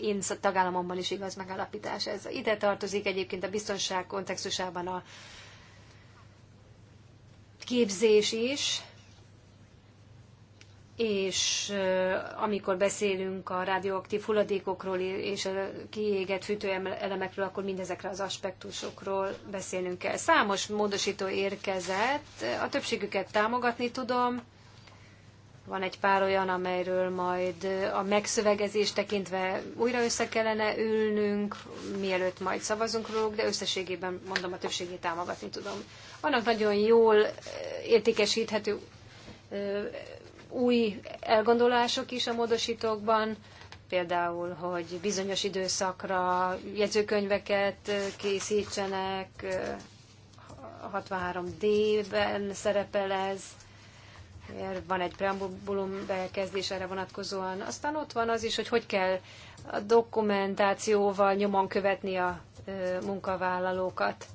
én tagállamomban is igaz megállapítás. Ez ide tartozik egyébként a biztonság kontextusában a képzés is, és amikor beszélünk a radioaktív hulladékokról és a kiégett fűtőelemekről, akkor mindezekre az aspektusokról beszélnünk kell. Számos módosító érkezett, a többségüket támogatni tudom. Van egy pár olyan, amelyről majd a megszövegezés tekintve újra össze kellene ülnünk, mielőtt majd szavazunk róluk, de összességében mondom, a többségét támogatni tudom. Vannak nagyon jól értékesíthető új elgondolások is a módosítókban, például, hogy bizonyos időszakra jegyzőkönyveket készítsenek, 63D-ben eh, szerepel ez, van egy preambulum bekezdés erre vonatkozóan. Aztán ott van az is, hogy hogy kell a dokumentációval nyomon követni a eh, munkavállalókat.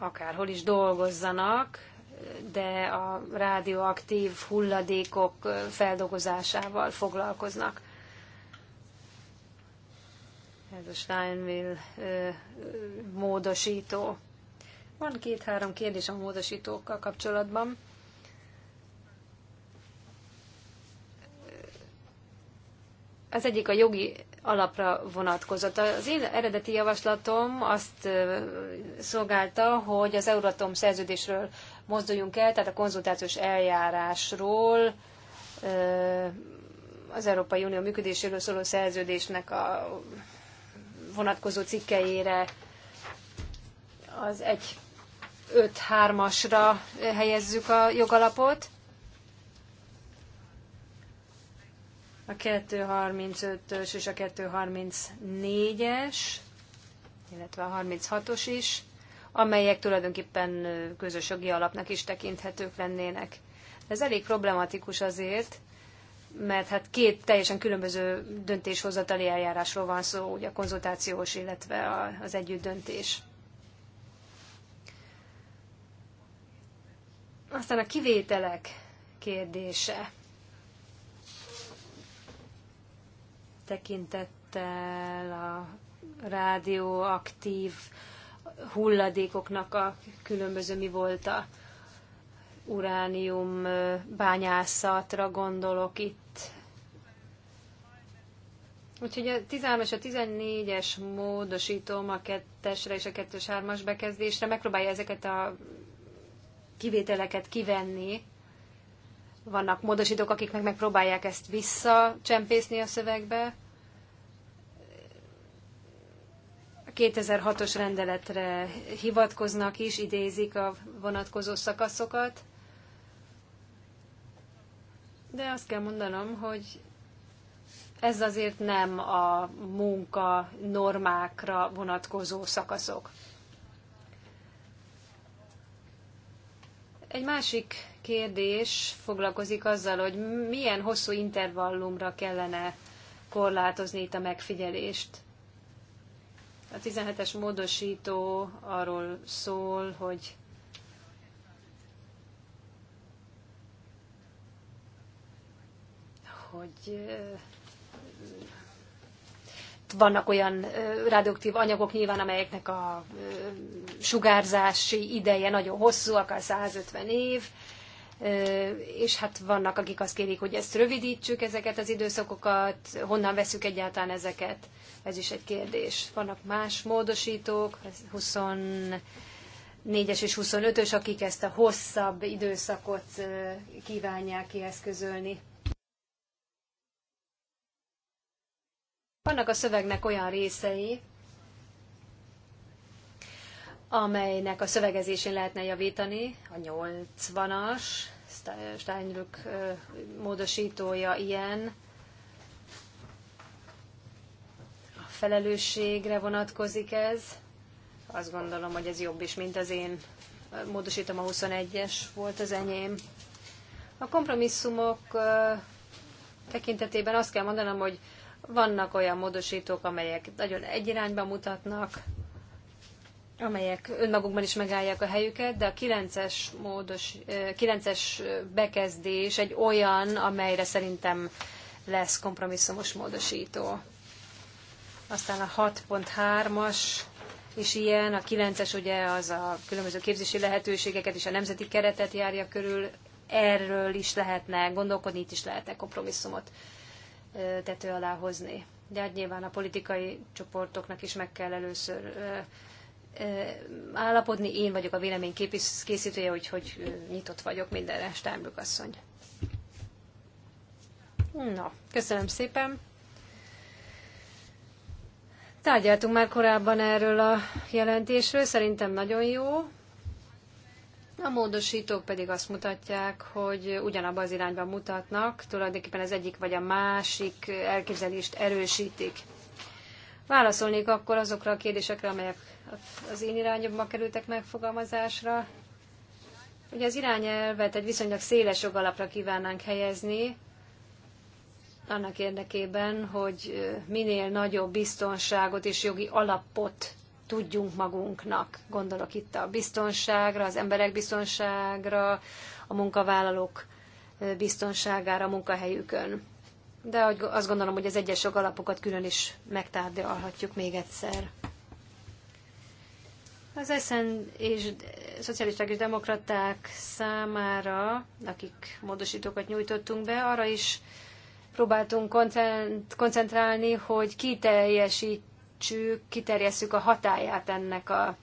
akárhol is dolgozzanak, de a rádióaktív hulladékok feldolgozásával foglalkoznak. Ez a Steinmill módosító. Van két-három kérdés a módosítókkal kapcsolatban. Az egyik a jogi alapra vonatkozott. Az én eredeti javaslatom azt szolgálta, hogy az Euratom szerződésről mozduljunk el, tehát a konzultációs eljárásról, az Európai Unió működéséről szóló szerződésnek a vonatkozó cikkeire az egy 5 3 asra helyezzük a jogalapot, a 235-ös és a 234-es, illetve a 36-os is, amelyek tulajdonképpen közös jogi alapnak is tekinthetők lennének. Ez elég problematikus azért, mert hát két teljesen különböző döntéshozatali eljárásról van szó, ugye a konzultációs, illetve az együtt döntés. Aztán a kivételek kérdése. tekintettel a rádióaktív hulladékoknak a különböző mi volt a uránium bányászatra gondolok itt. Úgyhogy a 13 és a 14-es módosítom a 2-esre és a 2-3-as bekezdésre megpróbálja ezeket a kivételeket kivenni, vannak módosítók, meg megpróbálják ezt visszacsempészni a szövegbe. A 2006-os rendeletre hivatkoznak is, idézik a vonatkozó szakaszokat. De azt kell mondanom, hogy ez azért nem a munka normákra vonatkozó szakaszok. Egy másik kérdés foglalkozik azzal, hogy milyen hosszú intervallumra kellene korlátozni itt a megfigyelést. A 17-es módosító arról szól, hogy hogy vannak olyan radioaktív anyagok nyilván, amelyeknek a sugárzási ideje nagyon hosszú, akár 150 év, és hát vannak, akik azt kérik, hogy ezt rövidítsük, ezeket az időszakokat, honnan veszük egyáltalán ezeket. Ez is egy kérdés. Vannak más módosítók, 24-es és 25-ös, akik ezt a hosszabb időszakot kívánják kieszközölni. Vannak a szövegnek olyan részei, amelynek a szövegezésén lehetne javítani, a 80-as, Steinrück módosítója ilyen, a felelősségre vonatkozik ez, azt gondolom, hogy ez jobb is, mint az én módosítom a 21-es volt az enyém. A kompromisszumok tekintetében azt kell mondanom, hogy vannak olyan módosítók, amelyek nagyon egy irányba mutatnak, amelyek önmagukban is megállják a helyüket, de a 9-es, módos, 9-es bekezdés egy olyan, amelyre szerintem lesz kompromisszumos módosító. Aztán a 6.3-as is ilyen, a 9-es ugye az a különböző képzési lehetőségeket és a nemzeti keretet járja körül, erről is lehetne gondolkodni, itt is lehetne kompromisszumot tető alá hozni. De hát nyilván a politikai csoportoknak is meg kell először állapodni. Én vagyok a vélemény készítője, úgyhogy nyitott vagyok mindenre, Steinbrück asszony. Na, köszönöm szépen. Tárgyaltunk már korábban erről a jelentésről, szerintem nagyon jó. A módosítók pedig azt mutatják, hogy ugyanabban az irányba mutatnak, tulajdonképpen az egyik vagy a másik elképzelést erősítik. Válaszolnék akkor azokra a kérdésekre, amelyek az én irányomban kerültek megfogalmazásra. Ugye az irányelvet egy viszonylag széles jogalapra kívánnánk helyezni, annak érdekében, hogy minél nagyobb biztonságot és jogi alapot tudjunk magunknak. Gondolok itt a biztonságra, az emberek biztonságra, a munkavállalók biztonságára a munkahelyükön. De azt gondolom, hogy az egyes jogalapokat külön is megtárgyalhatjuk még egyszer. Az eszen és szocialisták és demokraták számára, akik módosítókat nyújtottunk be, arra is próbáltunk koncentrálni, hogy kiteljesítsük, kiterjesszük a hatáját ennek a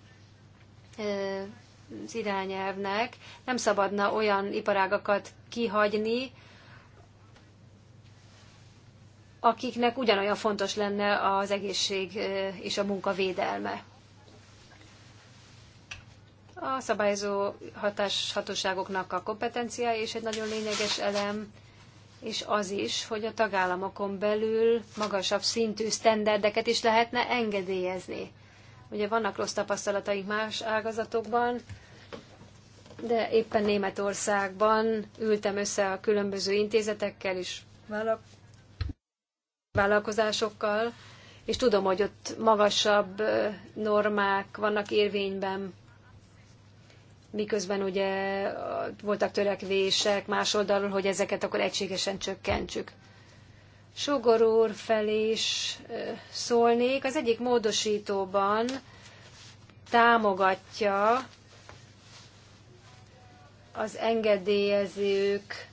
az irányelvnek. Nem szabadna olyan iparágakat kihagyni, akiknek ugyanolyan fontos lenne az egészség és a munka védelme. A szabályozó hatás, hatóságoknak a kompetenciája és egy nagyon lényeges elem, és az is, hogy a tagállamokon belül magasabb szintű sztenderdeket is lehetne engedélyezni. Ugye vannak rossz tapasztalataink más ágazatokban, de éppen Németországban ültem össze a különböző intézetekkel és vállalkozásokkal, és tudom, hogy ott magasabb normák vannak érvényben, miközben ugye voltak törekvések más oldalról, hogy ezeket akkor egységesen csökkentsük. Sogor úr felé is szólnék. Az egyik módosítóban támogatja az engedélyezők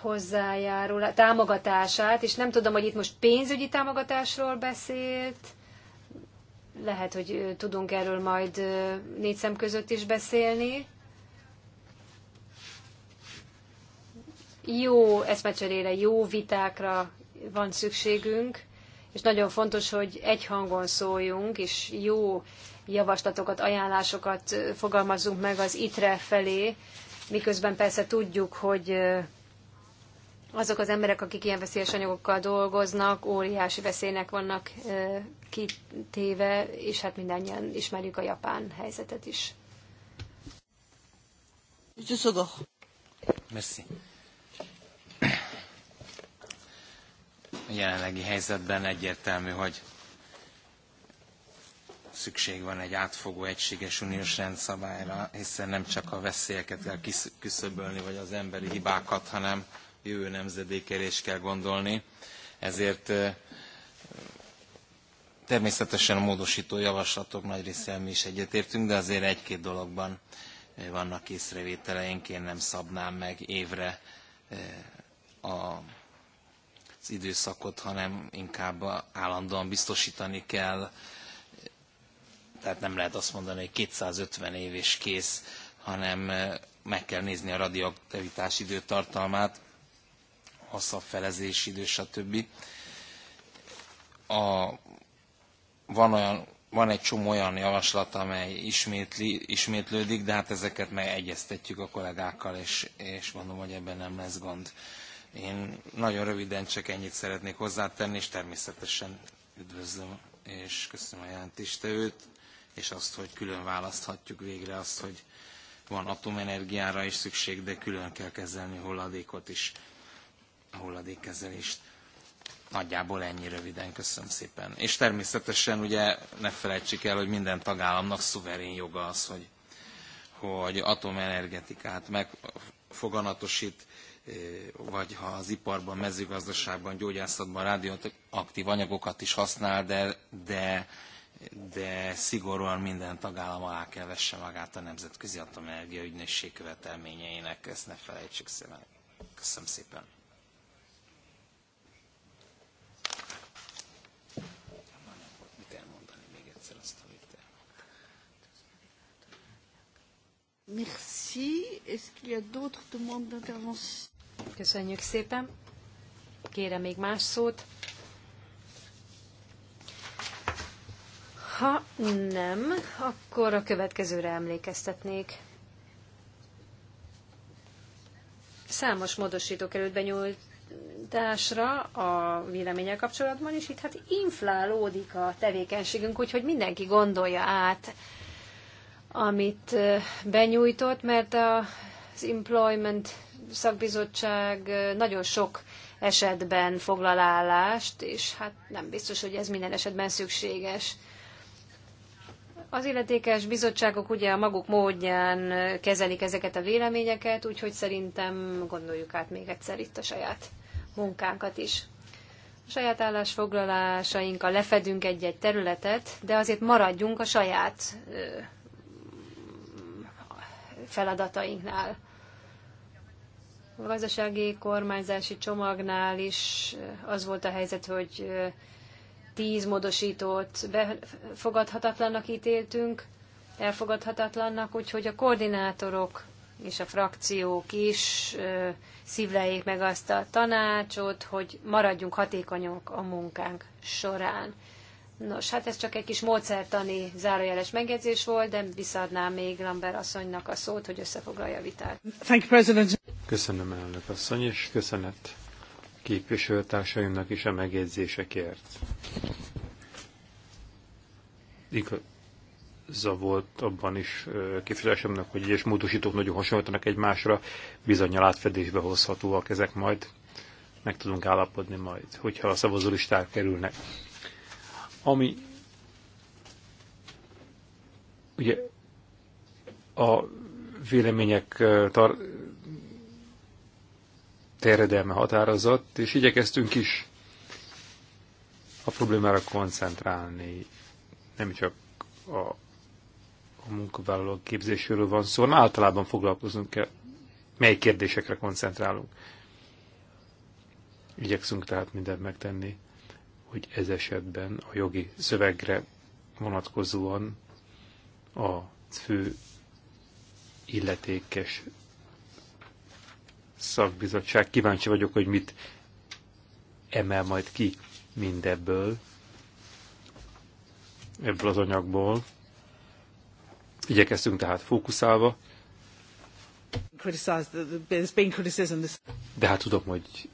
hozzájárul, támogatását, és nem tudom, hogy itt most pénzügyi támogatásról beszélt, lehet, hogy tudunk erről majd négy szem között is beszélni. Jó eszmecserére, jó vitákra van szükségünk, és nagyon fontos, hogy egy hangon szóljunk, és jó javaslatokat, ajánlásokat fogalmazzunk meg az ITRE felé, miközben persze tudjuk, hogy azok az emberek, akik ilyen veszélyes anyagokkal dolgoznak, óriási veszélynek vannak kitéve, és hát mindannyian ismerjük a japán helyzetet is. Merci. A jelenlegi helyzetben egyértelmű, hogy szükség van egy átfogó, egységes uniós rendszabályra, hiszen nem csak a veszélyeket kell kiszöbölni, vagy az emberi hibákat, hanem jövő nemzedékére is kell gondolni, ezért természetesen a módosító javaslatok nagy része mi is egyetértünk, de azért egy-két dologban vannak észrevételeink, én nem szabnám meg évre az időszakot, hanem inkább állandóan biztosítani kell, tehát nem lehet azt mondani, hogy 250 év és kész, hanem meg kell nézni a radioaktivitás időtartalmát, hasszafelezési idő, stb. A, van, olyan, van egy csomó olyan javaslat, amely ismétli, ismétlődik, de hát ezeket megegyeztetjük a kollégákkal, és, és mondom, hogy ebben nem lesz gond. Én nagyon röviden csak ennyit szeretnék hozzátenni, és természetesen üdvözlöm és köszönöm a jelentéstevőt, és azt, hogy külön választhatjuk végre azt, hogy van atomenergiára is szükség, de külön kell kezelni hulladékot is hulladékkezelést. Nagyjából ennyi röviden, köszönöm szépen. És természetesen ugye ne felejtsük el, hogy minden tagállamnak szuverén joga az, hogy, hogy atomenergetikát megfoganatosít, vagy ha az iparban, mezőgazdaságban, gyógyászatban radioaktív anyagokat is használ, de, de, de szigorúan minden tagállam alá kell vesse magát a Nemzetközi Atomenergia Ügynökség követelményeinek, ezt ne felejtsük szépen. Köszönöm szépen. Merci. Est-ce qu'il y a d'autres demandes d'intervention? Köszönjük szépen. Kérem még más szót. Ha nem, akkor a következőre emlékeztetnék. Számos módosító került benyújtásra a véleménnyel kapcsolatban, és itt hát inflálódik a tevékenységünk, úgyhogy mindenki gondolja át, amit benyújtott, mert az Employment Szakbizottság nagyon sok esetben foglal állást, és hát nem biztos, hogy ez minden esetben szükséges. Az illetékes bizottságok ugye a maguk módján kezelik ezeket a véleményeket, úgyhogy szerintem gondoljuk át még egyszer itt a saját munkánkat is. A saját állásfoglalásainkkal lefedünk egy-egy területet, de azért maradjunk a saját feladatainknál. A gazdasági kormányzási csomagnál is eh, az volt a helyzet, hogy eh, tíz módosítót befogadhatatlannak ítéltünk, elfogadhatatlannak, úgyhogy a koordinátorok és a frakciók is eh, szívleljék meg azt a tanácsot, hogy maradjunk hatékonyok a munkánk során. Nos, hát ez csak egy kis módszertani zárójeles megjegyzés volt, de visszaadnám még Lambert asszonynak a szót, hogy összefoglalja a vitát. Thank you, President. Köszönöm elnök asszony, és köszönet képviselőtársaimnak is a megjegyzésekért. Igaza volt abban is képviselőtársamnak, hogy egyes módosítók nagyon hasonlítanak egymásra, bizonyal átfedésbe hozhatóak ezek majd, meg tudunk állapodni majd, hogyha a szavazólisták kerülnek ami ugye a vélemények tar terjedelme határozott, és igyekeztünk is a problémára koncentrálni. Nem csak a, a munkavállalók képzéséről van szó, hanem általában foglalkozunk kell, mely kérdésekre koncentrálunk. Igyekszünk tehát mindent megtenni hogy ez esetben a jogi szövegre vonatkozóan a fő illetékes szakbizottság. Kíváncsi vagyok, hogy mit emel majd ki mindebből, ebből az anyagból. Igyekeztünk tehát fókuszálva. De hát tudom, hogy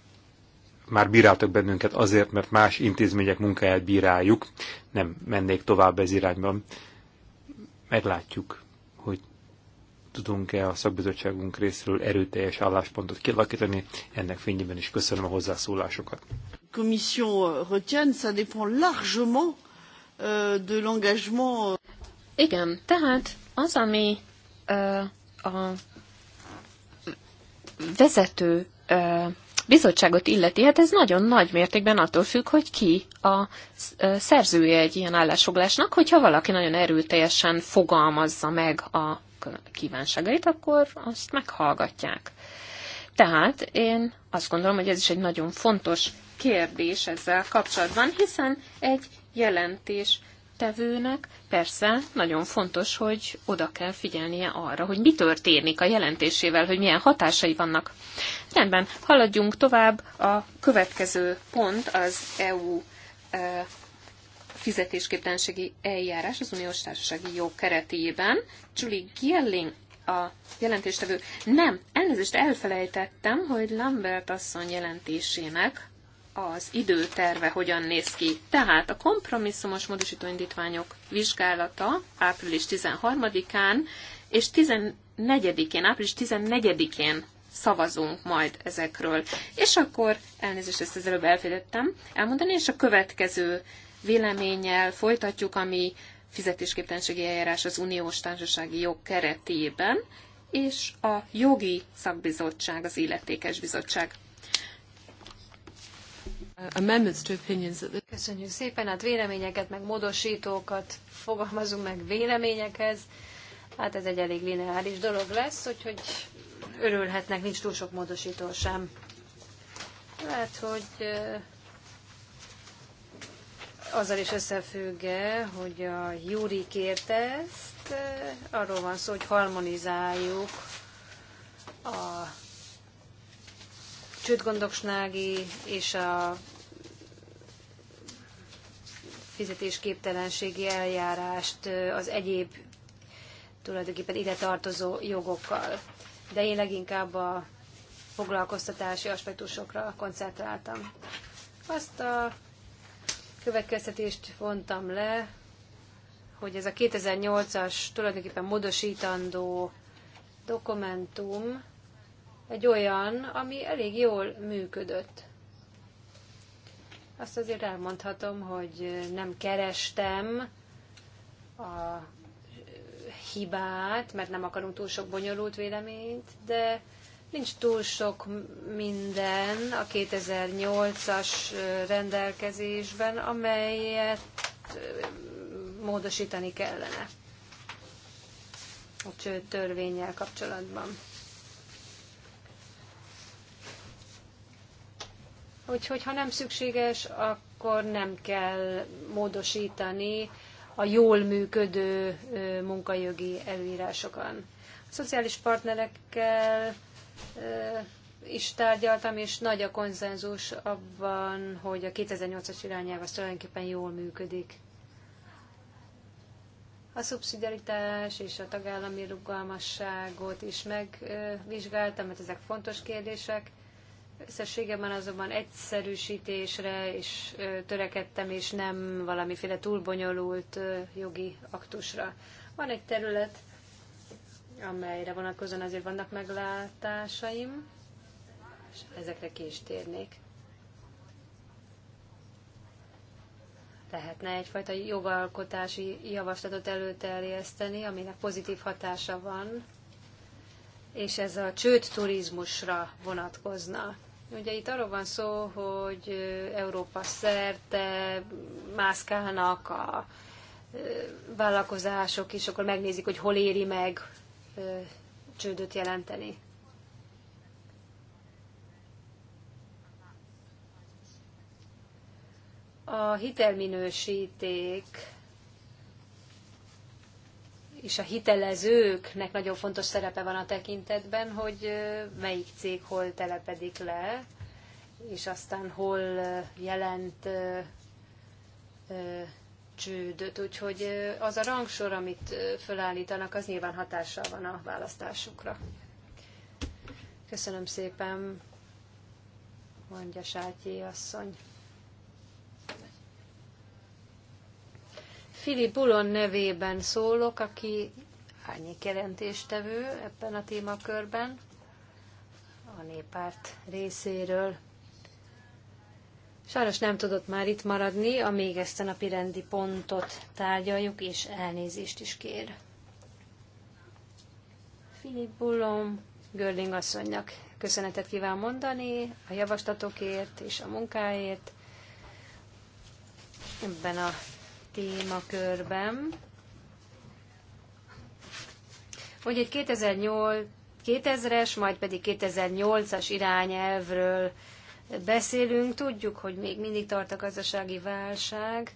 már bíráltak bennünket azért, mert más intézmények munkáját bíráljuk. Nem mennék tovább ez irányban. Meglátjuk, hogy tudunk-e a szakbizottságunk részről erőteljes álláspontot kialakítani. Ennek fényében is köszönöm a hozzászólásokat. Commission euh, retienne, ça euh, euh. Igen, tehát az, ami uh, a vezető uh, bizottságot illeti, hát ez nagyon nagy mértékben attól függ, hogy ki a szerzője egy ilyen állásfoglásnak, hogyha valaki nagyon erőteljesen fogalmazza meg a kívánságait, akkor azt meghallgatják. Tehát én azt gondolom, hogy ez is egy nagyon fontos kérdés ezzel kapcsolatban, hiszen egy jelentés jelentéstevőnek persze nagyon fontos, hogy oda kell figyelnie arra, hogy mi történik a jelentésével, hogy milyen hatásai vannak. Rendben, haladjunk tovább. A következő pont az EU fizetésképtelenségi eljárás az uniós társasági jog keretében. Julie Gilling a jelentéstevő. Nem, elnézést elfelejtettem, hogy Lambert asszony jelentésének az időterve hogyan néz ki. Tehát a kompromisszumos módosítóindítványok vizsgálata április 13-án és 14-én, április 14-én szavazunk majd ezekről. És akkor, elnézést, ezt az előbb elfelejtettem elmondani, és a következő véleménnyel folytatjuk, ami fizetésképtelenségi eljárás az uniós társasági jog keretében, és a jogi szakbizottság, az illetékes bizottság. Uh, Köszönjük szépen, hát véleményeket, meg módosítókat fogalmazunk meg véleményekhez. Hát ez egy elég lineáris dolog lesz, úgyhogy örülhetnek, nincs túl sok módosító sem. Lehet, hogy uh, azzal is összefügg, hogy a Júri kérte ezt, uh, arról van szó, hogy harmonizáljuk a csütgondoksnági és a fizetésképtelenségi eljárást az egyéb tulajdonképpen ide tartozó jogokkal. De én leginkább a foglalkoztatási aspektusokra koncentráltam. Azt a következtetést vontam le, hogy ez a 2008-as tulajdonképpen módosítandó dokumentum egy olyan, ami elég jól működött azt azért elmondhatom, hogy nem kerestem a hibát, mert nem akarunk túl sok bonyolult véleményt, de nincs túl sok minden a 2008-as rendelkezésben, amelyet módosítani kellene a csőd törvényel kapcsolatban. Úgyhogy ha nem szükséges, akkor nem kell módosítani a jól működő munkajogi előírásokon. A szociális partnerekkel is tárgyaltam, és nagy a konzenzus abban, hogy a 2008-as irányelv az tulajdonképpen jól működik. A szubszidiaritás és a tagállami rugalmasságot is megvizsgáltam, mert ezek fontos kérdések. Összességében azonban egyszerűsítésre is törekedtem, és nem valamiféle túlbonyolult jogi aktusra. Van egy terület, amelyre vonatkozóan azért vannak meglátásaim, és ezekre ki is térnék. Lehetne egyfajta jogalkotási javaslatot előterjeszteni, aminek pozitív hatása van, és ez a csőd turizmusra vonatkozna. Ugye itt arról van szó, hogy Európa szerte mászkálnak a vállalkozások, és akkor megnézik, hogy hol éri meg csődöt jelenteni. A hitelminősíték és a hitelezőknek nagyon fontos szerepe van a tekintetben, hogy melyik cég hol telepedik le, és aztán hol jelent csődöt. Úgyhogy az a rangsor, amit fölállítanak, az nyilván hatással van a választásukra. Köszönöm szépen, mondja Sátyi asszony. Filip Bulon nevében szólok, aki árnyék kerentéstevő ebben a témakörben, a néppárt részéről. Sajnos nem tudott már itt maradni, amíg ezt a napi rendi pontot tárgyaljuk, és elnézést is kér. Filip Bullom, Görling asszonynak köszönetet kíván mondani a javaslatokért és a munkáért ebben a témakörben, hogy egy 2008, 2000-es, majd pedig 2008-as irányelvről beszélünk. Tudjuk, hogy még mindig tart a gazdasági válság.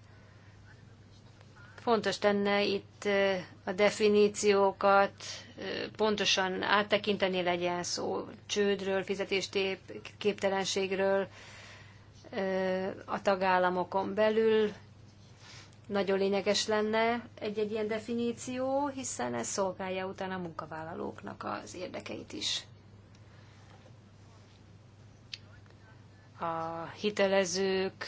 Fontos lenne itt a definíciókat pontosan áttekinteni legyen szó csődről, fizetésképtelenségről a tagállamokon belül, nagyon lényeges lenne egy-egy ilyen definíció, hiszen ez szolgálja utána a munkavállalóknak az érdekeit is. A hitelezők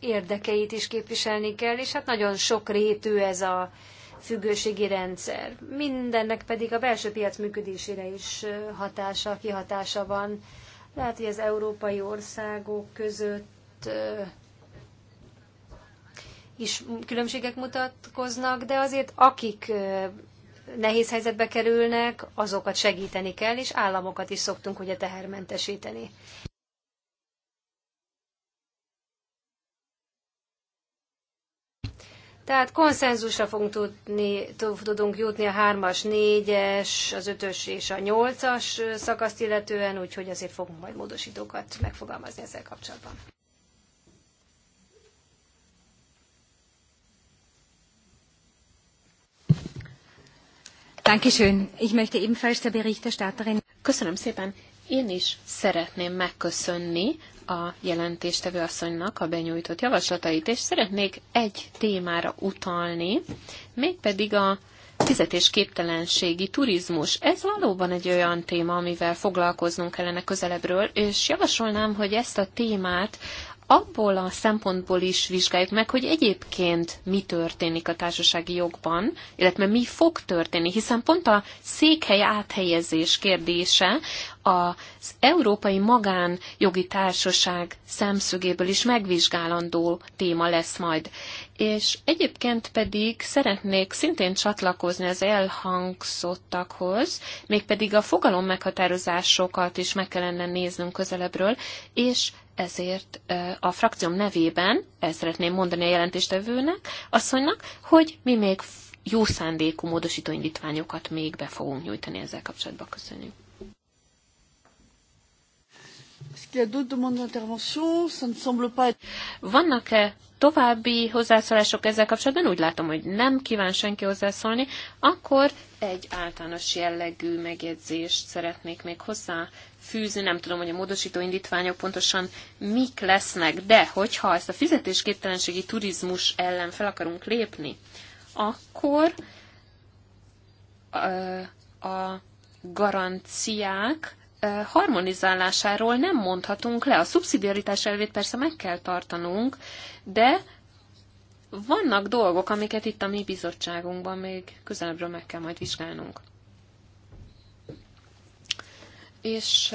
érdekeit is képviselni kell, és hát nagyon sokrétű ez a függőségi rendszer. Mindennek pedig a belső piac működésére is hatása, kihatása van lehet, hogy az európai országok között is különbségek mutatkoznak, de azért akik nehéz helyzetbe kerülnek, azokat segíteni kell, és államokat is szoktunk ugye tehermentesíteni. Tehát konszenzusra fogunk tudni, tudunk jutni a hármas, négyes, az ötös és a nyolcas szakaszt illetően, úgyhogy azért fogunk majd módosítókat megfogalmazni ezzel kapcsolatban. Dankeschön. Ich möchte ebenfalls der Berichterstatterin. Köszönöm szépen. Én is szeretném megköszönni a jelentéstevő asszonynak a benyújtott javaslatait, és szeretnék egy témára utalni, mégpedig a fizetésképtelenségi turizmus. Ez valóban egy olyan téma, amivel foglalkoznunk kellene közelebbről, és javasolnám, hogy ezt a témát abból a szempontból is vizsgáljuk meg, hogy egyébként mi történik a társasági jogban, illetve mi fog történni, hiszen pont a székhely áthelyezés kérdése az Európai Magánjogi Társaság szemszögéből is megvizsgálandó téma lesz majd. És egyébként pedig szeretnék szintén csatlakozni az elhangzottakhoz, mégpedig a fogalom meghatározásokat is meg kellene néznünk közelebbről, és ezért a frakcióm nevében, ezt szeretném mondani a jelentéstevőnek, asszonynak, hogy mi még jó szándékú módosító indítványokat még be fogunk nyújtani ezzel kapcsolatban. Köszönjük. Vannak-e további hozzászólások ezzel kapcsolatban, úgy látom, hogy nem kíván senki hozzászólni, akkor egy általános jellegű megjegyzést szeretnék még hozzá fűzni, nem tudom, hogy a módosító indítványok pontosan mik lesznek, de hogyha ezt a fizetésképtelenségi turizmus ellen fel akarunk lépni, akkor a garanciák harmonizálásáról nem mondhatunk le. A szubszidiaritás elvét persze meg kell tartanunk, de vannak dolgok, amiket itt a mi bizottságunkban még közelebbről meg kell majd vizsgálnunk. És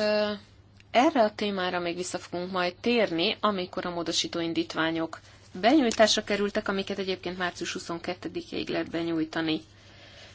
erre a témára még vissza fogunk majd térni, amikor a módosító indítványok benyújtásra kerültek, amiket egyébként március 22-ig lehet benyújtani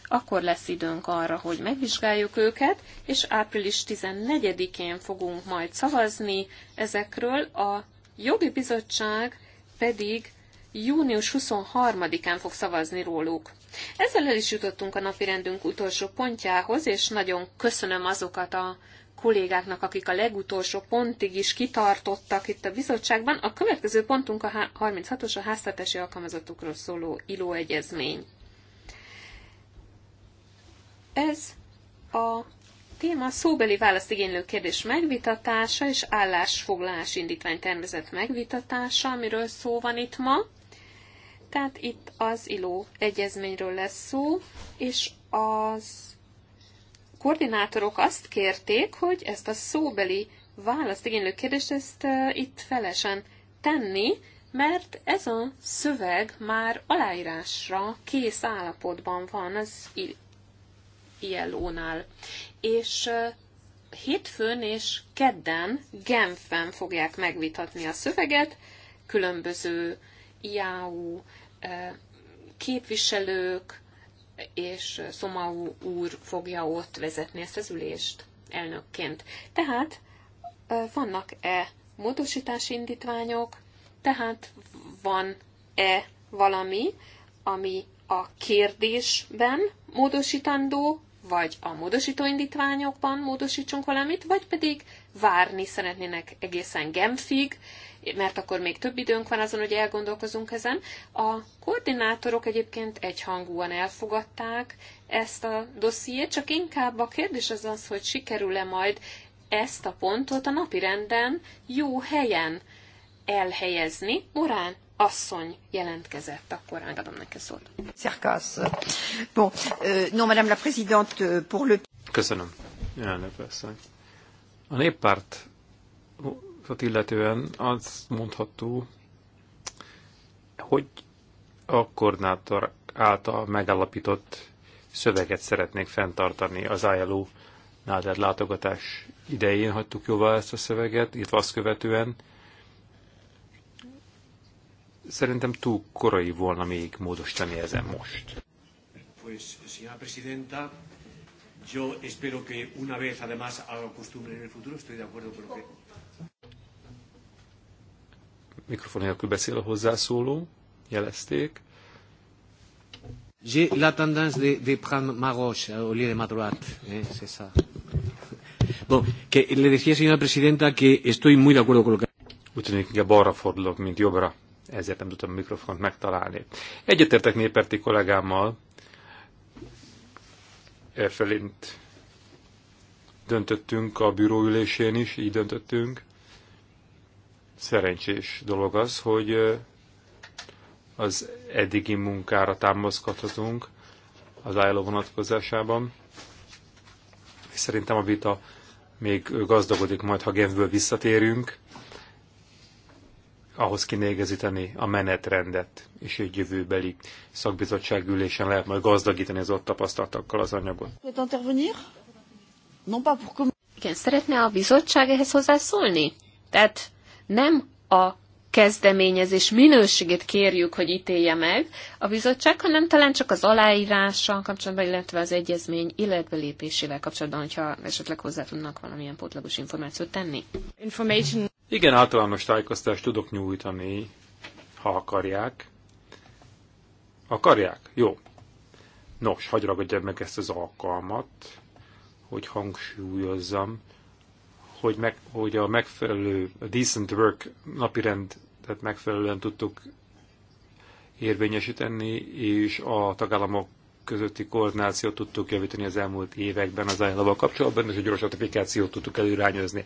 akkor lesz időnk arra, hogy megvizsgáljuk őket, és április 14-én fogunk majd szavazni ezekről, a jogi bizottság pedig június 23-án fog szavazni róluk. Ezzel el is jutottunk a napirendünk utolsó pontjához, és nagyon köszönöm azokat a kollégáknak, akik a legutolsó pontig is kitartottak itt a bizottságban. A következő pontunk a 36-os a háztartási alkalmazatokról szóló ILO egyezmény. Ez a téma szóbeli választ igénylő kérdés megvitatása és állásfoglalás indítvány tervezett megvitatása, amiről szó van itt ma. Tehát itt az ILO egyezményről lesz szó, és az koordinátorok azt kérték, hogy ezt a szóbeli választ igénylő kérdést ezt uh, itt felesen tenni, mert ez a szöveg már aláírásra kész állapotban van az ILO-nál. És hétfőn és kedden Genfen fogják megvitatni a szöveget, különböző IAU képviselők, és Szomau úr fogja ott vezetni ezt az ülést elnökként. Tehát vannak-e módosítási indítványok, tehát van-e valami, ami a kérdésben módosítandó, vagy a módosító indítványokban módosítsunk valamit, vagy pedig várni szeretnének egészen gemfig, mert akkor még több időnk van azon, hogy elgondolkozunk ezen. A koordinátorok egyébként egyhangúan elfogadták ezt a dossziét, csak inkább a kérdés az az, hogy sikerül-e majd ezt a pontot a renden jó helyen elhelyezni. Morán asszony jelentkezett, akkor átadom neki szót. Szerkász. Bon, euh, non, madame la présidente, pour le... Köszönöm, elnök asszony. A néppárt illetően azt mondható, hogy a koordinátor által megállapított szöveget szeretnék fenntartani az ILO nálad látogatás idején hagytuk jóvá ezt a szöveget, itt azt követően szerintem túl korai volna még módosítani ezen most. Pues, señora presidenta, yo espero que una vez además haga costumbre en el futuro, estoy de acuerdo con lo que... Mikrofon nélkül beszél a hozzászóló, jelezték. J'ai la tendance de, de prendre ma gauche au lieu de ma droite, eh, c'est ça. Bon, que le decía, señora presidenta, que estoy muy de acuerdo con lo que... Úgy tűnik, a balra fordulok, mint jobbra ezért nem tudtam a mikrofont megtalálni. Egyetértek néperti kollégámmal, e felint döntöttünk a bíróülésén is, így döntöttünk. Szerencsés dolog az, hogy az eddigi munkára támaszkodhatunk az ILO vonatkozásában. Szerintem a vita még gazdagodik majd, ha Genfből visszatérünk ahhoz kinégezíteni a menetrendet, és egy jövőbeli szakbizottság ülésen lehet majd gazdagítani az ott tapasztaltakkal az anyagot. Igen, szeretne a bizottság ehhez hozzászólni? Tehát nem a kezdeményezés minőségét kérjük, hogy ítélje meg a bizottság, hanem talán csak az aláírással kapcsolatban, illetve az egyezmény illetve lépésével kapcsolatban, hogyha esetleg hozzá tudnak valamilyen pótlagos információt tenni. Information. Igen, általános tájékoztást tudok nyújtani, ha akarják. Akarják? Jó. Nos, hagy ragadjam meg ezt az alkalmat, hogy hangsúlyozzam, hogy, meg, hogy a megfelelő a decent work napirendet megfelelően tudtuk érvényesíteni, és a tagállamok közötti koordinációt tudtuk javítani az elmúlt években az ajánlóval kapcsolatban, és a gyors ratifikációt tudtuk előrányozni.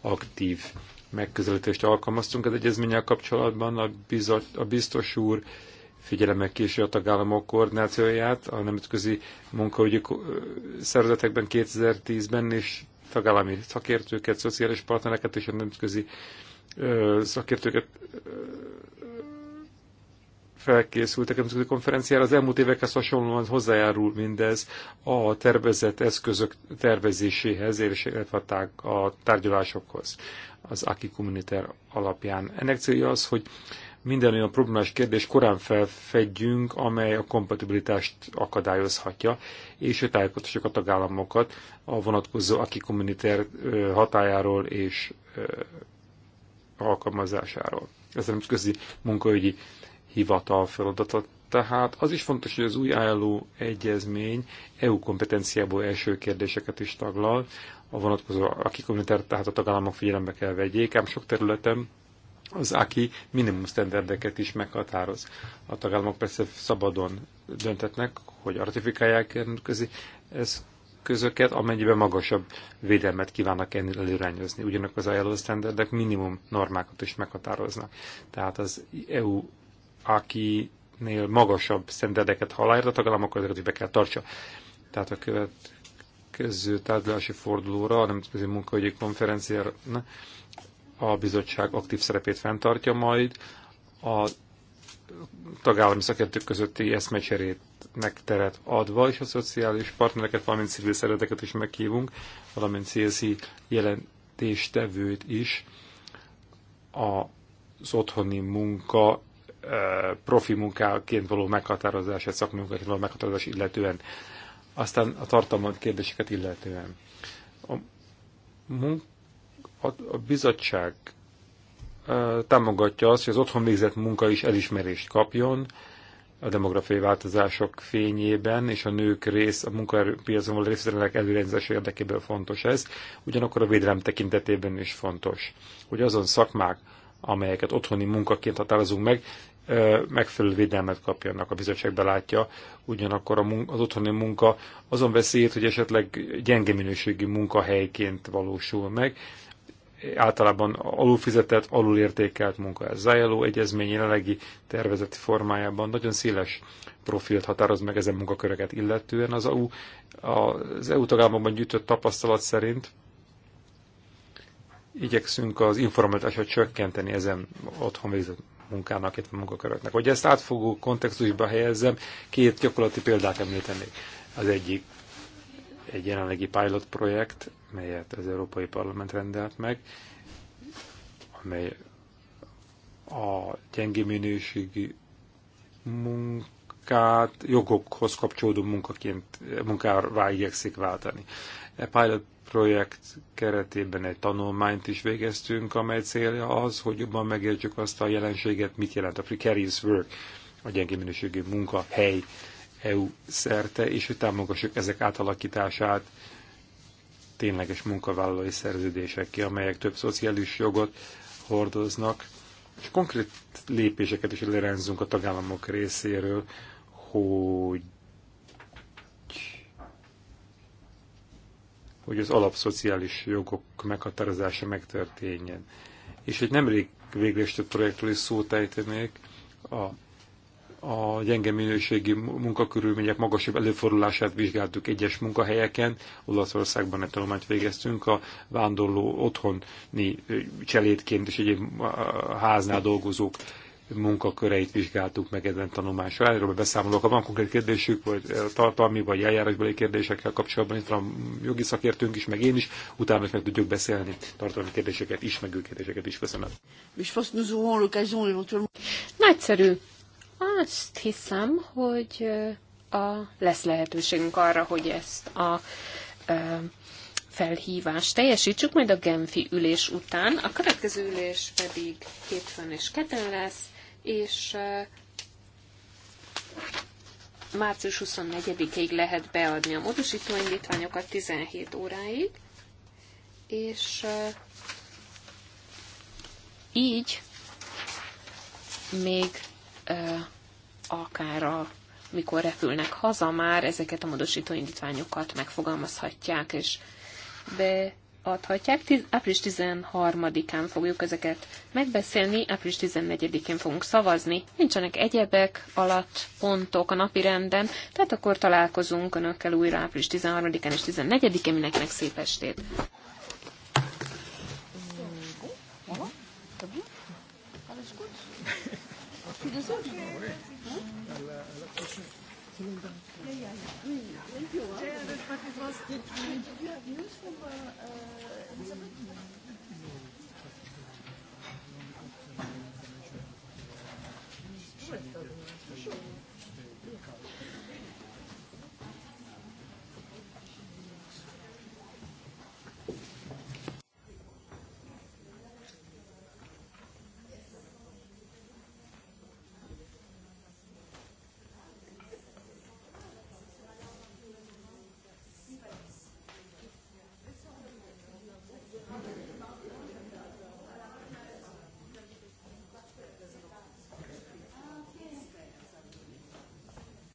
Aktív megközelítést alkalmaztunk az egyezménnyel kapcsolatban. A, bizot, a biztos úr figyelemmel késő a tagállamok koordinációját a nemzetközi munkaügyi szervezetekben 2010-ben, és tagállami szakértőket, szociális partnereket és a nemzetközi szakértőket felkészültek nemzetközi konferenciára. Az elmúlt évekhez hasonlóan hozzájárul mindez a tervezett eszközök tervezéséhez, és illetve a tárgyalásokhoz az Aki Communiter alapján. Ennek célja az, hogy minden olyan problémás kérdés korán felfedjünk, amely a kompatibilitást akadályozhatja, és a tájékoztatjuk a tagállamokat a vonatkozó aki kommunitár hatájáról és alkalmazásáról. Ez a nemzetközi munkaügyi hivatal feladata. Tehát az is fontos, hogy az új álló egyezmény EU kompetenciából első kérdéseket is taglal, a vonatkozó, aki kommunitár, tehát a tagállamok figyelembe kell vegyék, ám sok területen az AKI minimum standardeket is meghatároz. A tagállamok persze szabadon döntetnek, hogy ratifikálják ez közöket, amennyiben magasabb védelmet kívánnak ennél előrányozni. Ugyanak az ILO standardek minimum normákat is meghatároznak. Tehát az EU, akinél magasabb standardeket ha aláírt, a tagállamok azért be kell tartsa. Tehát a következő tárgyalási fordulóra, a Nemzetközi Munkahogyi Konferenciára a bizottság aktív szerepét fenntartja majd, a tagállami szakértők közötti eszmecserét megteret adva, és a szociális partnereket, valamint civil szervezeteket is meghívunk, valamint CSZ jelentéstevőt is az otthoni munka e, profi munkáként való meghatározását, munkáként való meghatározás illetően, aztán a tartalmat kérdéseket illetően. A munka a, a bizottság támogatja azt, hogy az otthon végzett munka is elismerést kapjon a demográfiai változások fényében, és a nők rész, a munkaerőpiacon való részvételének előrendezése érdekében fontos ez, ugyanakkor a védelem tekintetében is fontos, hogy azon szakmák, amelyeket otthoni munkaként határozunk meg, megfelelő védelmet kapjanak, a bizottság belátja, ugyanakkor az otthoni munka azon veszélyét, hogy esetleg gyenge minőségű munkahelyként valósul meg, általában alulfizetett, alulértékelt munka. Ez zajló egyezmény jelenlegi tervezeti formájában nagyon széles profilt határoz meg ezen munkaköröket illetően. Az EU, az EU tagállamokban gyűjtött tapasztalat szerint igyekszünk az informalitását csökkenteni ezen otthon végzett munkának, illetve munkaköröknek. Hogy ezt átfogó kontextusba helyezzem, két gyakorlati példát említenék. Az egyik egy jelenlegi pilot projekt, melyet az Európai Parlament rendelt meg, amely a gyengi minőségi munkát jogokhoz kapcsolódó munkaként, munkává igyekszik váltani. E pilot projekt keretében egy tanulmányt is végeztünk, amely célja az, hogy jobban megértsük azt a jelenséget, mit jelent a precarious work, a minőségi munka munkahely EU szerte, és hogy támogassuk ezek átalakítását tényleges munkavállalói szerződések ki, amelyek több szociális jogot hordoznak, és konkrét lépéseket is lerenzünk a tagállamok részéről, hogy hogy az alapszociális jogok meghatározása megtörténjen. És hogy nemrég végrestett projektről is szót ejtenék, a a gyenge minőségi munkakörülmények magasabb előfordulását vizsgáltuk egyes munkahelyeken. Olaszországban egy tanulmányt végeztünk, a vándorló otthoni cselédként és egyéb háznál dolgozók munkaköreit vizsgáltuk meg ezen tanulmány során. Erről beszámolok, ha van konkrét kérdésük, vagy tartalmi, vagy eljárásbeli kérdésekkel kapcsolatban, itt van jogi szakértőnk is, meg én is, utána is meg tudjuk beszélni tartalmi kérdéseket is, meg ő kérdéseket is. Köszönöm. Nagyszerű. Azt hiszem, hogy a, lesz lehetőségünk arra, hogy ezt a felhívást teljesítsük, majd a Genfi ülés után. A következő ülés pedig hétfőn és kedden lesz, és március 24-ig lehet beadni a módosítóindítványokat indítványokat 17 óráig, és így még akár a mikor repülnek haza már, ezeket a módosító indítványokat megfogalmazhatják és beadhatják. Április 13-án fogjuk ezeket megbeszélni, április 14-én fogunk szavazni. Nincsenek egyebek alatt pontok a napi renden, tehát akkor találkozunk önökkel újra április 13-án és 14-én. Mindenkinek szép estét! Mm. Tu veux ça Oui. À la, à la prochaine. Oui, thank you. Huh? Yeah, but, but it was, did, did you have news from uh, uh, Elizabeth?